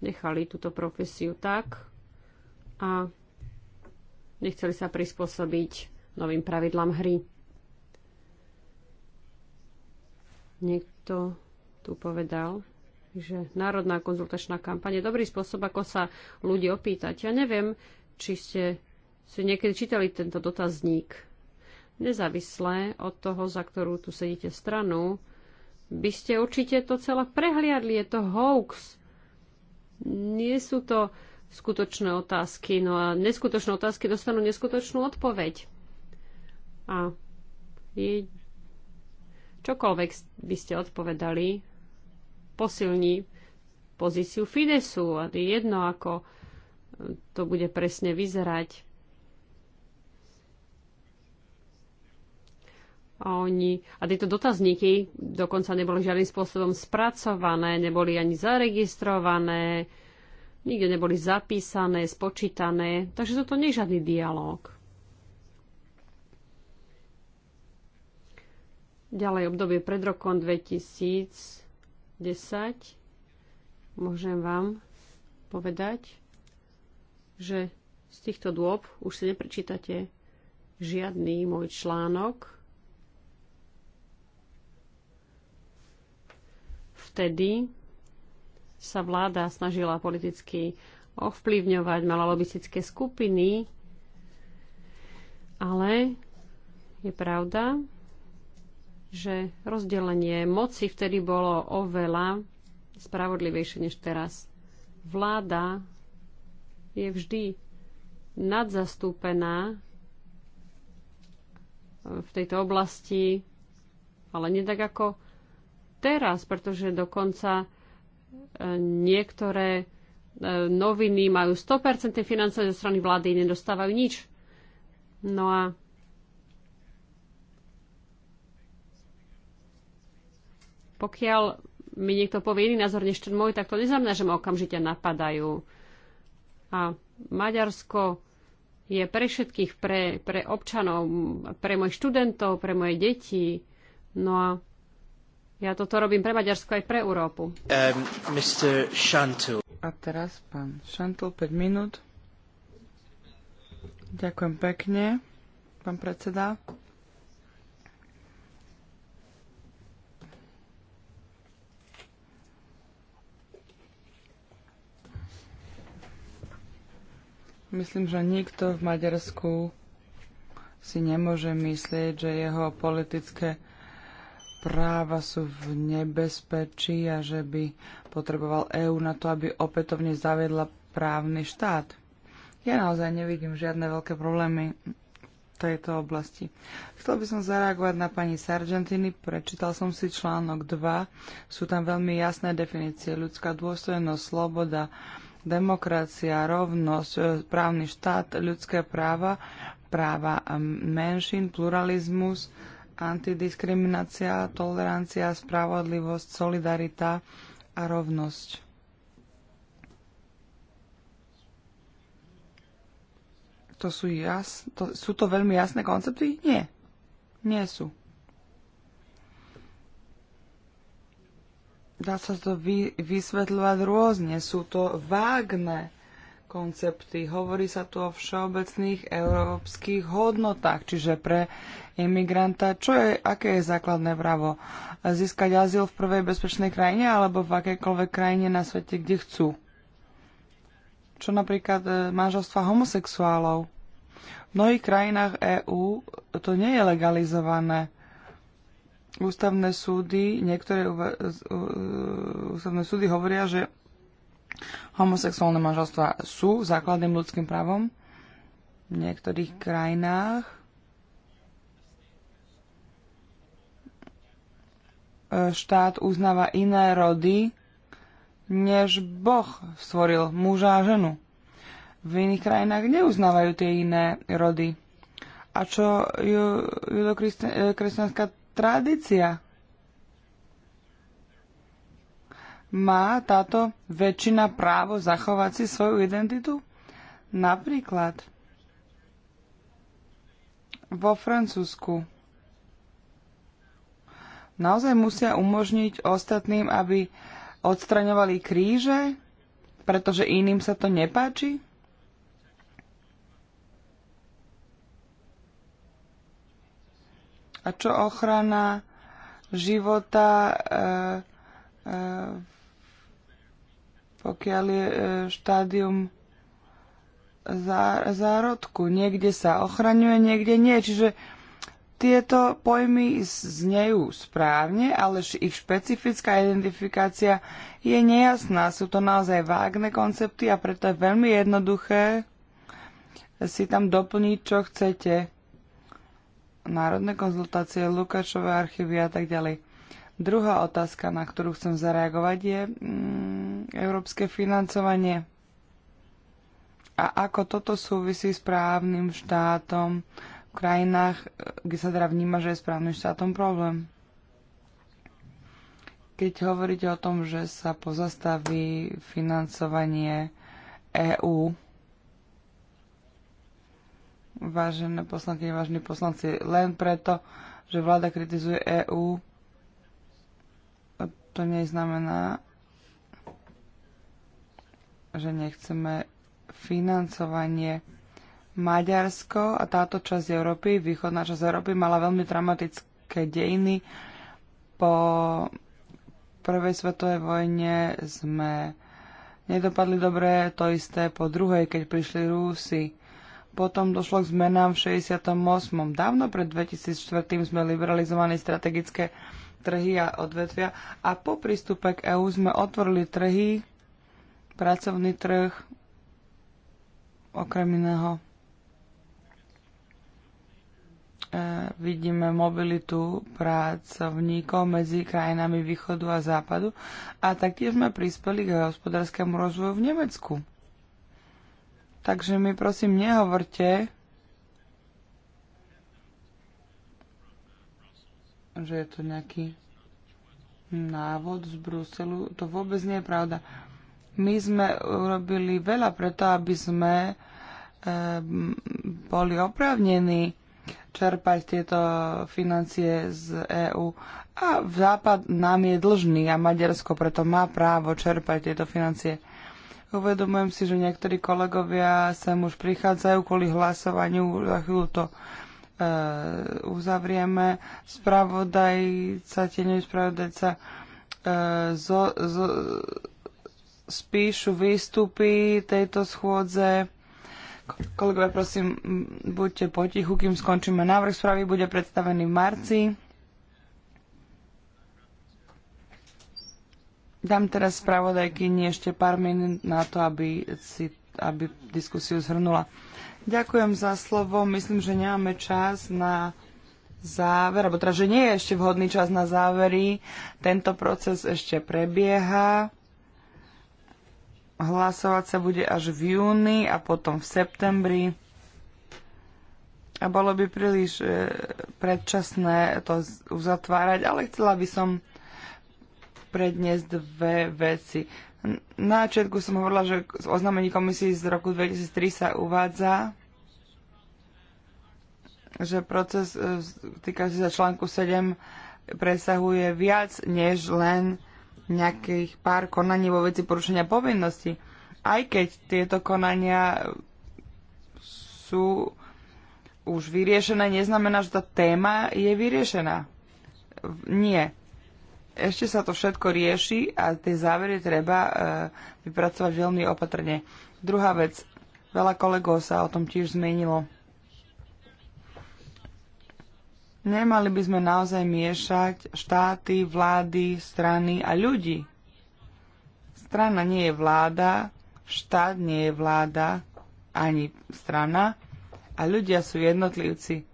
nechali túto profesiu tak a nechceli sa prispôsobiť novým pravidlám hry. Niekto tu povedal, Takže národná konzultačná kampaň je dobrý spôsob, ako sa ľudí opýtať. Ja neviem, či ste si niekedy čítali tento dotazník. Nezávisle od toho, za ktorú tu sedíte stranu, by ste určite to celé prehliadli. Je to hoax. Nie sú to skutočné otázky. No a neskutočné otázky dostanú neskutočnú odpoveď. A je... čokoľvek by ste odpovedali, posilní pozíciu Fidesu a je jedno, ako to bude presne vyzerať. A, oni, a tieto dotazníky dokonca neboli žiadnym spôsobom spracované, neboli ani zaregistrované, nikde neboli zapísané, spočítané, takže toto nie je žiadny dialog. Ďalej obdobie pred rokom 2000 10 môžem vám povedať, že z týchto dôb už si neprečítate žiadny môj článok. Vtedy sa vláda snažila politicky ovplyvňovať, mala skupiny, ale je pravda, že rozdelenie moci vtedy bolo oveľa spravodlivejšie než teraz. Vláda je vždy nadzastúpená e, v tejto oblasti, ale nie tak ako teraz, pretože dokonca e, niektoré e, noviny majú 100% financovanie zo strany vlády, nedostávajú nič. No a Pokiaľ mi niekto povie iný názor než ten môj, tak to neznamená, že ma okamžite napadajú. A Maďarsko je pre všetkých, pre, pre občanov, pre mojich študentov, pre moje deti. No a ja toto robím pre Maďarsko aj pre Európu. Um, a teraz pán Šantl, 5 minút. Ďakujem pekne, pán predseda. Myslím, že nikto v Maďarsku si nemôže myslieť, že jeho politické práva sú v nebezpečí a že by potreboval EÚ na to, aby opätovne zaviedla právny štát. Ja naozaj nevidím žiadne veľké problémy v tejto oblasti. Chcel by som zareagovať na pani Sargentini. Prečítal som si článok 2. Sú tam veľmi jasné definície. Ľudská dôstojnosť, sloboda, demokracia, rovnosť, e, právny štát, ľudské práva, práva menšín, pluralizmus, antidiskriminácia, tolerancia, spravodlivosť, solidarita a rovnosť. To sú, jas, to, sú to veľmi jasné koncepty? Nie. Nie sú. dá sa to vy, vysvetľovať rôzne. Sú to vágne koncepty. Hovorí sa tu o všeobecných európskych hodnotách, čiže pre imigranta, čo je, aké je základné právo? Získať azyl v prvej bezpečnej krajine alebo v akékoľvek krajine na svete, kde chcú. Čo napríklad e, manželstva homosexuálov. V mnohých krajinách EÚ to nie je legalizované ústavné súdy, niektoré ústavné súdy hovoria, že homosexuálne manželstva sú základným ľudským právom v niektorých krajinách. Štát uznáva iné rody, než Boh stvoril muža a ženu. V iných krajinách neuznávajú tie iné rody. A čo judokresťanská eh, tradícia. Má táto väčšina právo zachovať si svoju identitu? Napríklad vo Francúzsku. Naozaj musia umožniť ostatným, aby odstraňovali kríže, pretože iným sa to nepáči? A čo ochrana života, e, e, pokiaľ je e, štádium zárodku. Niekde sa ochraňuje, niekde nie. Čiže tieto pojmy znejú správne, ale ich špecifická identifikácia je nejasná. Sú to naozaj vágne koncepty a preto je veľmi jednoduché si tam doplniť, čo chcete národné konzultácie, Lukáčové archívy a tak ďalej. Druhá otázka, na ktorú chcem zareagovať, je mm, európske financovanie. A ako toto súvisí s právnym štátom v krajinách, eh, kde sa teda vníma, že je s právnym štátom problém? Keď hovoríte o tom, že sa pozastaví financovanie EÚ, vážené poslanky, vážení poslanci, len preto, že vláda kritizuje EÚ, to neznamená, že nechceme financovanie. Maďarsko a táto časť Európy, východná časť Európy, mala veľmi dramatické dejiny. Po prvej svetovej vojne sme nedopadli dobre, to isté po druhej, keď prišli Rúsi. Potom došlo k zmenám v 68. Dávno pred 2004 sme liberalizovali strategické trhy a odvetvia a po prístupe k EÚ sme otvorili trhy, pracovný trh, okrem iného. E, vidíme mobilitu pracovníkov medzi krajinami východu a západu a taktiež sme prispeli k hospodárskému rozvoju v Nemecku. Takže mi prosím nehovorte, že je to nejaký návod z Bruselu. To vôbec nie je pravda. My sme urobili veľa preto, aby sme e, boli oprávnení čerpať tieto financie z EÚ. A Západ nám je dlžný a Maďarsko preto má právo čerpať tieto financie. Uvedomujem si, že niektorí kolegovia sem už prichádzajú kvôli hlasovaniu, za chvíľu to e, uzavrieme. Spravodajca, tieňový spravodajca e, zo, zo, spíšu výstupy tejto schôdze. Kolegovia, prosím, buďte potichu, kým skončíme návrh správy, bude predstavený v marci. Dám teraz spravodajkyni ešte pár minút na to, aby, si, aby diskusiu zhrnula. Ďakujem za slovo. Myslím, že nemáme čas na záver, alebo teda, že nie je ešte vhodný čas na závery. Tento proces ešte prebieha. Hlasovať sa bude až v júni a potom v septembri. A bolo by príliš eh, predčasné to uzatvárať, ale chcela by som predniesť dve veci. Na začiatku som hovorila, že z oznámení komisie z roku 2003 sa uvádza, že proces e, týkajúci sa článku 7 presahuje viac než len nejakých pár konaní vo veci porušenia povinnosti. Aj keď tieto konania sú už vyriešené, neznamená, že tá téma je vyriešená. Nie ešte sa to všetko rieši a tie závery treba eh, vypracovať veľmi opatrne. Druhá vec, veľa kolegov sa o tom tiež zmenilo. Nemali by sme naozaj miešať štáty, vlády, strany a ľudí. Strana nie je vláda, štát nie je vláda, ani strana a ľudia sú jednotlivci.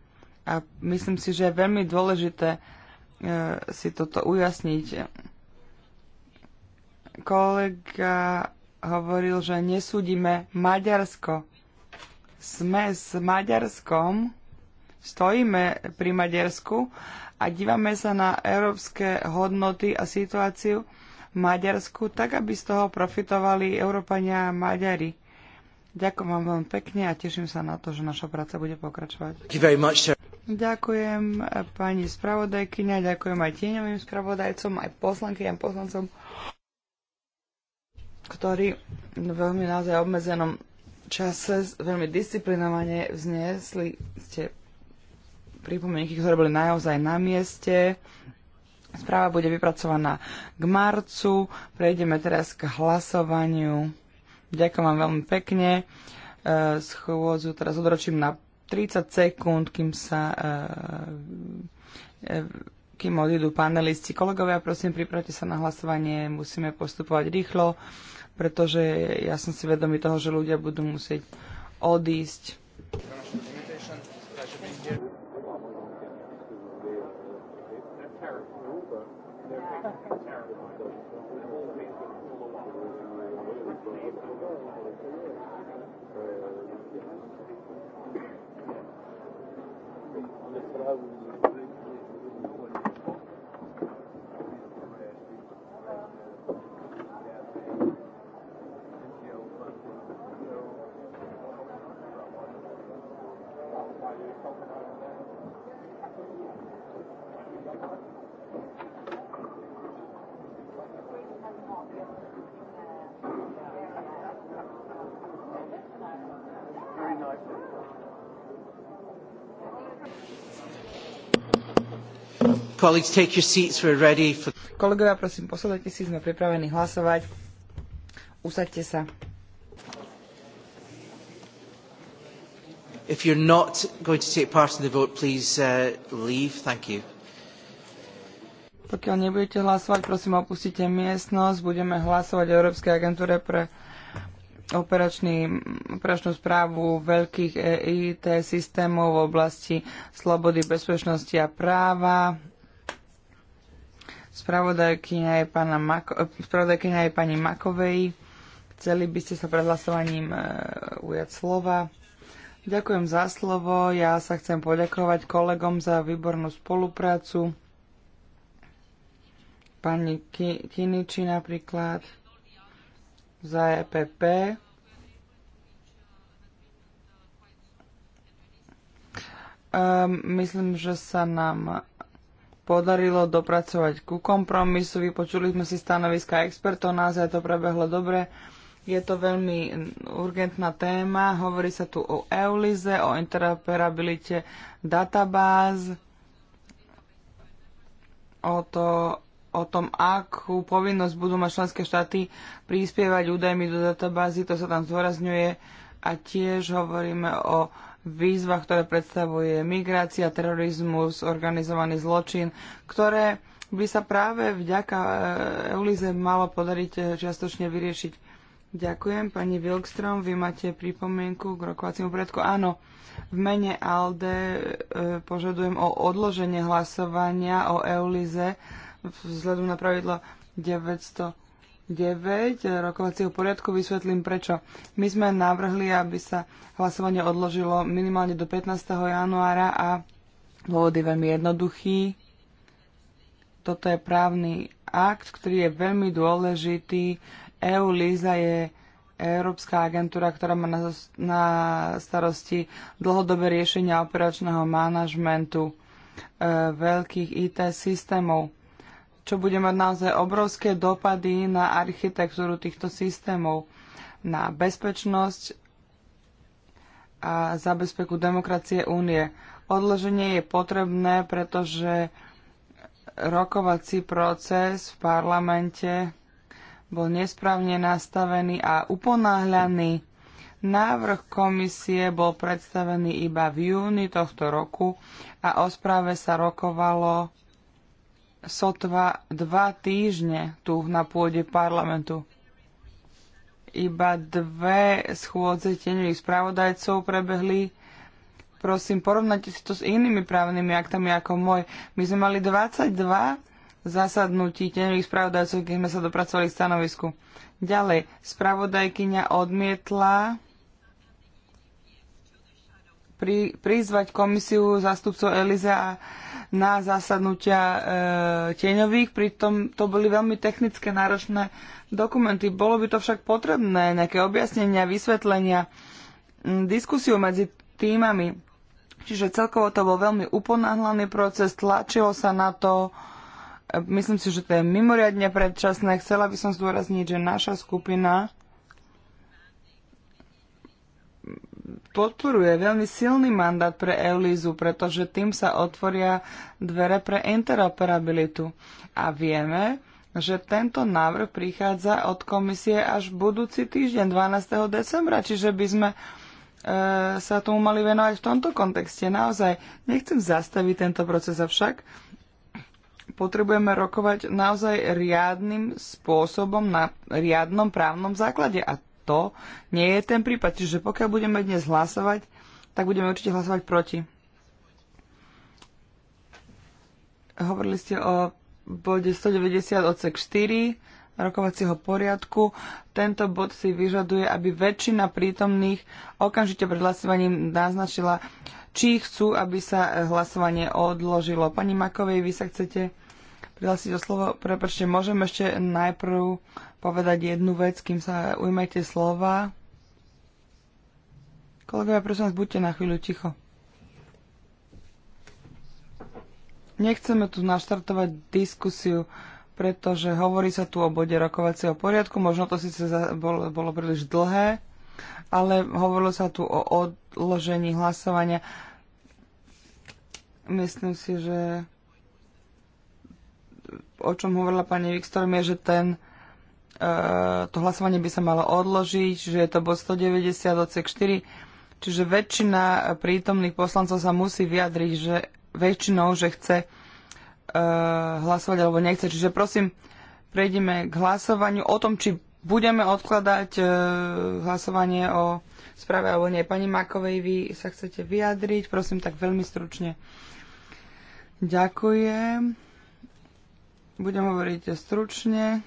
A myslím si, že je veľmi dôležité, E, si toto ujasniť. Kolega hovoril, že nesúdime Maďarsko. Sme s Maďarskom, stojíme pri Maďarsku a dívame sa na európske hodnoty a situáciu v Maďarsku tak, aby z toho profitovali Európania a Maďari. Ďakujem vám veľmi pekne a teším sa na to, že naša práca bude pokračovať. Ďakujem eh, pani spravodajkyňa, ďakujem aj tieňovým spravodajcom, aj poslankyňam, poslancom, ktorí veľmi naozaj obmedzenom čase veľmi disciplinovane vznesli ste pripomienky, ktoré boli naozaj na mieste. Správa bude vypracovaná k marcu. Prejdeme teraz k hlasovaniu. Ďakujem vám veľmi pekne. E, schôdzu teraz odročím na 30 sekúnd, kým sa e, e, kým odídu panelisti. Kolegovia, prosím, pripravte sa na hlasovanie. Musíme postupovať rýchlo, pretože ja som si vedomý toho, že ľudia budú musieť odísť. Colleagues, take your seats. We're ready for... Kolegovia, prosím, posadajte si, sme pripravení hlasovať. Usaďte sa. If you're not going to take part in the vote, please uh, leave. Thank you. Pokiaľ nebudete hlasovať, prosím, opustite miestnosť. Budeme hlasovať o Európskej agentúre pre operačný, operačnú správu veľkých e IT systémov v oblasti slobody, bezpečnosti a práva. Spravodajkyňa je, pani Makovej. Chceli by ste sa pred hlasovaním e, ujať slova. Ďakujem za slovo. Ja sa chcem poďakovať kolegom za výbornú spoluprácu. Pani Kiniči napríklad za EPP. Um, ehm, myslím, že sa nám podarilo dopracovať ku kompromisu. Vypočuli sme si stanoviska expertov, naozaj to prebehlo dobre. Je to veľmi urgentná téma. Hovorí sa tu o EULIZE, o interoperabilite databáz, o, to, o tom, akú povinnosť budú mať členské štáty prispievať údajmi do databázy, to sa tam zdôrazňuje. A tiež hovoríme o výzvach, ktoré predstavuje migrácia, terorizmus, organizovaný zločin, ktoré by sa práve vďaka e, Eulize malo podariť e, čiastočne vyriešiť. Ďakujem, pani Wilkstrom, vy máte pripomienku k rokovaciemu predku. Áno, v mene ALDE e, požadujem o odloženie hlasovania o Eulize vzhľadu na pravidlo 900 9 rokovacieho poriadku vysvetlím prečo. My sme navrhli, aby sa hlasovanie odložilo minimálne do 15. januára a dôvod je veľmi jednoduchý. Toto je právny akt, ktorý je veľmi dôležitý. EU LISA je Európska agentúra, ktorá má na, starosti dlhodobé riešenia operačného manažmentu e, veľkých IT systémov čo bude mať naozaj obrovské dopady na architektúru týchto systémov, na bezpečnosť a zabezpeku demokracie únie. Odloženie je potrebné, pretože rokovací proces v parlamente bol nesprávne nastavený a uponáhľaný. Návrh komisie bol predstavený iba v júni tohto roku a o správe sa rokovalo sotva dva týždne tu na pôde parlamentu. Iba dve schôdze tenových spravodajcov prebehli. Prosím, porovnajte si to s inými právnymi aktami ako môj. My sme mali 22 zasadnutí tenových spravodajcov, keď sme sa dopracovali k stanovisku. Ďalej, spravodajkyňa odmietla pri, prizvať komisiu zástupcov Elize a na zasadnutia e, tieňových, pritom to boli veľmi technické, náročné dokumenty. Bolo by to však potrebné, nejaké objasnenia, vysvetlenia, m, diskusiu medzi týmami. Čiže celkovo to bol veľmi uponáhlaný proces, tlačilo sa na to. E, myslím si, že to je mimoriadne predčasné. Chcela by som zdôrazniť, že naša skupina podporuje veľmi silný mandát pre EULIZu, pretože tým sa otvoria dvere pre interoperabilitu. A vieme, že tento návrh prichádza od komisie až budúci týždeň, 12. decembra, čiže by sme e, sa tomu mali venovať v tomto kontexte. Naozaj nechcem zastaviť tento proces, avšak potrebujeme rokovať naozaj riadnym spôsobom na riadnom právnom základe. A to nie je ten prípad. Čiže pokiaľ budeme dnes hlasovať, tak budeme určite hlasovať proti. Hovorili ste o bode 190 odsek 4 rokovacieho poriadku. Tento bod si vyžaduje, aby väčšina prítomných okamžite pred hlasovaním naznačila, či chcú, aby sa hlasovanie odložilo. Pani Makovej, vy sa chcete prihlásiť o slovo. Prepačte, môžem ešte najprv povedať jednu vec, kým sa ujmete slova. Kolegovia, prosím vás, buďte na chvíľu ticho. Nechceme tu naštartovať diskusiu, pretože hovorí sa tu o bode rokovacieho poriadku. Možno to síce bolo, bolo príliš dlhé, ale hovorilo sa tu o odložení hlasovania. Myslím si, že o čom hovorila pani Vikstorom je, že ten E, to hlasovanie by sa malo odložiť, že je to bod 190 odsek 4, čiže väčšina prítomných poslancov sa musí vyjadriť, že väčšinou, že chce e, hlasovať alebo nechce. Čiže prosím, prejdeme k hlasovaniu o tom, či budeme odkladať e, hlasovanie o správe alebo nie. Pani Makovej, vy sa chcete vyjadriť, prosím, tak veľmi stručne. Ďakujem. Budem hovoriť stručne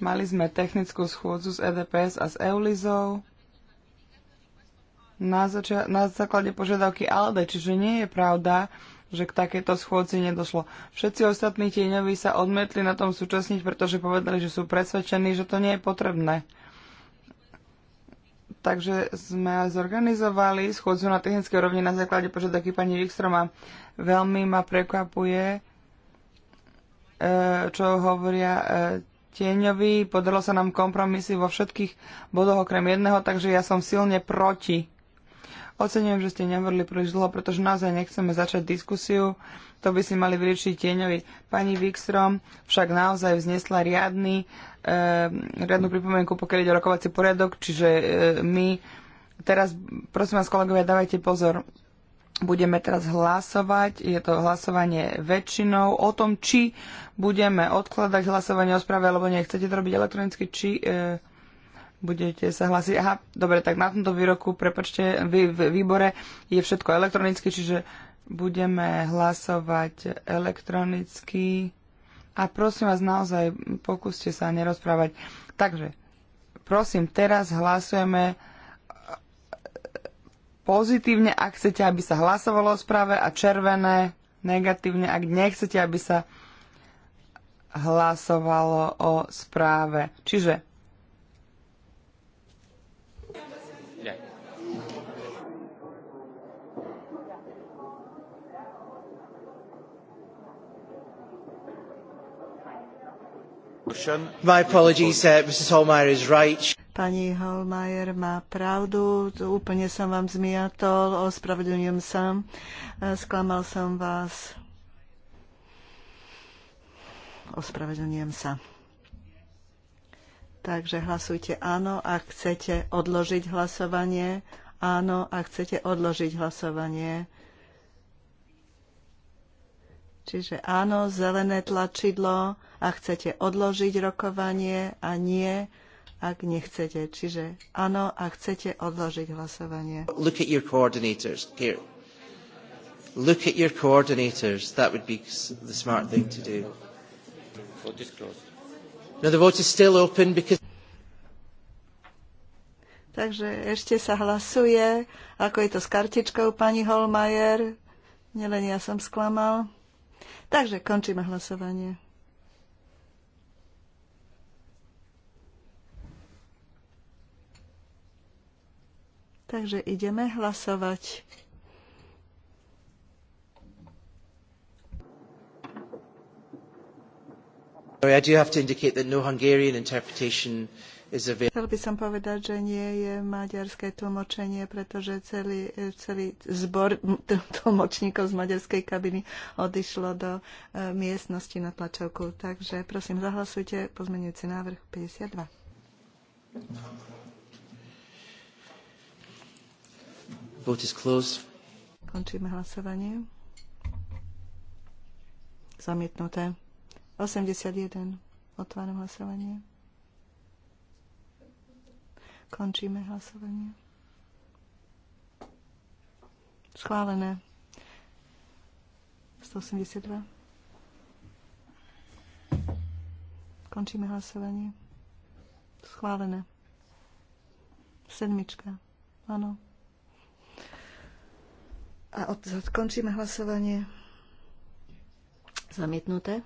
Mali sme technickú schôdzu e s EDPS a s EULIZou na, na základe požiadavky ALDE, čiže nie je pravda, že k takejto schôdzi nedošlo. Všetci ostatní tieňoví sa odmietli na tom súčasniť, pretože povedali, že sú presvedčení, že to nie je potrebné. Takže sme zorganizovali schôdzu na technické úrovni na základe požiadavky pani Wikstroma. Veľmi ma prekvapuje, e, čo hovoria e, tieňový, podarilo sa nám kompromisy vo všetkých bodoch okrem jedného, takže ja som silne proti. Oceňujem, že ste nehovorili príliš dlho, pretože naozaj nechceme začať diskusiu. To by si mali vyriešiť tieňovi. Pani Wikstrom však naozaj vznesla riadny, e, riadnu pripomienku, pokiaľ ide o rokovací poriadok, čiže e, my teraz, prosím vás kolegovia, dávajte pozor. Budeme teraz hlasovať, je to hlasovanie väčšinou o tom, či budeme odkladať hlasovanie o správe, alebo nie. Chcete to robiť elektronicky, či e, budete sa hlásiť. Aha, dobre, tak na tomto výroku, prepačte, vy, v výbore je všetko elektronicky, čiže budeme hlasovať elektronicky. A prosím vás naozaj, pokúste sa nerozprávať. Takže, prosím, teraz hlasujeme pozitívne, ak chcete, aby sa hlasovalo o správe a červené negatívne, ak nechcete, aby sa hlasovalo o správe. Čiže My apologies, uh, Mrs. Holmeyer is right. Pani Holmajer má pravdu, úplne som vám zmiatol, ospravedlňujem sa, sklamal som vás. Ospravedlňujem sa. Takže hlasujte áno, ak chcete odložiť hlasovanie. Áno, ak chcete odložiť hlasovanie. Čiže áno, zelené tlačidlo, ak chcete odložiť rokovanie a nie, ak nechcete. Čiže áno, ak chcete odložiť hlasovanie. Look at your coordinators. Here. Look at your coordinators. That would be the smart thing to do. Now the vote is still open because... Takže ešte sa hlasuje. Ako je to s kartičkou, pani Holmajer? Nielen ja som sklamal. Takže končíme hlasovanie. Takže ideme hlasovať. Sorry, I do have to indicate that no Hungarian interpretation Chcel by som povedať, že nie je maďarské tlmočenie, pretože celý, celý zbor tlmočníkov z maďarskej kabiny odišlo do uh, miestnosti na tlačovku. Takže prosím, zahlasujte pozmenujúci návrh 52. Vote is closed. Končíme hlasovanie. Zamietnuté. 81. Otváram hlasovanie. Končíme hlasovanie. Schválené. 182. Končíme hlasovanie. Schválené. Sedmička. Áno. A od, hlasovanie. Zamietnuté.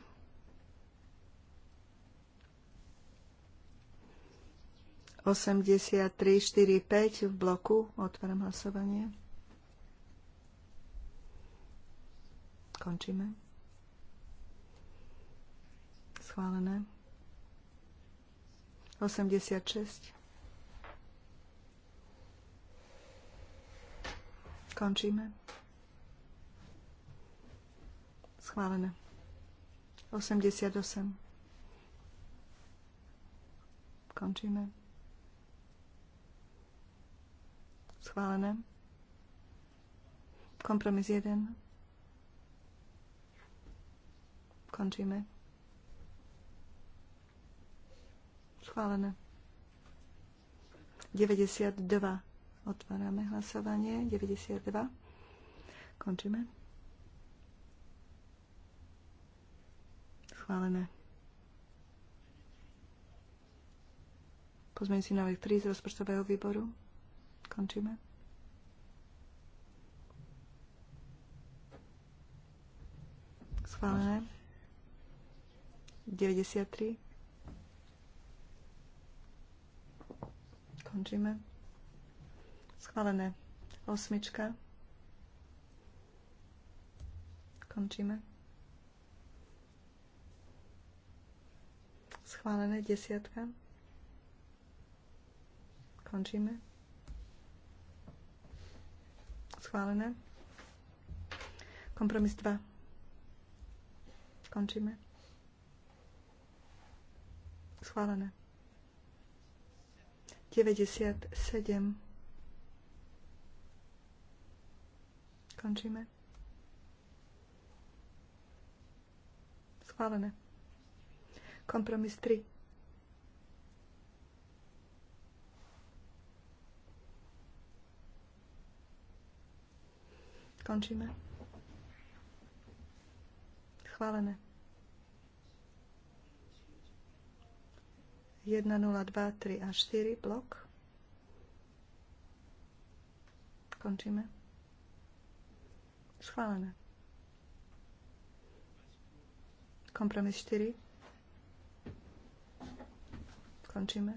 Osemdesiat tri, štyri, päť v bloku. Otváram hlasovanie. Končíme. Schválené. 86. Končíme. Schválené. 88. Končíme. Schválené. Kompromis 1. Končíme. Schválené. 92. Otvárame hlasovanie. 92. Končíme. Schválené. Pozmeň si návrh 3 z rozpočtového výboru. Končíme. Schválené. 93. Končíme. Schválené. Osmička. Končíme. Schválené. Desiatka. Končíme. Schválené. Kompromis 2. Končíme. Schválené. 97. skončíme. Schválené. Kompromis 3. Končíme. Schválené. 1, 0, 2, 3 a 4 blok. Končíme. Schválené. Kompromis 4. Končíme.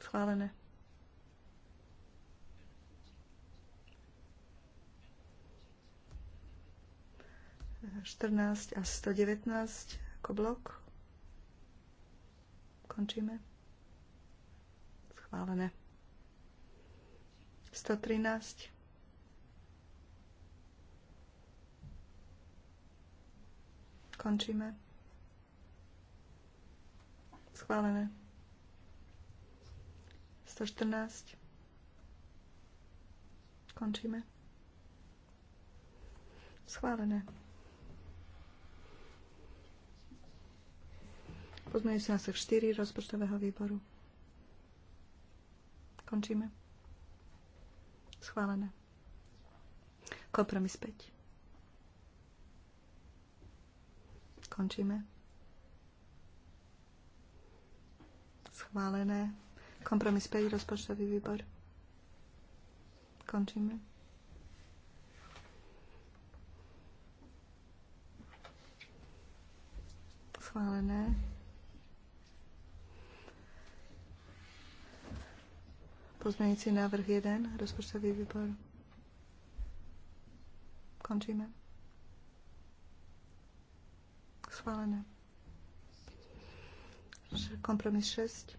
Schválené. Štrnáct a 119 ako blok. Končíme. Schválené. 113. Končíme. Schválené. 114. Končíme. Schválené. Pozmeňujú sa 4 rozpočtového výboru. Končíme. Schválené. Kompromis 5. Končíme. Schválené. Kompromis 5, rozpočtový výbor. Končíme. Schválené Pozmeňujúci návrh 1, rozpočtový výbor. Končíme. Schválené. Kompromis 6.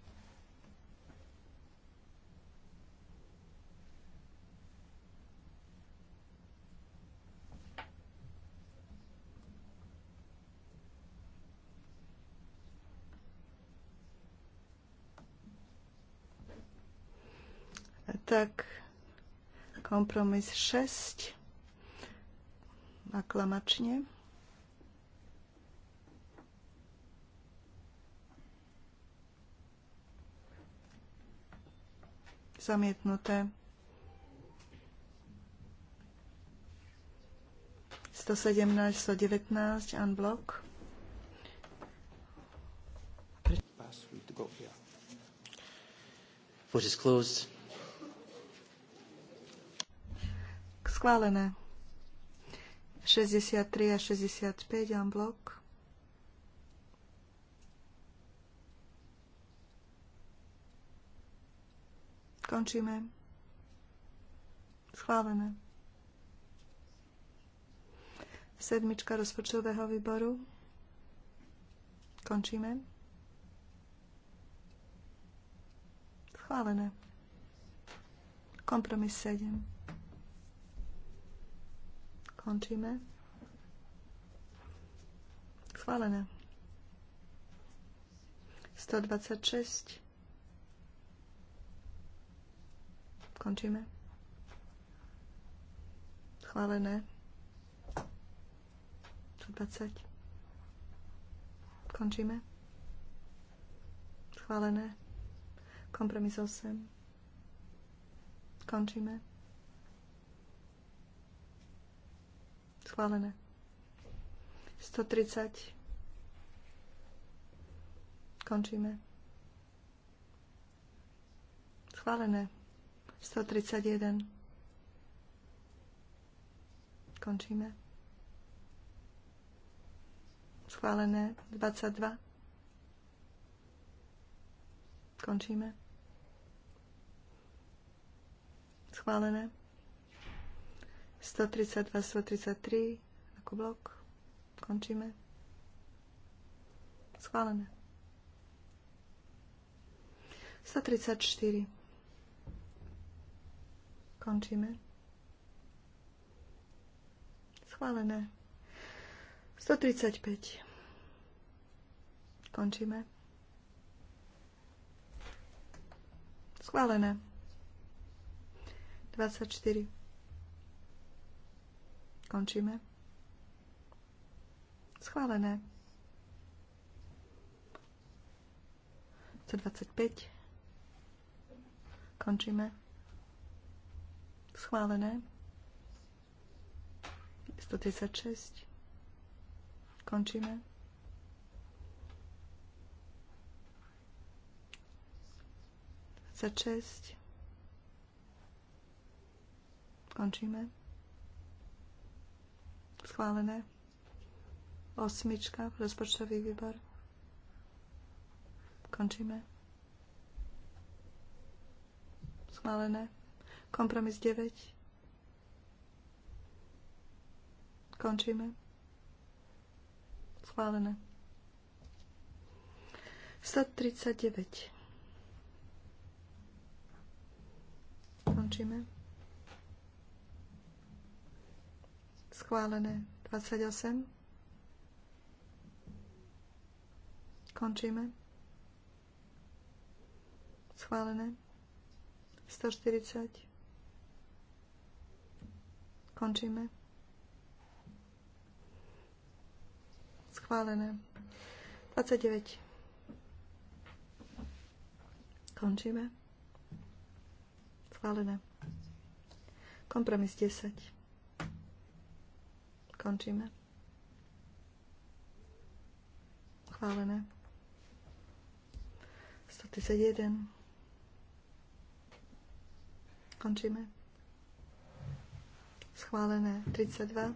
tak kompromis 6 aklamačne. Zamietnuté. 117, 119, unblock. Vote is closed. Schválené. 63 a 65 blok. Končíme. Schválené. Sedmička rozpočtového výboru. Končíme. Schválené. Kompromis 7. Končíme. Chválené. 126. Končíme. Chválené. 120. Končíme. Chválené. Kompromis 8. Končíme. schválené. 130. Končíme. Schválené. 131. Končíme. Schválené. 22. Končíme. Schválené. 132, 133 ako blok. Končíme. Schválené. 134. Končíme. Schválené. 135. Končíme. Schválené. 24. Skončíme. Schválené. 125. Končíme. Schválené. 136. Končíme. Za 6. Končíme schválené. Osmička, rozpočtový výbor. Končíme. Schválené. Kompromis 9. Končíme. Schválené. 139. Končíme. Schválené. 28. Končíme. Schválené. 140. Končíme. Schválené. 29. Končíme. Schválené. Kompromis 10. Končíme. Chválené. 131. Končíme. Schválené 32.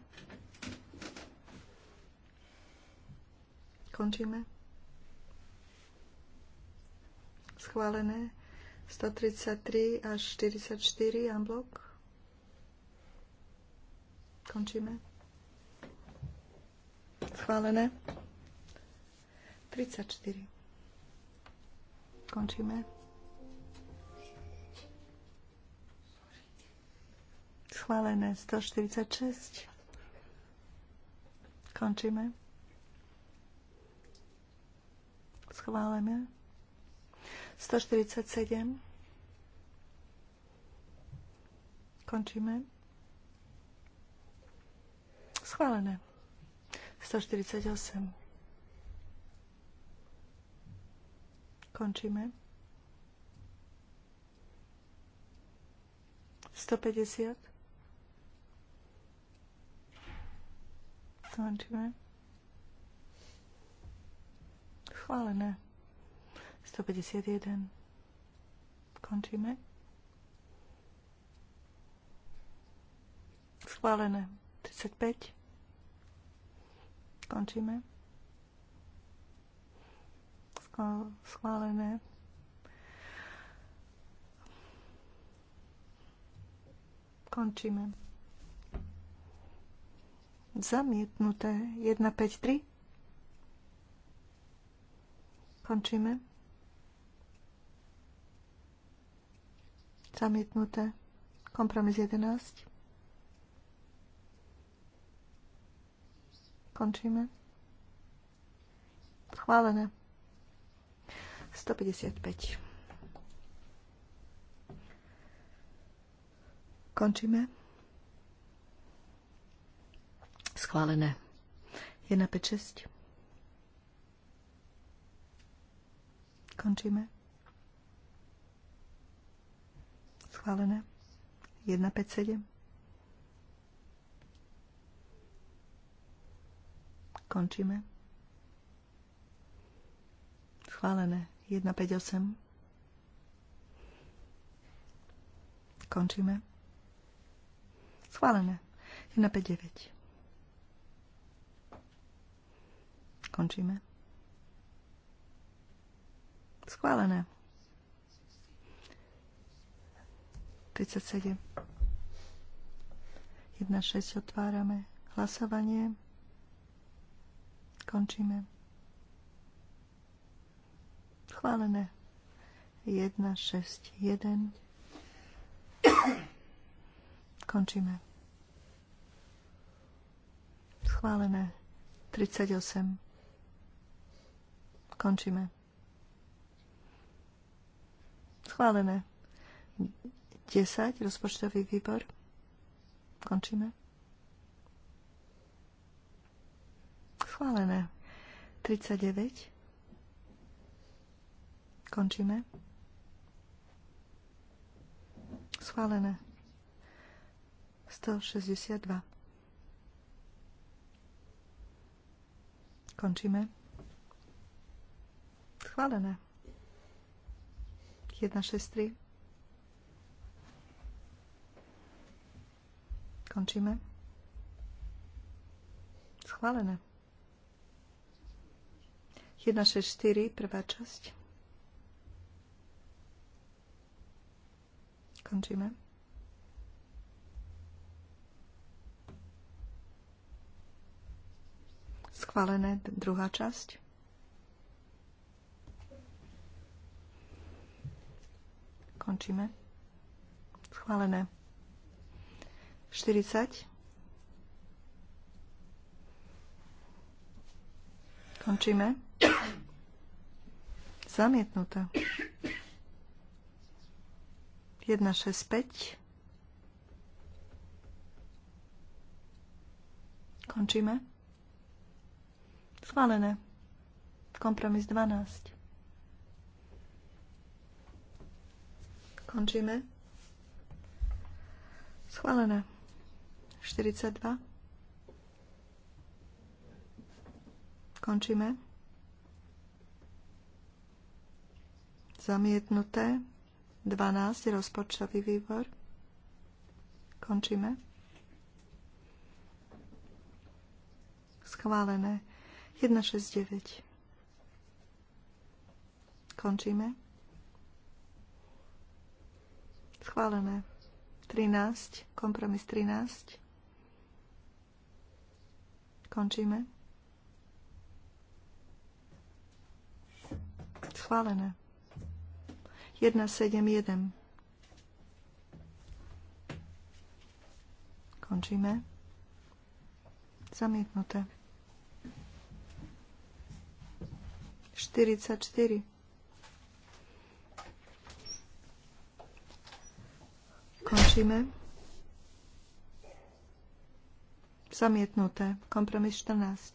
Končíme. Schválené 133 až 44 unblock. Končíme. Schválené. 34. Končíme. Schválené. 146. Končíme. Schválené. 147. Končíme. Schválené. 148. Končíme. 150. Končíme. Chválené. 151. Končíme. Schválené. 35. Končíme. Schválené. Končíme. Zamietnuté. 1, 5, 3. Končíme. Zamietnuté. Kompromis 11. Končíme. Schválené. 155. Končíme. Schválené. 1, 5, 6. Končíme. Schválené. 1, 5, 7. Končíme. Schválené. 158. Končíme. Schválené. 159. Končíme. Schválené. 37. 1.6 otvárame hlasovanie. Skončíme. Schválené. 1, 6, 1. Končíme. Schválené. 38. Končíme. Schválené. 10. Rozpočtový výbor. Končíme. schválené. 39. Končíme. Schválené. 162. Končíme. Schválené. 163. Končíme. Schválené. 164, prvá časť. Končíme. Schválené druhá časť. Končíme. Schválené. 40. Končíme zamietnutá. 1, 6, 5. Končíme. Schválené. Kompromis 12. Končíme. Schválené. 42. Končíme. Zamietnuté. 12. Rozpočtový výbor. Končíme. Schválené. 169. Končíme. Schválené. 13. Kompromis 13. Končíme. Schválené. 171. Končíme. Zamietnuté. 44. Končíme. Zamietnuté. Kompromis 14.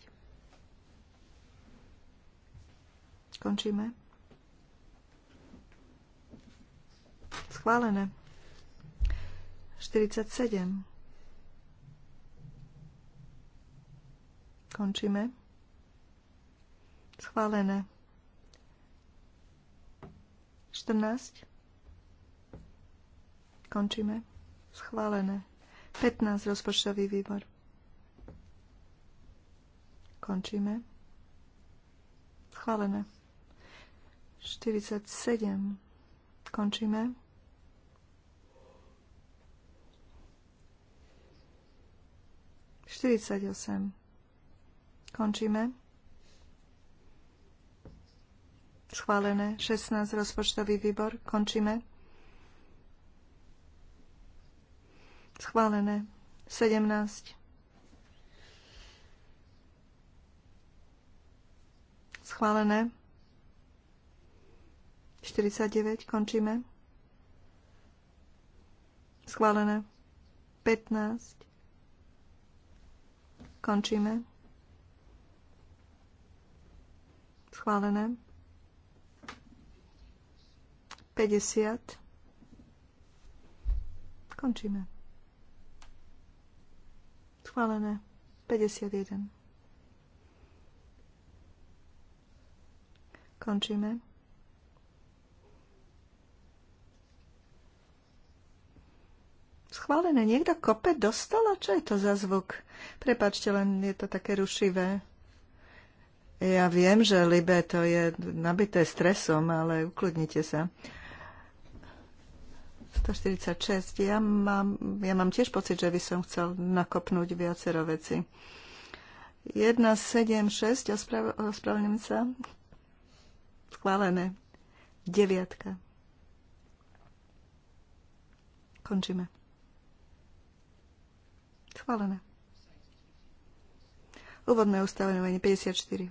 Končíme. schválené. 47. Končíme. Schválené. 14. Končíme. Schválené. 15. Rozpočtový výbor. Končíme. Schválené. 47. Končíme. 48. Končíme. Schválené. 16. Rozpočtový výbor. Končíme. Schválené. 17. Schválené. 49. Končíme. Schválené. 15. Končíme. Schválené. 50. Končíme. Schválené. 51. Končíme. Schválené. Niekto kope dostala? Čo je to za zvuk? Prepačte, len je to také rušivé. Ja viem, že Libe to je nabité stresom, ale ukludnite sa. 146. Ja mám, ja mám tiež pocit, že by som chcel nakopnúť viacero veci. 176, osprav, ospravedlňujem sa. Schválené. Deviatka. Končíme. Schválené. Úvodné ustanovenie 54.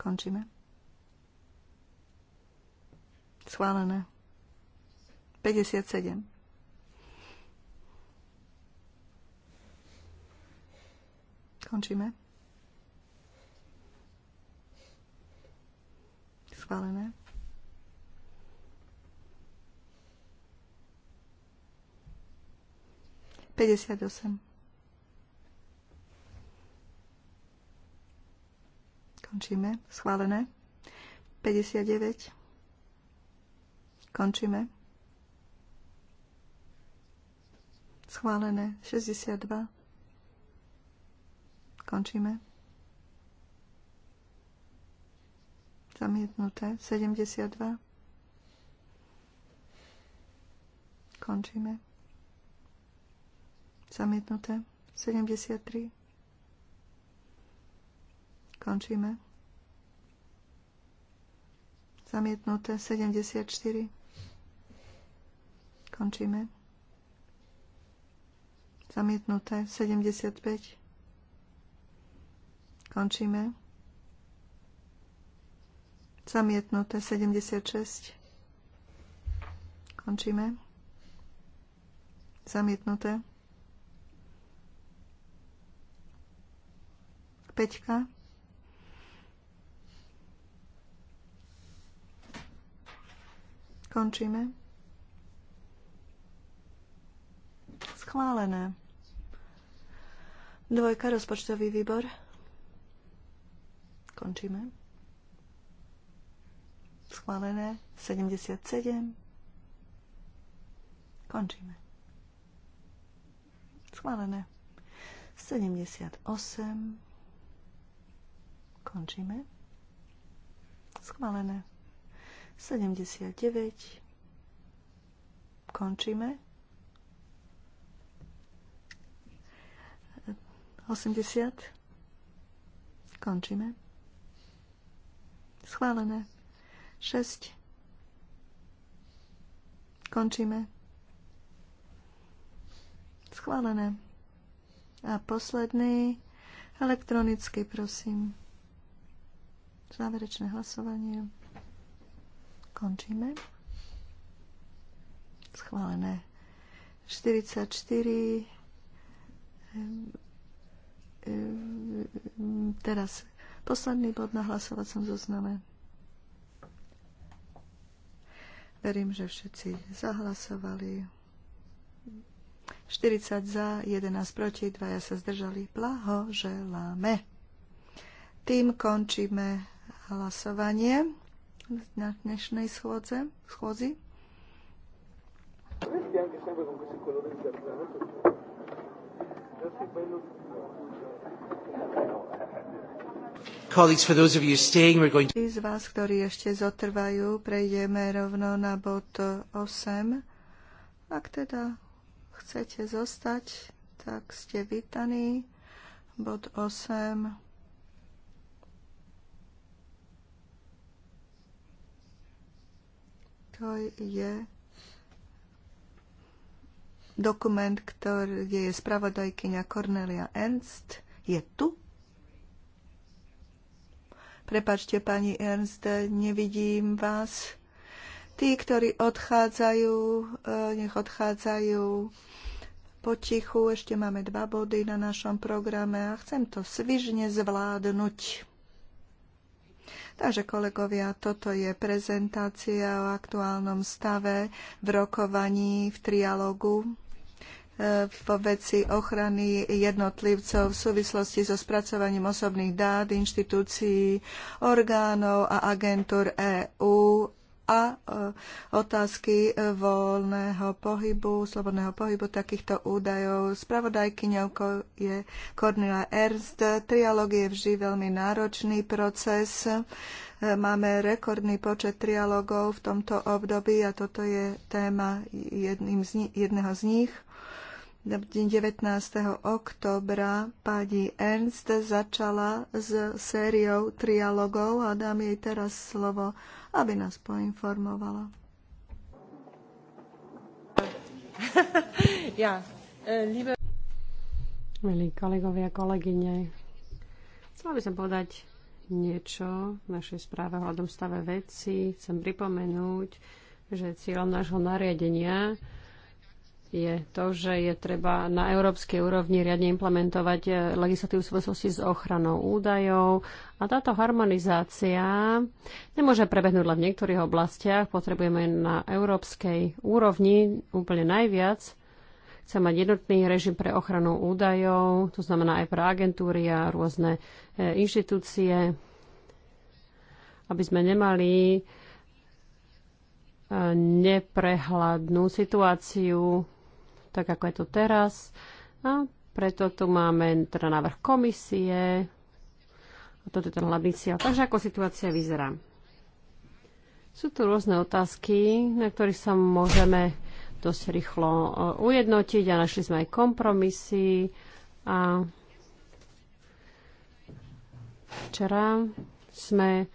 Končíme. Schválené. 57. Končíme. Schválené. 58. Končíme. Schválené. 59. Končíme. Schválené. 62. Končíme. Zamietnuté. 72. Končíme. Zamietnuté. 73. Končíme. Zamietnuté 74. Končíme. Zamietnuté 75. Končíme. Zamietnuté 76. Končíme. Zamietnuté. Peťka. Končíme. Schválené. Dvojka, rozpočtový výbor. Končíme. Schválené. 77. Končíme. Schválené. 78. Končíme. Schválené. 79. Končíme. 80. Končíme. Schválené. 6. Končíme. Schválené. A posledný, elektronicky, prosím. Záverečné hlasovanie. Končíme. Schválené. 44. Teraz posledný bod na hlasovacom zozname. Verím, že všetci zahlasovali. 40 za, 11 proti, dvaja sa zdržali. Blahoželáme. Tým končíme hlasovanie na dnešnej schôdze, schôdzi. Colleagues, for those of you staying, we're going to... Z vás, ktorí ešte zotrvajú, prejdeme rovno na bod 8. Ak teda chcete zostať, tak ste vítaní. Bod 8 Čo je dokument, ktorý je spravodajkyňa Cornelia Ernst, je tu? Prepačte, pani Ernst, nevidím vás. Tí, ktorí odchádzajú, e, nech odchádzajú potichu. Ešte máme dva body na našom programe a chcem to svižne zvládnuť. Takže kolegovia, toto je prezentácia o aktuálnom stave v rokovaní, v trialogu e, vo veci ochrany jednotlivcov v súvislosti so spracovaním osobných dát inštitúcií, orgánov a agentúr EÚ a e, otázky e, voľného pohybu, slobodného pohybu takýchto údajov. Spravodajkyňou je Cornelia Ernst. Trialóg je vždy veľmi náročný proces. E, máme rekordný počet trialógov v tomto období a toto je téma jedným z ni- jedného z nich. 19. oktobra pani Ernst začala s sériou trialogov a dám jej teraz slovo aby nás poinformovala. [LAUGHS] Ja, e, liebe... Milí kolegovia, kolegyne, chcela by som povedať niečo v našej správe hľadom stave veci. Chcem pripomenúť, že cieľom nášho nariadenia je to, že je treba na európskej úrovni riadne implementovať eh, legislatívu súvislosti s ochranou údajov a táto harmonizácia nemôže prebehnúť len v niektorých oblastiach. Potrebujeme na európskej úrovni úplne najviac. Chce mať jednotný režim pre ochranu údajov, to znamená aj pre agentúry a rôzne eh, inštitúcie, aby sme nemali eh, neprehľadnú situáciu tak ako je to teraz. A preto tu máme teda návrh komisie. A toto je ten hlavný cieľ. Takže ako situácia vyzerá? Sú tu rôzne otázky, na ktorých sa môžeme dosť rýchlo e, ujednotiť a našli sme aj kompromisy. A včera sme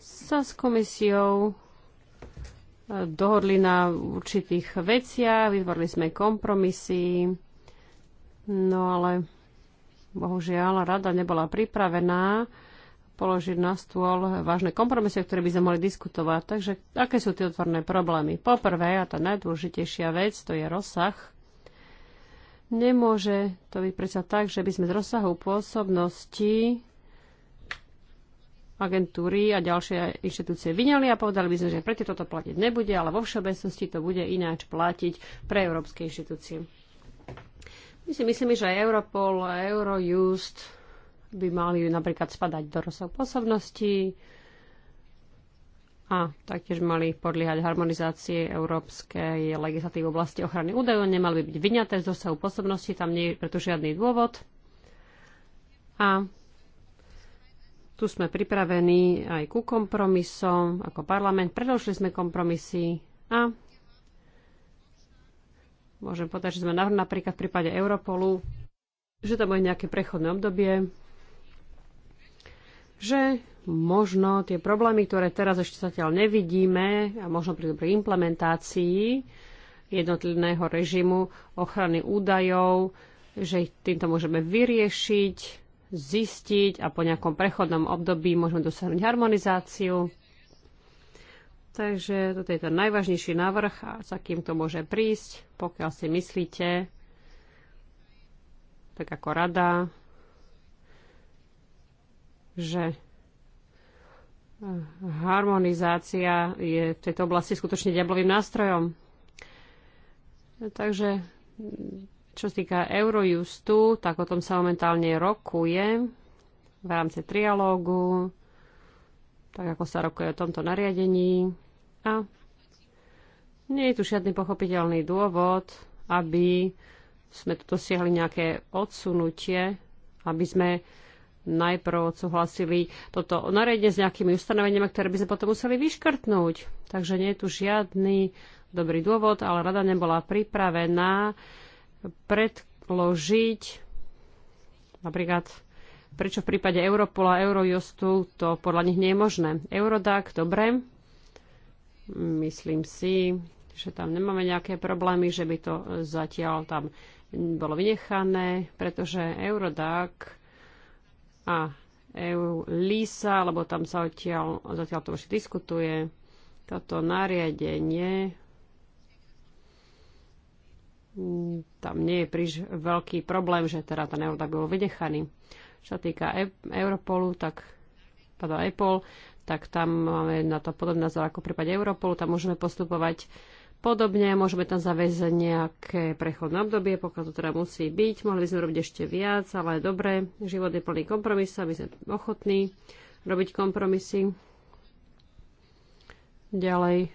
sa s komisiou dohodli na určitých veciach, vytvorili sme kompromisy, no ale bohužiaľ rada nebola pripravená položiť na stôl vážne kompromisy, ktoré by sme mohli diskutovať. Takže aké sú tie otvorné problémy? Poprvé, a tá najdôležitejšia vec, to je rozsah. Nemôže to byť predsa tak, že by sme z rozsahu pôsobnosti agentúry a ďalšie inštitúcie vyňali a povedali by sme, že pre toto platiť nebude, ale vo všeobecnosti to bude ináč platiť pre európske inštitúcie. My si myslíme, že aj Europol, Eurojust by mali napríklad spadať do rozsahu pôsobnosti a taktiež mali podliehať harmonizácie európskej legislatívy v oblasti ochrany údajov, nemali by byť vyňaté z rozsahu pôsobnosti, tam nie je preto žiadny dôvod. A tu sme pripravení aj ku kompromisom ako parlament. Predložili sme kompromisy a môžem povedať, že sme navrhli napríklad v prípade Europolu, že to bude nejaké prechodné obdobie, že možno tie problémy, ktoré teraz ešte zatiaľ nevidíme a možno pri dobrej implementácii jednotlivého režimu ochrany údajov, že ich týmto môžeme vyriešiť, zistiť a po nejakom prechodnom období môžeme dosiahnuť harmonizáciu. Takže toto je ten najvážnejší návrh a za kým to môže prísť, pokiaľ si myslíte, tak ako rada, že eh, harmonizácia je v tejto oblasti skutočne diablovým nástrojom. Takže čo sa týka Eurojustu, tak o tom sa momentálne rokuje v rámci trialógu, tak ako sa rokuje o tomto nariadení. A nie je tu žiadny pochopiteľný dôvod, aby sme tu dosiahli nejaké odsunutie, aby sme najprv odsúhlasili toto nariadenie s nejakými ustanoveniami, ktoré by sme potom museli vyškrtnúť. Takže nie je tu žiadny dobrý dôvod, ale rada nebola pripravená predložiť napríklad prečo v prípade Europola a Eurojustu to podľa nich nie je možné. Eurodac, dobre, myslím si, že tam nemáme nejaké problémy, že by to zatiaľ tam bolo vynechané, pretože Eurodac a EU LISA, lebo tam sa odtiaľ, zatiaľ to už diskutuje, toto nariadenie tam nie je príliš veľký problém, že teda ten Eurodac bol vydechaný. Čo sa týka e- Europolu, tak pardon, Apple, tak tam máme na to podobný názor ako v prípade Europolu, tam môžeme postupovať podobne, môžeme tam zaviesť nejaké prechodné obdobie, pokiaľ to teda musí byť, mohli by sme robiť ešte viac, ale dobre, život je plný kompromisov, my sme ochotní robiť kompromisy. Ďalej,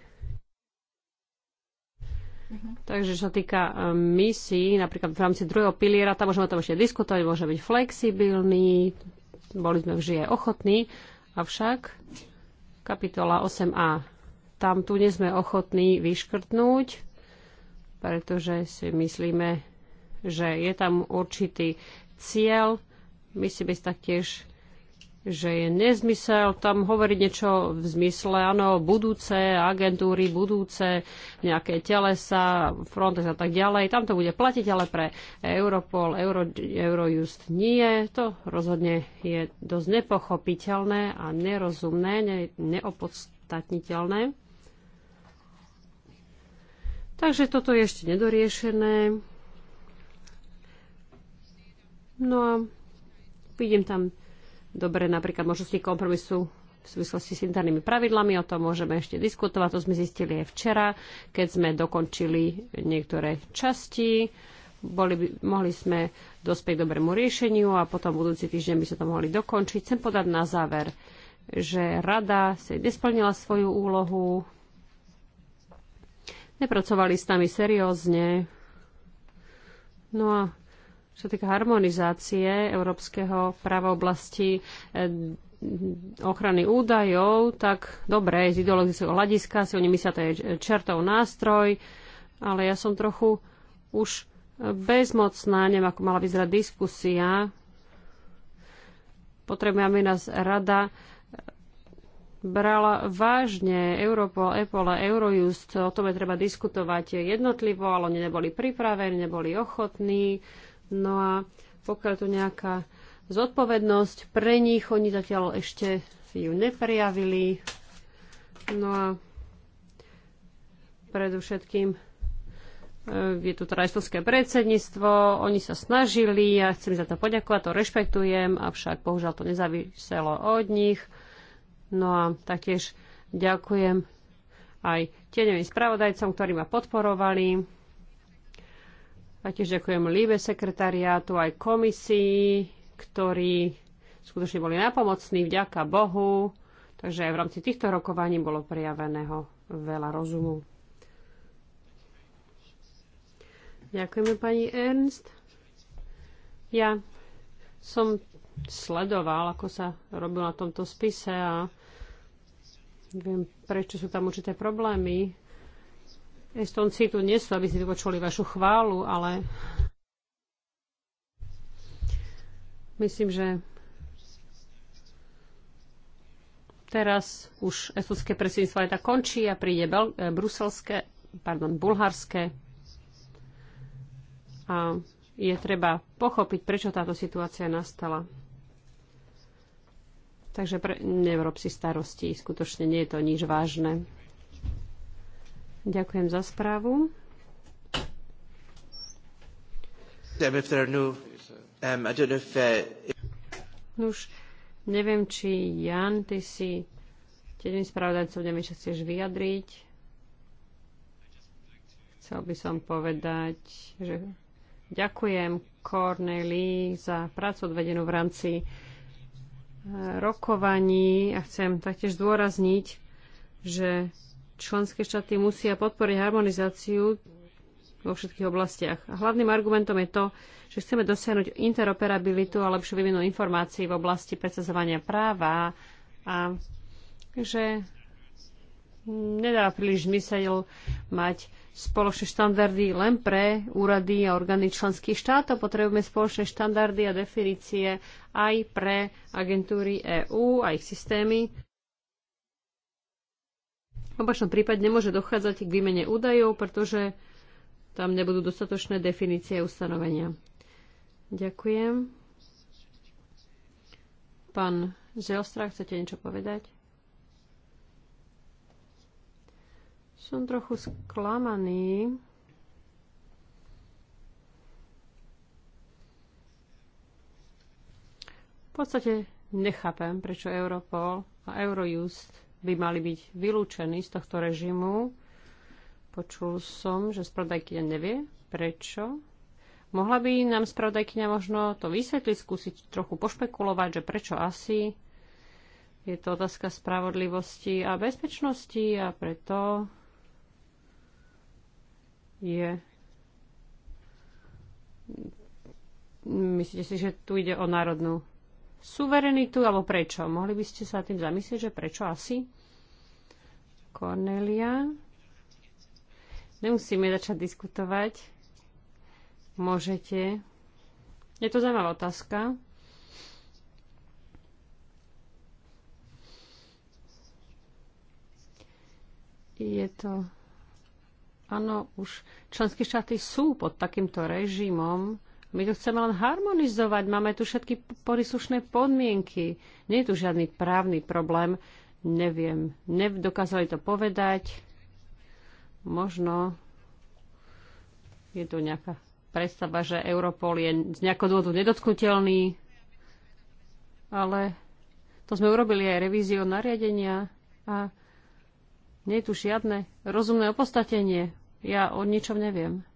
Mhm. Takže čo sa týka e, misií, napríklad v rámci druhého piliera, tam môžeme to ešte diskutovať, môže byť flexibilní, boli sme vždy aj ochotní, avšak kapitola 8a, tam tu nie sme ochotní vyškrtnúť, pretože si myslíme, že je tam určitý cieľ, my si taktiež že je nezmysel tam hovoriť niečo v zmysle, áno, budúce agentúry, budúce nejaké telesa, Frontex a tak ďalej. Tam to bude platiť, ale pre Europol, Euro, Eurojust nie. To rozhodne je dosť nepochopiteľné a nerozumné, ne, neopodstatniteľné. Takže toto je ešte nedoriešené. No a vidím tam dobre napríklad možnosti kompromisu v súvislosti s internými pravidlami, o tom môžeme ešte diskutovať, to sme zistili aj včera, keď sme dokončili niektoré časti, boli by, mohli sme dospieť k dobrému riešeniu a potom budúci týždeň by sa to mohli dokončiť. Chcem podať na záver, že rada si nesplnila svoju úlohu, nepracovali s nami seriózne, no a čo týka harmonizácie európskeho práva oblasti e, ochrany údajov, tak dobre, z ideologického hľadiska si oni myslia, to je čertov nástroj, ale ja som trochu už bezmocná, neviem, ako mala vyzerať diskusia. aby nás rada brala vážne Europol, Epol a Eurojust. O tom je treba diskutovať jednotlivo, ale oni neboli pripravení, neboli ochotní. No a pokiaľ to nejaká zodpovednosť pre nich, oni zatiaľ ešte ju neprejavili. No a predovšetkým e, je tu teda estonské predsedníctvo, oni sa snažili, ja chcem za to poďakovať, to rešpektujem, avšak bohužiaľ to nezáviselo od nich. No a taktiež ďakujem aj tieňovým spravodajcom, ktorí ma podporovali. A tiež ďakujem Líbe sekretariátu aj komisii, ktorí skutočne boli napomocní, vďaka Bohu. Takže aj v rámci týchto rokovaní bolo prijaveného veľa rozumu. Ďakujeme pani Ernst. Ja som sledoval, ako sa robil na tomto spise a viem, prečo sú tam určité problémy. Estonci tu nie sú, aby si počuli vašu chválu, ale myslím, že teraz už estonské predsedníctvo aj tak končí a príde Bel- e, bruselské, pardon, bulharské. A je treba pochopiť, prečo táto situácia nastala. Takže pre, nerob si starosti, skutočne nie je to nič vážne. Ďakujem za správu. No, um, uh, Nuž, neviem, či Jan, ty si tiež spravodajcov, neviem, čo chceš vyjadriť. Chcel by som povedať, že ďakujem Corneli za prácu odvedenú v rámci uh, rokovaní a chcem taktiež zdôrazniť, že členské štáty musia podporiť harmonizáciu vo všetkých oblastiach. A hlavným argumentom je to, že chceme dosiahnuť interoperabilitu a lepšiu vyvinu informácií v oblasti presadzovania práva a že nedá príliš zmysel mať spoločné štandardy len pre úrady a orgány členských štátov. Potrebujeme spoločné štandardy a definície aj pre agentúry EÚ a ich systémy opačnom prípade nemôže dochádzať k výmene údajov, pretože tam nebudú dostatočné definície a ustanovenia. Ďakujem. Pán Želstra, chcete niečo povedať? Som trochu sklamaný. V podstate nechápem, prečo Europol a Eurojust by mali byť vylúčení z tohto režimu. Počul som, že spravodajkyňa nevie, prečo. Mohla by nám spravodajkyňa možno to vysvetliť, skúsiť trochu pošpekulovať, že prečo asi. Je to otázka spravodlivosti a bezpečnosti a preto je. Myslíte si, že tu ide o národnú suverenitu, alebo prečo? Mohli by ste sa tým zamyslieť, že prečo asi? Cornelia. Nemusíme začať diskutovať. Môžete. Je to zaujímavá otázka. Je to... Áno, už členské štáty sú pod takýmto režimom, my to chceme len harmonizovať, máme tu všetky príslušné podmienky. Nie je tu žiadny právny problém, neviem, nedokázali to povedať. Možno je tu nejaká predstava, že Europol je z nejakého dôvodu nedotknutelný, ale to sme urobili aj revíziu nariadenia a nie je tu žiadne rozumné opostatenie. Ja o ničom neviem.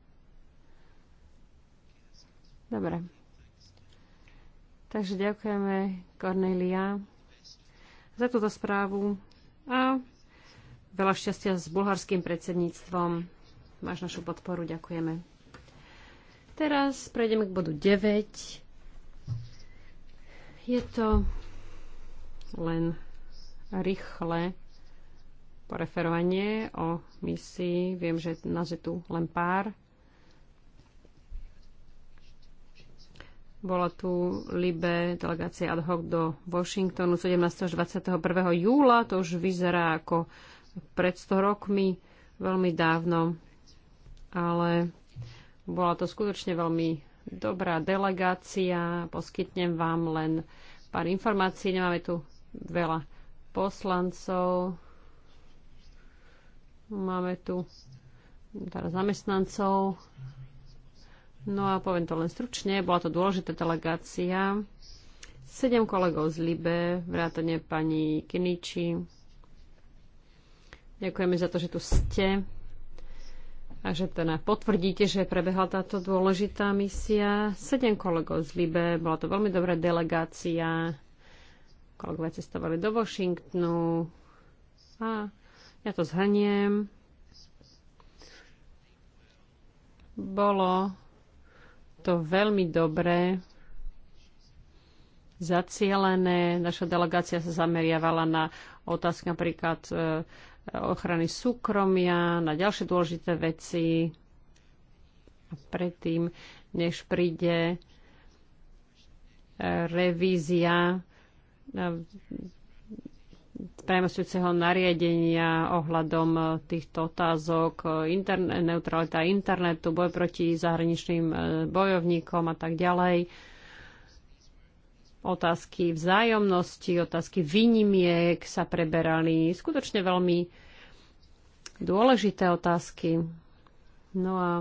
Dobre. Takže ďakujeme Cornelia za túto správu a veľa šťastia s bulharským predsedníctvom. Máš našu podporu, ďakujeme. Teraz prejdeme k bodu 9. Je to len rýchle poreferovanie o misii. Viem, že nás je tu len pár Bola tu Libe, delegácia ad hoc do Washingtonu 17. až 21. júla. To už vyzerá ako pred 100 rokmi, veľmi dávno. Ale bola to skutočne veľmi dobrá delegácia. Poskytnem vám len pár informácií. Nemáme tu veľa poslancov. Máme tu teraz zamestnancov No a poviem to len stručne, bola to dôležitá delegácia. Sedem kolegov z Libe, vrátane pani Kiniči. Ďakujeme za to, že tu ste a že teda potvrdíte, že prebehla táto dôležitá misia. Sedem kolegov z Libe, bola to veľmi dobrá delegácia. Kolegovia cestovali do Washingtonu a ja to zhrniem. Bolo to veľmi dobre zacielené. Naša delegácia sa zameriavala na otázky napríklad e, ochrany súkromia, na ďalšie dôležité veci. A predtým, než príde e, revízia e, premostujúceho nariadenia ohľadom eh, týchto otázok, eh, interne, neutralita internetu, boj proti zahraničným eh, bojovníkom a tak ďalej, otázky vzájomnosti, otázky výnimiek sa preberali. Skutočne veľmi dôležité otázky. No a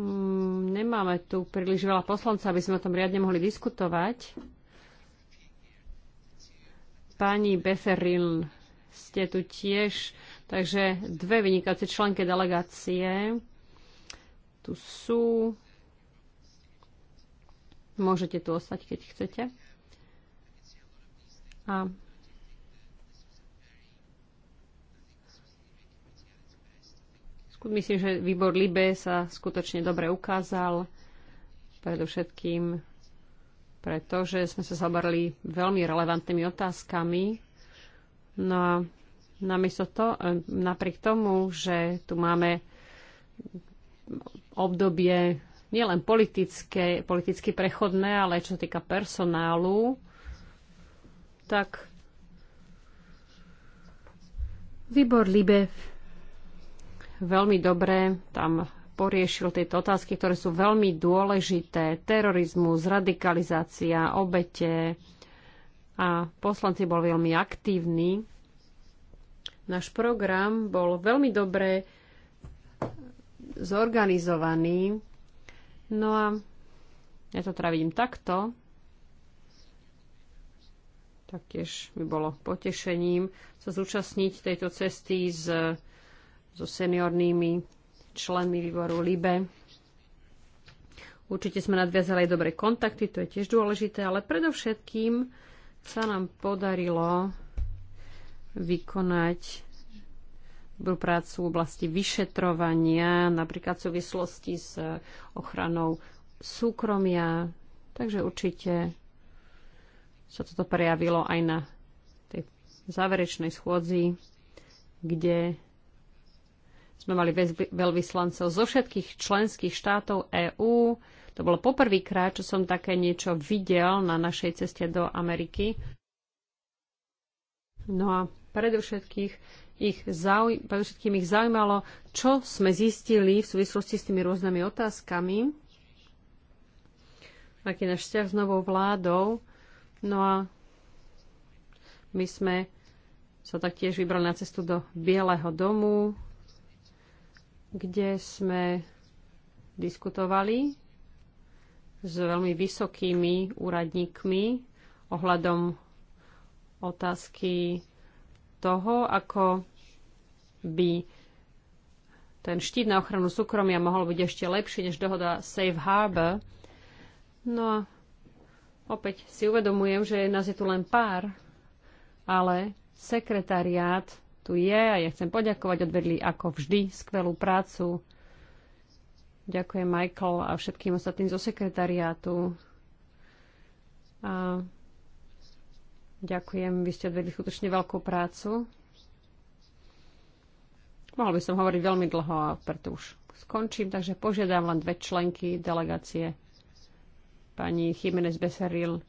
mm, nemáme tu príliš veľa poslancov, aby sme o tom riadne mohli diskutovať. Pani Beferil, ste tu tiež. Takže dve vynikajúce členky delegácie tu sú. Môžete tu ostať, keď chcete. A Myslím, že výbor Libe sa skutočne dobre ukázal. Predovšetkým pretože sme sa zabrali veľmi relevantnými otázkami. No a namiesto to, e, napriek tomu, že tu máme obdobie nielen politické, politicky prechodné, ale čo týka personálu, tak výbor Libe veľmi dobre tam poriešil tieto otázky, ktoré sú veľmi dôležité. Terorizmus, radikalizácia, obete. A poslanci bol veľmi aktívny. Náš program bol veľmi dobre zorganizovaný. No a ja to teda vidím takto. Taktiež by bolo potešením sa zúčastniť tejto cesty s, so seniornými členmi výboru LIBE. Určite sme nadviazali aj dobré kontakty, to je tiež dôležité, ale predovšetkým sa nám podarilo vykonať dobrú prácu v oblasti vyšetrovania, napríklad v súvislosti s ochranou súkromia. Takže určite sa toto prejavilo aj na tej záverečnej schôdzi, kde sme mali veľvyslancov zo všetkých členských štátov EÚ. To bolo poprvýkrát, čo som také niečo videl na našej ceste do Ameriky. No a predovšetkých ich zauj- predovšetkým ich zaujímalo, čo sme zistili v súvislosti s tými rôznymi otázkami, aký je náš vzťah s novou vládou. No a my sme sa taktiež vybrali na cestu do Bieleho domu, kde sme diskutovali s veľmi vysokými úradníkmi ohľadom otázky toho, ako by ten štít na ochranu súkromia mohol byť ešte lepší než dohoda Safe Harbor. No a opäť si uvedomujem, že nás je tu len pár, ale sekretariát tu je a ja chcem poďakovať. Odvedli ako vždy skvelú prácu. Ďakujem Michael a všetkým ostatným zo sekretariátu. A ďakujem, vy ste odvedli skutočne veľkú prácu. Mohol by som hovoriť veľmi dlho a preto už skončím, takže požiadam len dve členky delegácie, pani Jiménez Beseril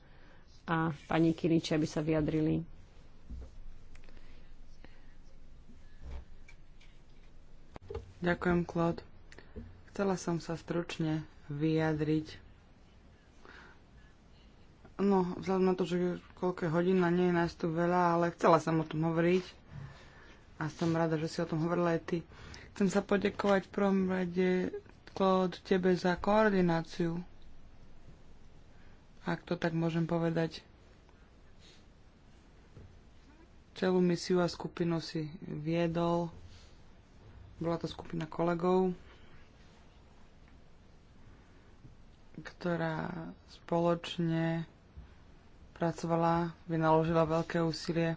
a pani Kiniče, aby sa vyjadrili. Ďakujem, Klod. Chcela som sa stručne vyjadriť. No, vzhľadom na to, že koľko hodín na nie je nás tu veľa, ale chcela som o tom hovoriť. A som rada, že si o tom hovorila aj ty. Chcem sa podekovať v prvom rade, Klod, tebe za koordináciu. Ak to tak môžem povedať. Celú misiu a skupinu si viedol. Bola to skupina kolegov, ktorá spoločne pracovala, vynaložila veľké úsilie.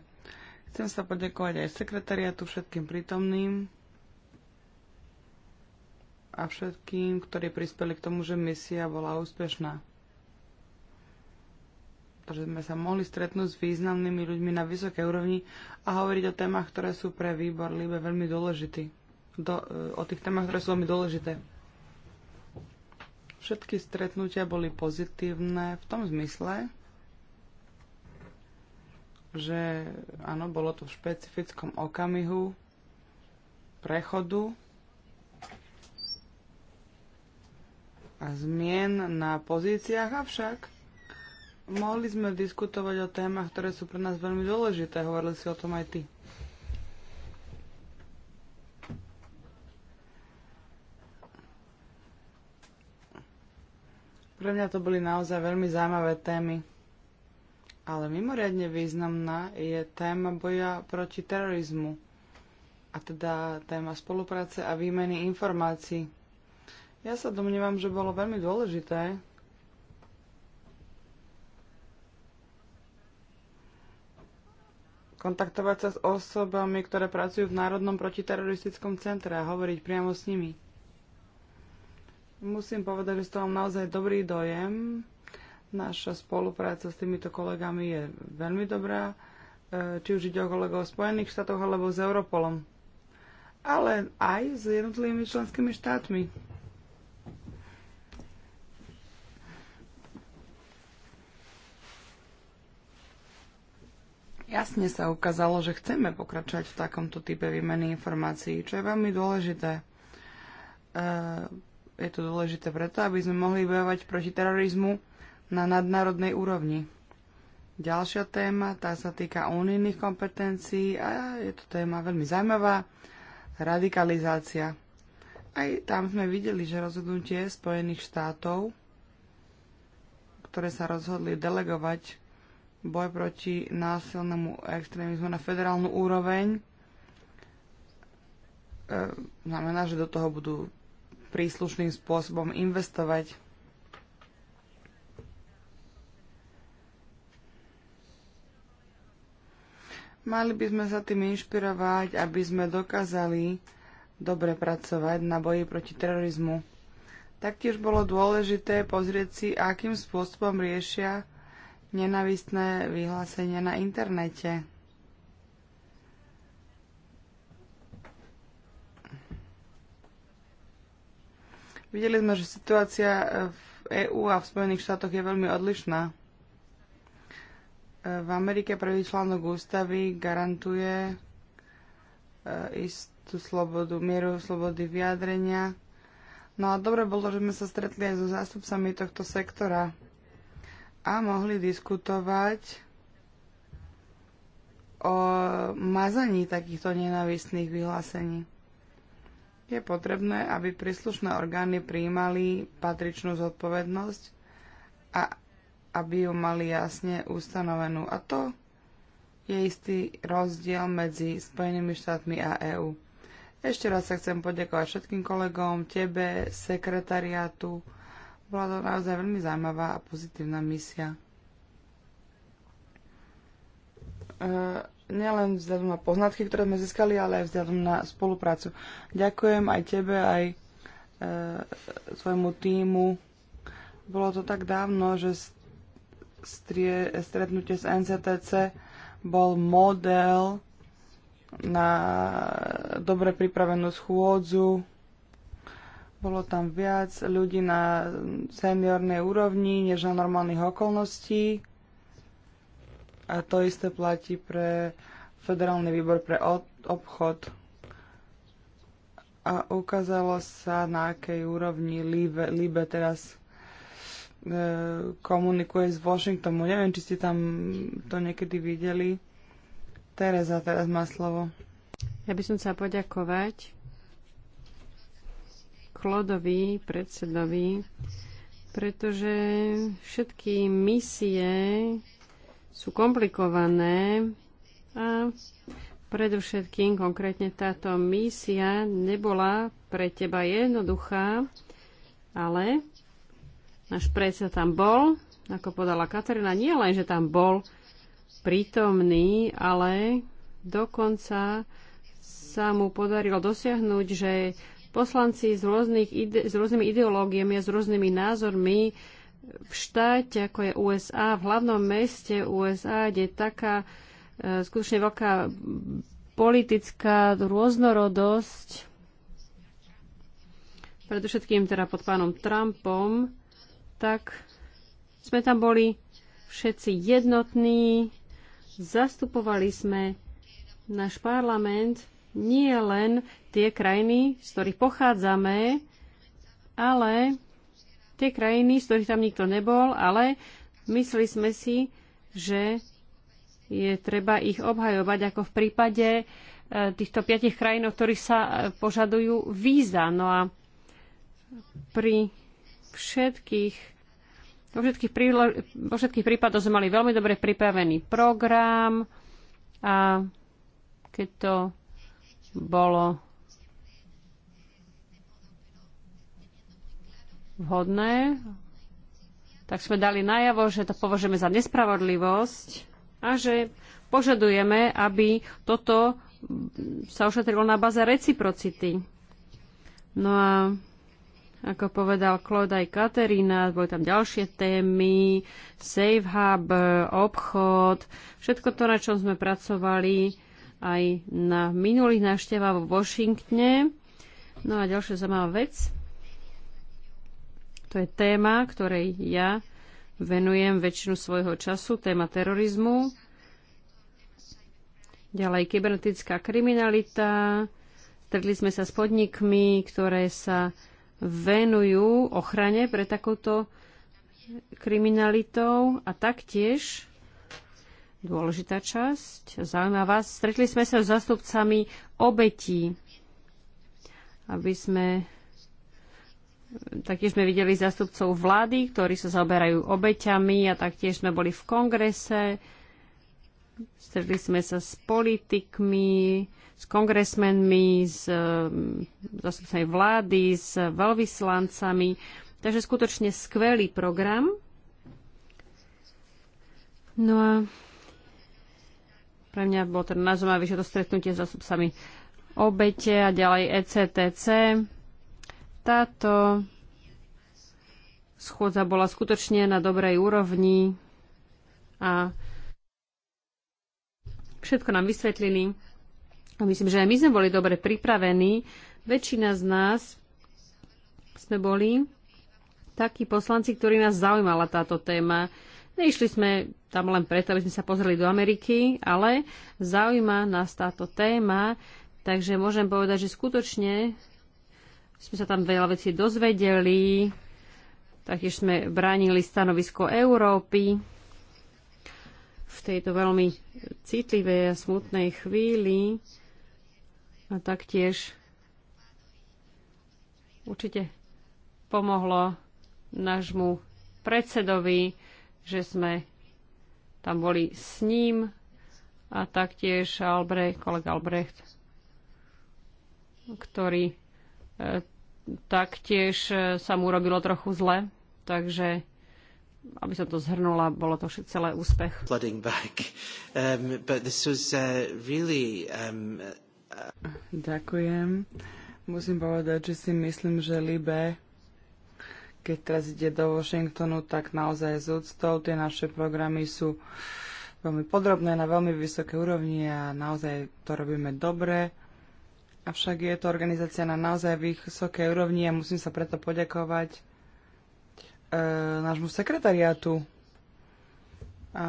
Chcem sa poďakovať aj sekretariatu, všetkým prítomným a všetkým, ktorí prispeli k tomu, že misia bola úspešná. Takže sme sa mohli stretnúť s významnými ľuďmi na vysokej úrovni a hovoriť o témach, ktoré sú pre výbor Libe veľmi dôležité do, e, o tých témach, ktoré sú veľmi dôležité. Všetky stretnutia boli pozitívne v tom zmysle, že áno, bolo to v špecifickom okamihu prechodu a zmien na pozíciách, avšak mohli sme diskutovať o témach, ktoré sú pre nás veľmi dôležité. Hovorili si o tom aj ty. Pre mňa to boli naozaj veľmi zaujímavé témy. Ale mimoriadne významná je téma boja proti terorizmu. A teda téma spolupráce a výmeny informácií. Ja sa domnívam, že bolo veľmi dôležité kontaktovať sa s osobami, ktoré pracujú v Národnom protiteroristickom centre a hovoriť priamo s nimi. Musím povedať, že z toho mám naozaj dobrý dojem. Naša spolupráca s týmito kolegami je veľmi dobrá, e, či už ide o kolegov v Spojených štátoch alebo s Europolom, ale aj s jednotlivými členskými štátmi. Jasne sa ukázalo, že chceme pokračovať v takomto type výmeny informácií, čo je veľmi dôležité e, je to dôležité preto, aby sme mohli bojovať proti terorizmu na nadnárodnej úrovni. Ďalšia téma, tá sa týka unijných kompetencií a je to téma veľmi zaujímavá, radikalizácia. Aj tam sme videli, že rozhodnutie Spojených štátov, ktoré sa rozhodli delegovať boj proti násilnému extrémizmu na federálnu úroveň, e, znamená, že do toho budú príslušným spôsobom investovať. Mali by sme sa tým inšpirovať, aby sme dokázali dobre pracovať na boji proti terorizmu. Taktiež bolo dôležité pozrieť si, akým spôsobom riešia nenavistné vyhlásenia na internete. Videli sme, že situácia e, v EÚ a v Spojených štátoch je veľmi odlišná. E, v Amerike prvý článok ústavy garantuje e, istú slobodu, mieru slobody vyjadrenia. No a dobre bolo, že sme sa stretli aj so zástupcami tohto sektora a mohli diskutovať o mazaní takýchto nenávistných vyhlásení je potrebné, aby príslušné orgány prijímali patričnú zodpovednosť a aby ju mali jasne ustanovenú. A to je istý rozdiel medzi Spojenými štátmi a EÚ. Ešte raz sa chcem poďakovať všetkým kolegom, tebe, sekretariátu. Bola to naozaj veľmi zaujímavá a pozitívna misia. E, nielen vzhľadom na poznatky, ktoré sme získali, ale aj vzhľadom na spoluprácu. Ďakujem aj tebe, aj e, svojmu týmu. Bolo to tak dávno, že strie, stretnutie s NCTC bol model na dobre pripravenú schôdzu. Bolo tam viac ľudí na seniornej úrovni, než na normálnych okolností a to isté platí pre Federálny výbor pre obchod. A ukázalo sa, na akej úrovni Libe, Libe teraz e, komunikuje s Washingtonu. Neviem, či ste tam to niekedy videli. Tereza teraz má slovo. Ja by som sa poďakovať Klodovi, predsedovi, pretože všetky misie sú komplikované a predovšetkým konkrétne táto misia nebola pre teba jednoduchá, ale náš predsa tam bol, ako podala Katarina, nie len, že tam bol prítomný, ale dokonca sa mu podarilo dosiahnuť, že poslanci s, ide- s rôznymi ideológiami a s rôznymi názormi v štáte, ako je USA, v hlavnom meste USA, kde je taká e, skutočne veľká politická rôznorodosť, predovšetkým teda pod pánom Trumpom, tak sme tam boli všetci jednotní, zastupovali sme náš parlament, nie len tie krajiny, z ktorých pochádzame, ale tie krajiny, z ktorých tam nikto nebol, ale mysleli sme si, že je treba ich obhajovať, ako v prípade e, týchto piatich krajín, o ktorých sa e, požadujú víza. No a pri všetkých vo všetkých, vo všetkých prípadoch sme mali veľmi dobre pripravený program a keď to bolo vhodné, tak sme dali najavo, že to považujeme za nespravodlivosť a že požadujeme, aby toto sa ošetrilo na baze reciprocity. No a ako povedal Claude aj Katerína, boli tam ďalšie témy, Safe Hub, obchod, všetko to, na čom sme pracovali aj na minulých návštevách vo Washingtone. No a ďalšia zaujímavá vec, to je téma, ktorej ja venujem väčšinu svojho času, téma terorizmu. Ďalej kybernetická kriminalita. Stretli sme sa s podnikmi, ktoré sa venujú ochrane pre takouto kriminalitou a taktiež dôležitá časť, zaujímavá. Stretli sme sa s zastupcami obetí, aby sme Taktiež sme videli zástupcov vlády, ktorí sa zaoberajú obeťami a taktiež sme boli v kongrese. Stretli sme sa s politikmi, s kongresmenmi, s eh, zástupcami vlády, s veľvyslancami. Takže skutočne skvelý program. No a pre mňa bolo teda že to stretnutie s zástupcami obete a ďalej ECTC, táto schôdza bola skutočne na dobrej úrovni a všetko nám vysvetlili. A myslím, že aj my sme boli dobre pripravení. Väčšina z nás sme boli takí poslanci, ktorí nás zaujímala táto téma. Neišli sme tam len preto, aby sme sa pozreli do Ameriky, ale zaujíma nás táto téma, takže môžem povedať, že skutočne sme sa tam veľa vecí dozvedeli, taktiež sme bránili stanovisko Európy v tejto veľmi citlivej a smutnej chvíli a taktiež určite pomohlo nášmu predsedovi, že sme tam boli s ním a taktiež Albrecht, kolega Albrecht, ktorý taktiež e, sa mu robilo trochu zle, takže aby som to zhrnula, bolo to celé úspech. Um, uh, um, uh, Ďakujem. Musím povedať, že si myslím, že Libe, keď teraz ide do Washingtonu, tak naozaj s úctou tie naše programy sú veľmi podrobné, na veľmi vysokej úrovni a naozaj to robíme dobre. Avšak je to organizácia na naozaj vysokej úrovni a musím sa preto poďakovať e, nášmu sekretariátu. A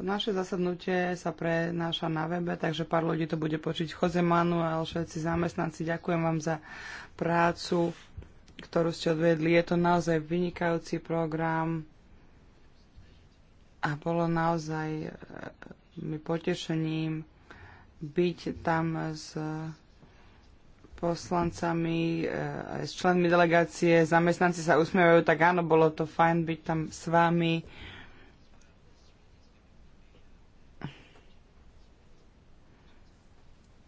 naše zasadnutie sa prenáša na webe, takže pár ľudí to bude počuť. Jose Manuel, všetci zamestnanci, ďakujem vám za prácu, ktorú ste odvedli. Je to naozaj vynikajúci program a bolo naozaj e, mi potešením byť tam s poslancami, aj eh, s členmi delegácie, zamestnanci sa usmievajú, tak áno, bolo to fajn byť tam s vami.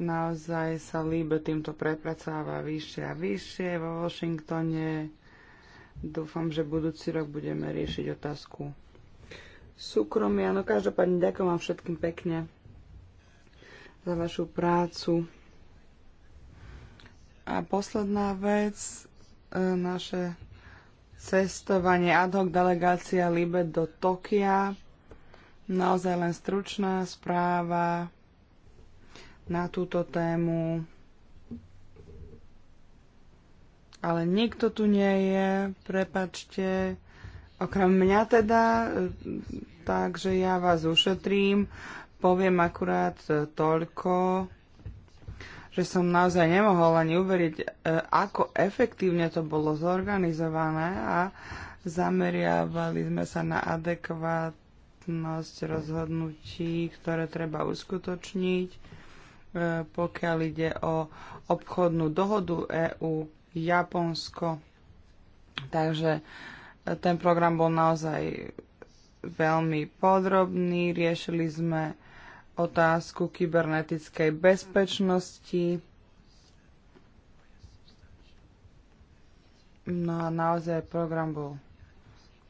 Naozaj sa líbe týmto prepracáva vyššie a vyššie vo Washingtone. Dúfam, že budúci rok budeme riešiť otázku súkromia. No každopádne ďakujem vám všetkým pekne za vašu prácu. A posledná vec, e, naše cestovanie ad hoc delegácia Libet do Tokia. Naozaj len stručná správa na túto tému. Ale nikto tu nie je, prepačte, okrem mňa teda, e, takže ja vás ušetrím. Poviem akurát toľko, že som naozaj nemohol ani uveriť, e, ako efektívne to bolo zorganizované a zameriavali sme sa na adekvátnosť rozhodnutí, ktoré treba uskutočniť, e, pokiaľ ide o obchodnú dohodu EU-Japonsko. Takže e, ten program bol naozaj veľmi podrobný, riešili sme otázku kybernetickej bezpečnosti. No a naozaj program bol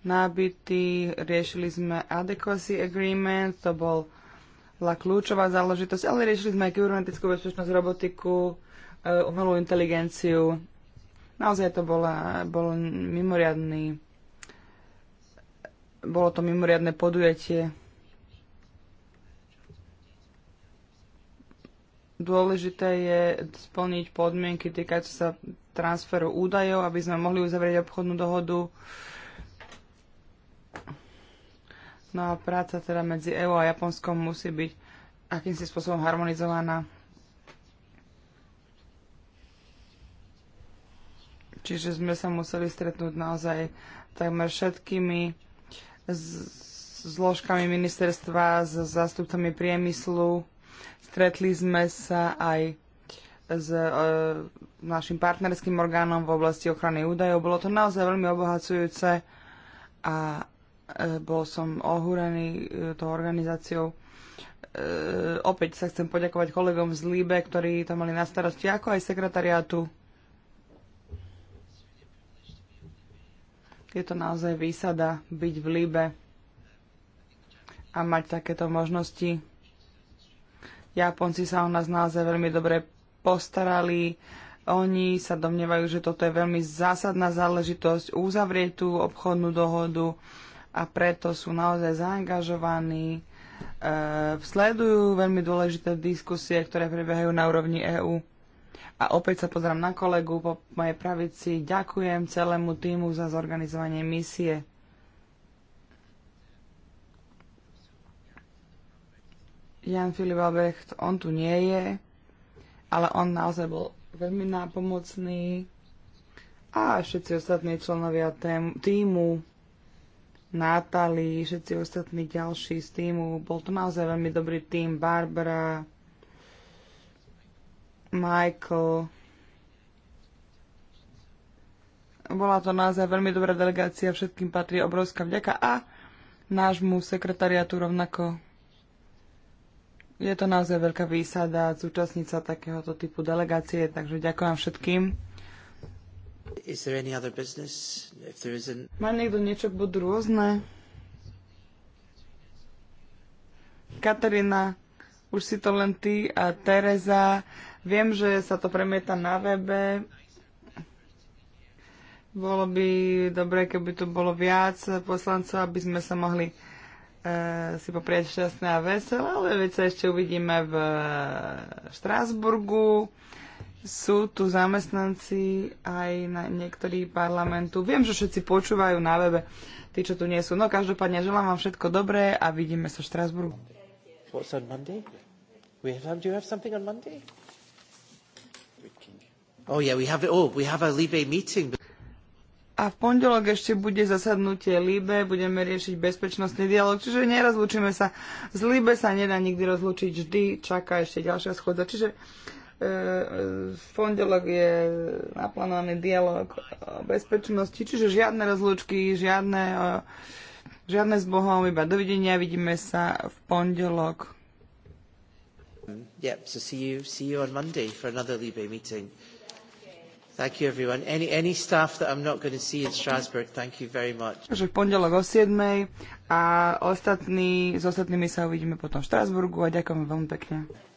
nabitý, riešili sme adequacy agreement, to bol bola kľúčová záležitosť, ale riešili sme aj kybernetickú bezpečnosť, robotiku, eh, umelú inteligenciu. Naozaj to bola, bol mimoriadný, bolo to mimoriadne podujatie. Dôležité je splniť podmienky týkajúce sa transferu údajov, aby sme mohli uzavrieť obchodnú dohodu. No a práca teda medzi EU a Japonskom musí byť akýmsi spôsobom harmonizovaná. Čiže sme sa museli stretnúť naozaj takmer všetkými zložkami ministerstva, s zástupcami priemyslu, Stretli sme sa aj s e, našim partnerským orgánom v oblasti ochrany údajov. Bolo to naozaj veľmi obohacujúce a e, bol som ohúrený e, tou organizáciou. E, opäť sa chcem poďakovať kolegom z Líbe, ktorí to mali na starosti, ako aj sekretariátu. Je to naozaj výsada byť v Líbe a mať takéto možnosti Japonci sa o nás naozaj veľmi dobre postarali. Oni sa domnievajú, že toto je veľmi zásadná záležitosť uzavrieť tú obchodnú dohodu a preto sú naozaj zaangažovaní. E, sledujú veľmi dôležité diskusie, ktoré prebiehajú na úrovni EÚ. A opäť sa pozrám na kolegu po mojej pravici. Ďakujem celému týmu za zorganizovanie misie. Jan Filip Albrecht, on tu nie je, ale on naozaj bol veľmi nápomocný a všetci ostatní členovia týmu, Natali, všetci ostatní ďalší z týmu, bol to naozaj veľmi dobrý tým, Barbara, Michael, bola to naozaj veľmi dobrá delegácia, všetkým patrí obrovská vďaka a nášmu sekretariatu rovnako je to naozaj veľká výsada zúčastniť sa takéhoto typu delegácie, takže ďakujem všetkým. Is there any other business? If there isn't... Má niekto niečo k bodu rôzne? Katarína, už si to len ty a Tereza. Viem, že sa to premieta na webe. Bolo by dobre, keby tu bolo viac poslancov, aby sme sa mohli si popriať šťastné a veselé, ale veď sa ešte uvidíme v Štrásburgu. Sú tu zamestnanci aj na niektorí parlamentu. Viem, že všetci počúvajú na webe, tí, čo tu nie sú. No každopádne želám vám všetko dobré a vidíme sa v Štrásburgu. What's on Monday? We have, do you have something on Monday? Oh yeah, we have it all. Oh, we have a Libé meeting. A v pondelok ešte bude zasadnutie Líbe, budeme riešiť bezpečnostný dialog, čiže nerozlučíme sa. Z Líbe sa nedá nikdy rozlučiť, vždy čaká ešte ďalšia schoda. Čiže e, e, v pondelok je naplánovaný dialog o bezpečnosti, čiže žiadne rozlúčky, žiadne, e, žiadne s Bohom, iba dovidenia, vidíme sa v pondelok. Yep, so see you, see you on Monday for another Libe meeting. Thank you everyone. Any, any staff that I'm not going to see in Strasbourg, thank you very much. Takže v pondelok o 7. a ostatní, s ostatnými sa uvidíme potom v Štrásburgu a ďakujem veľmi pekne.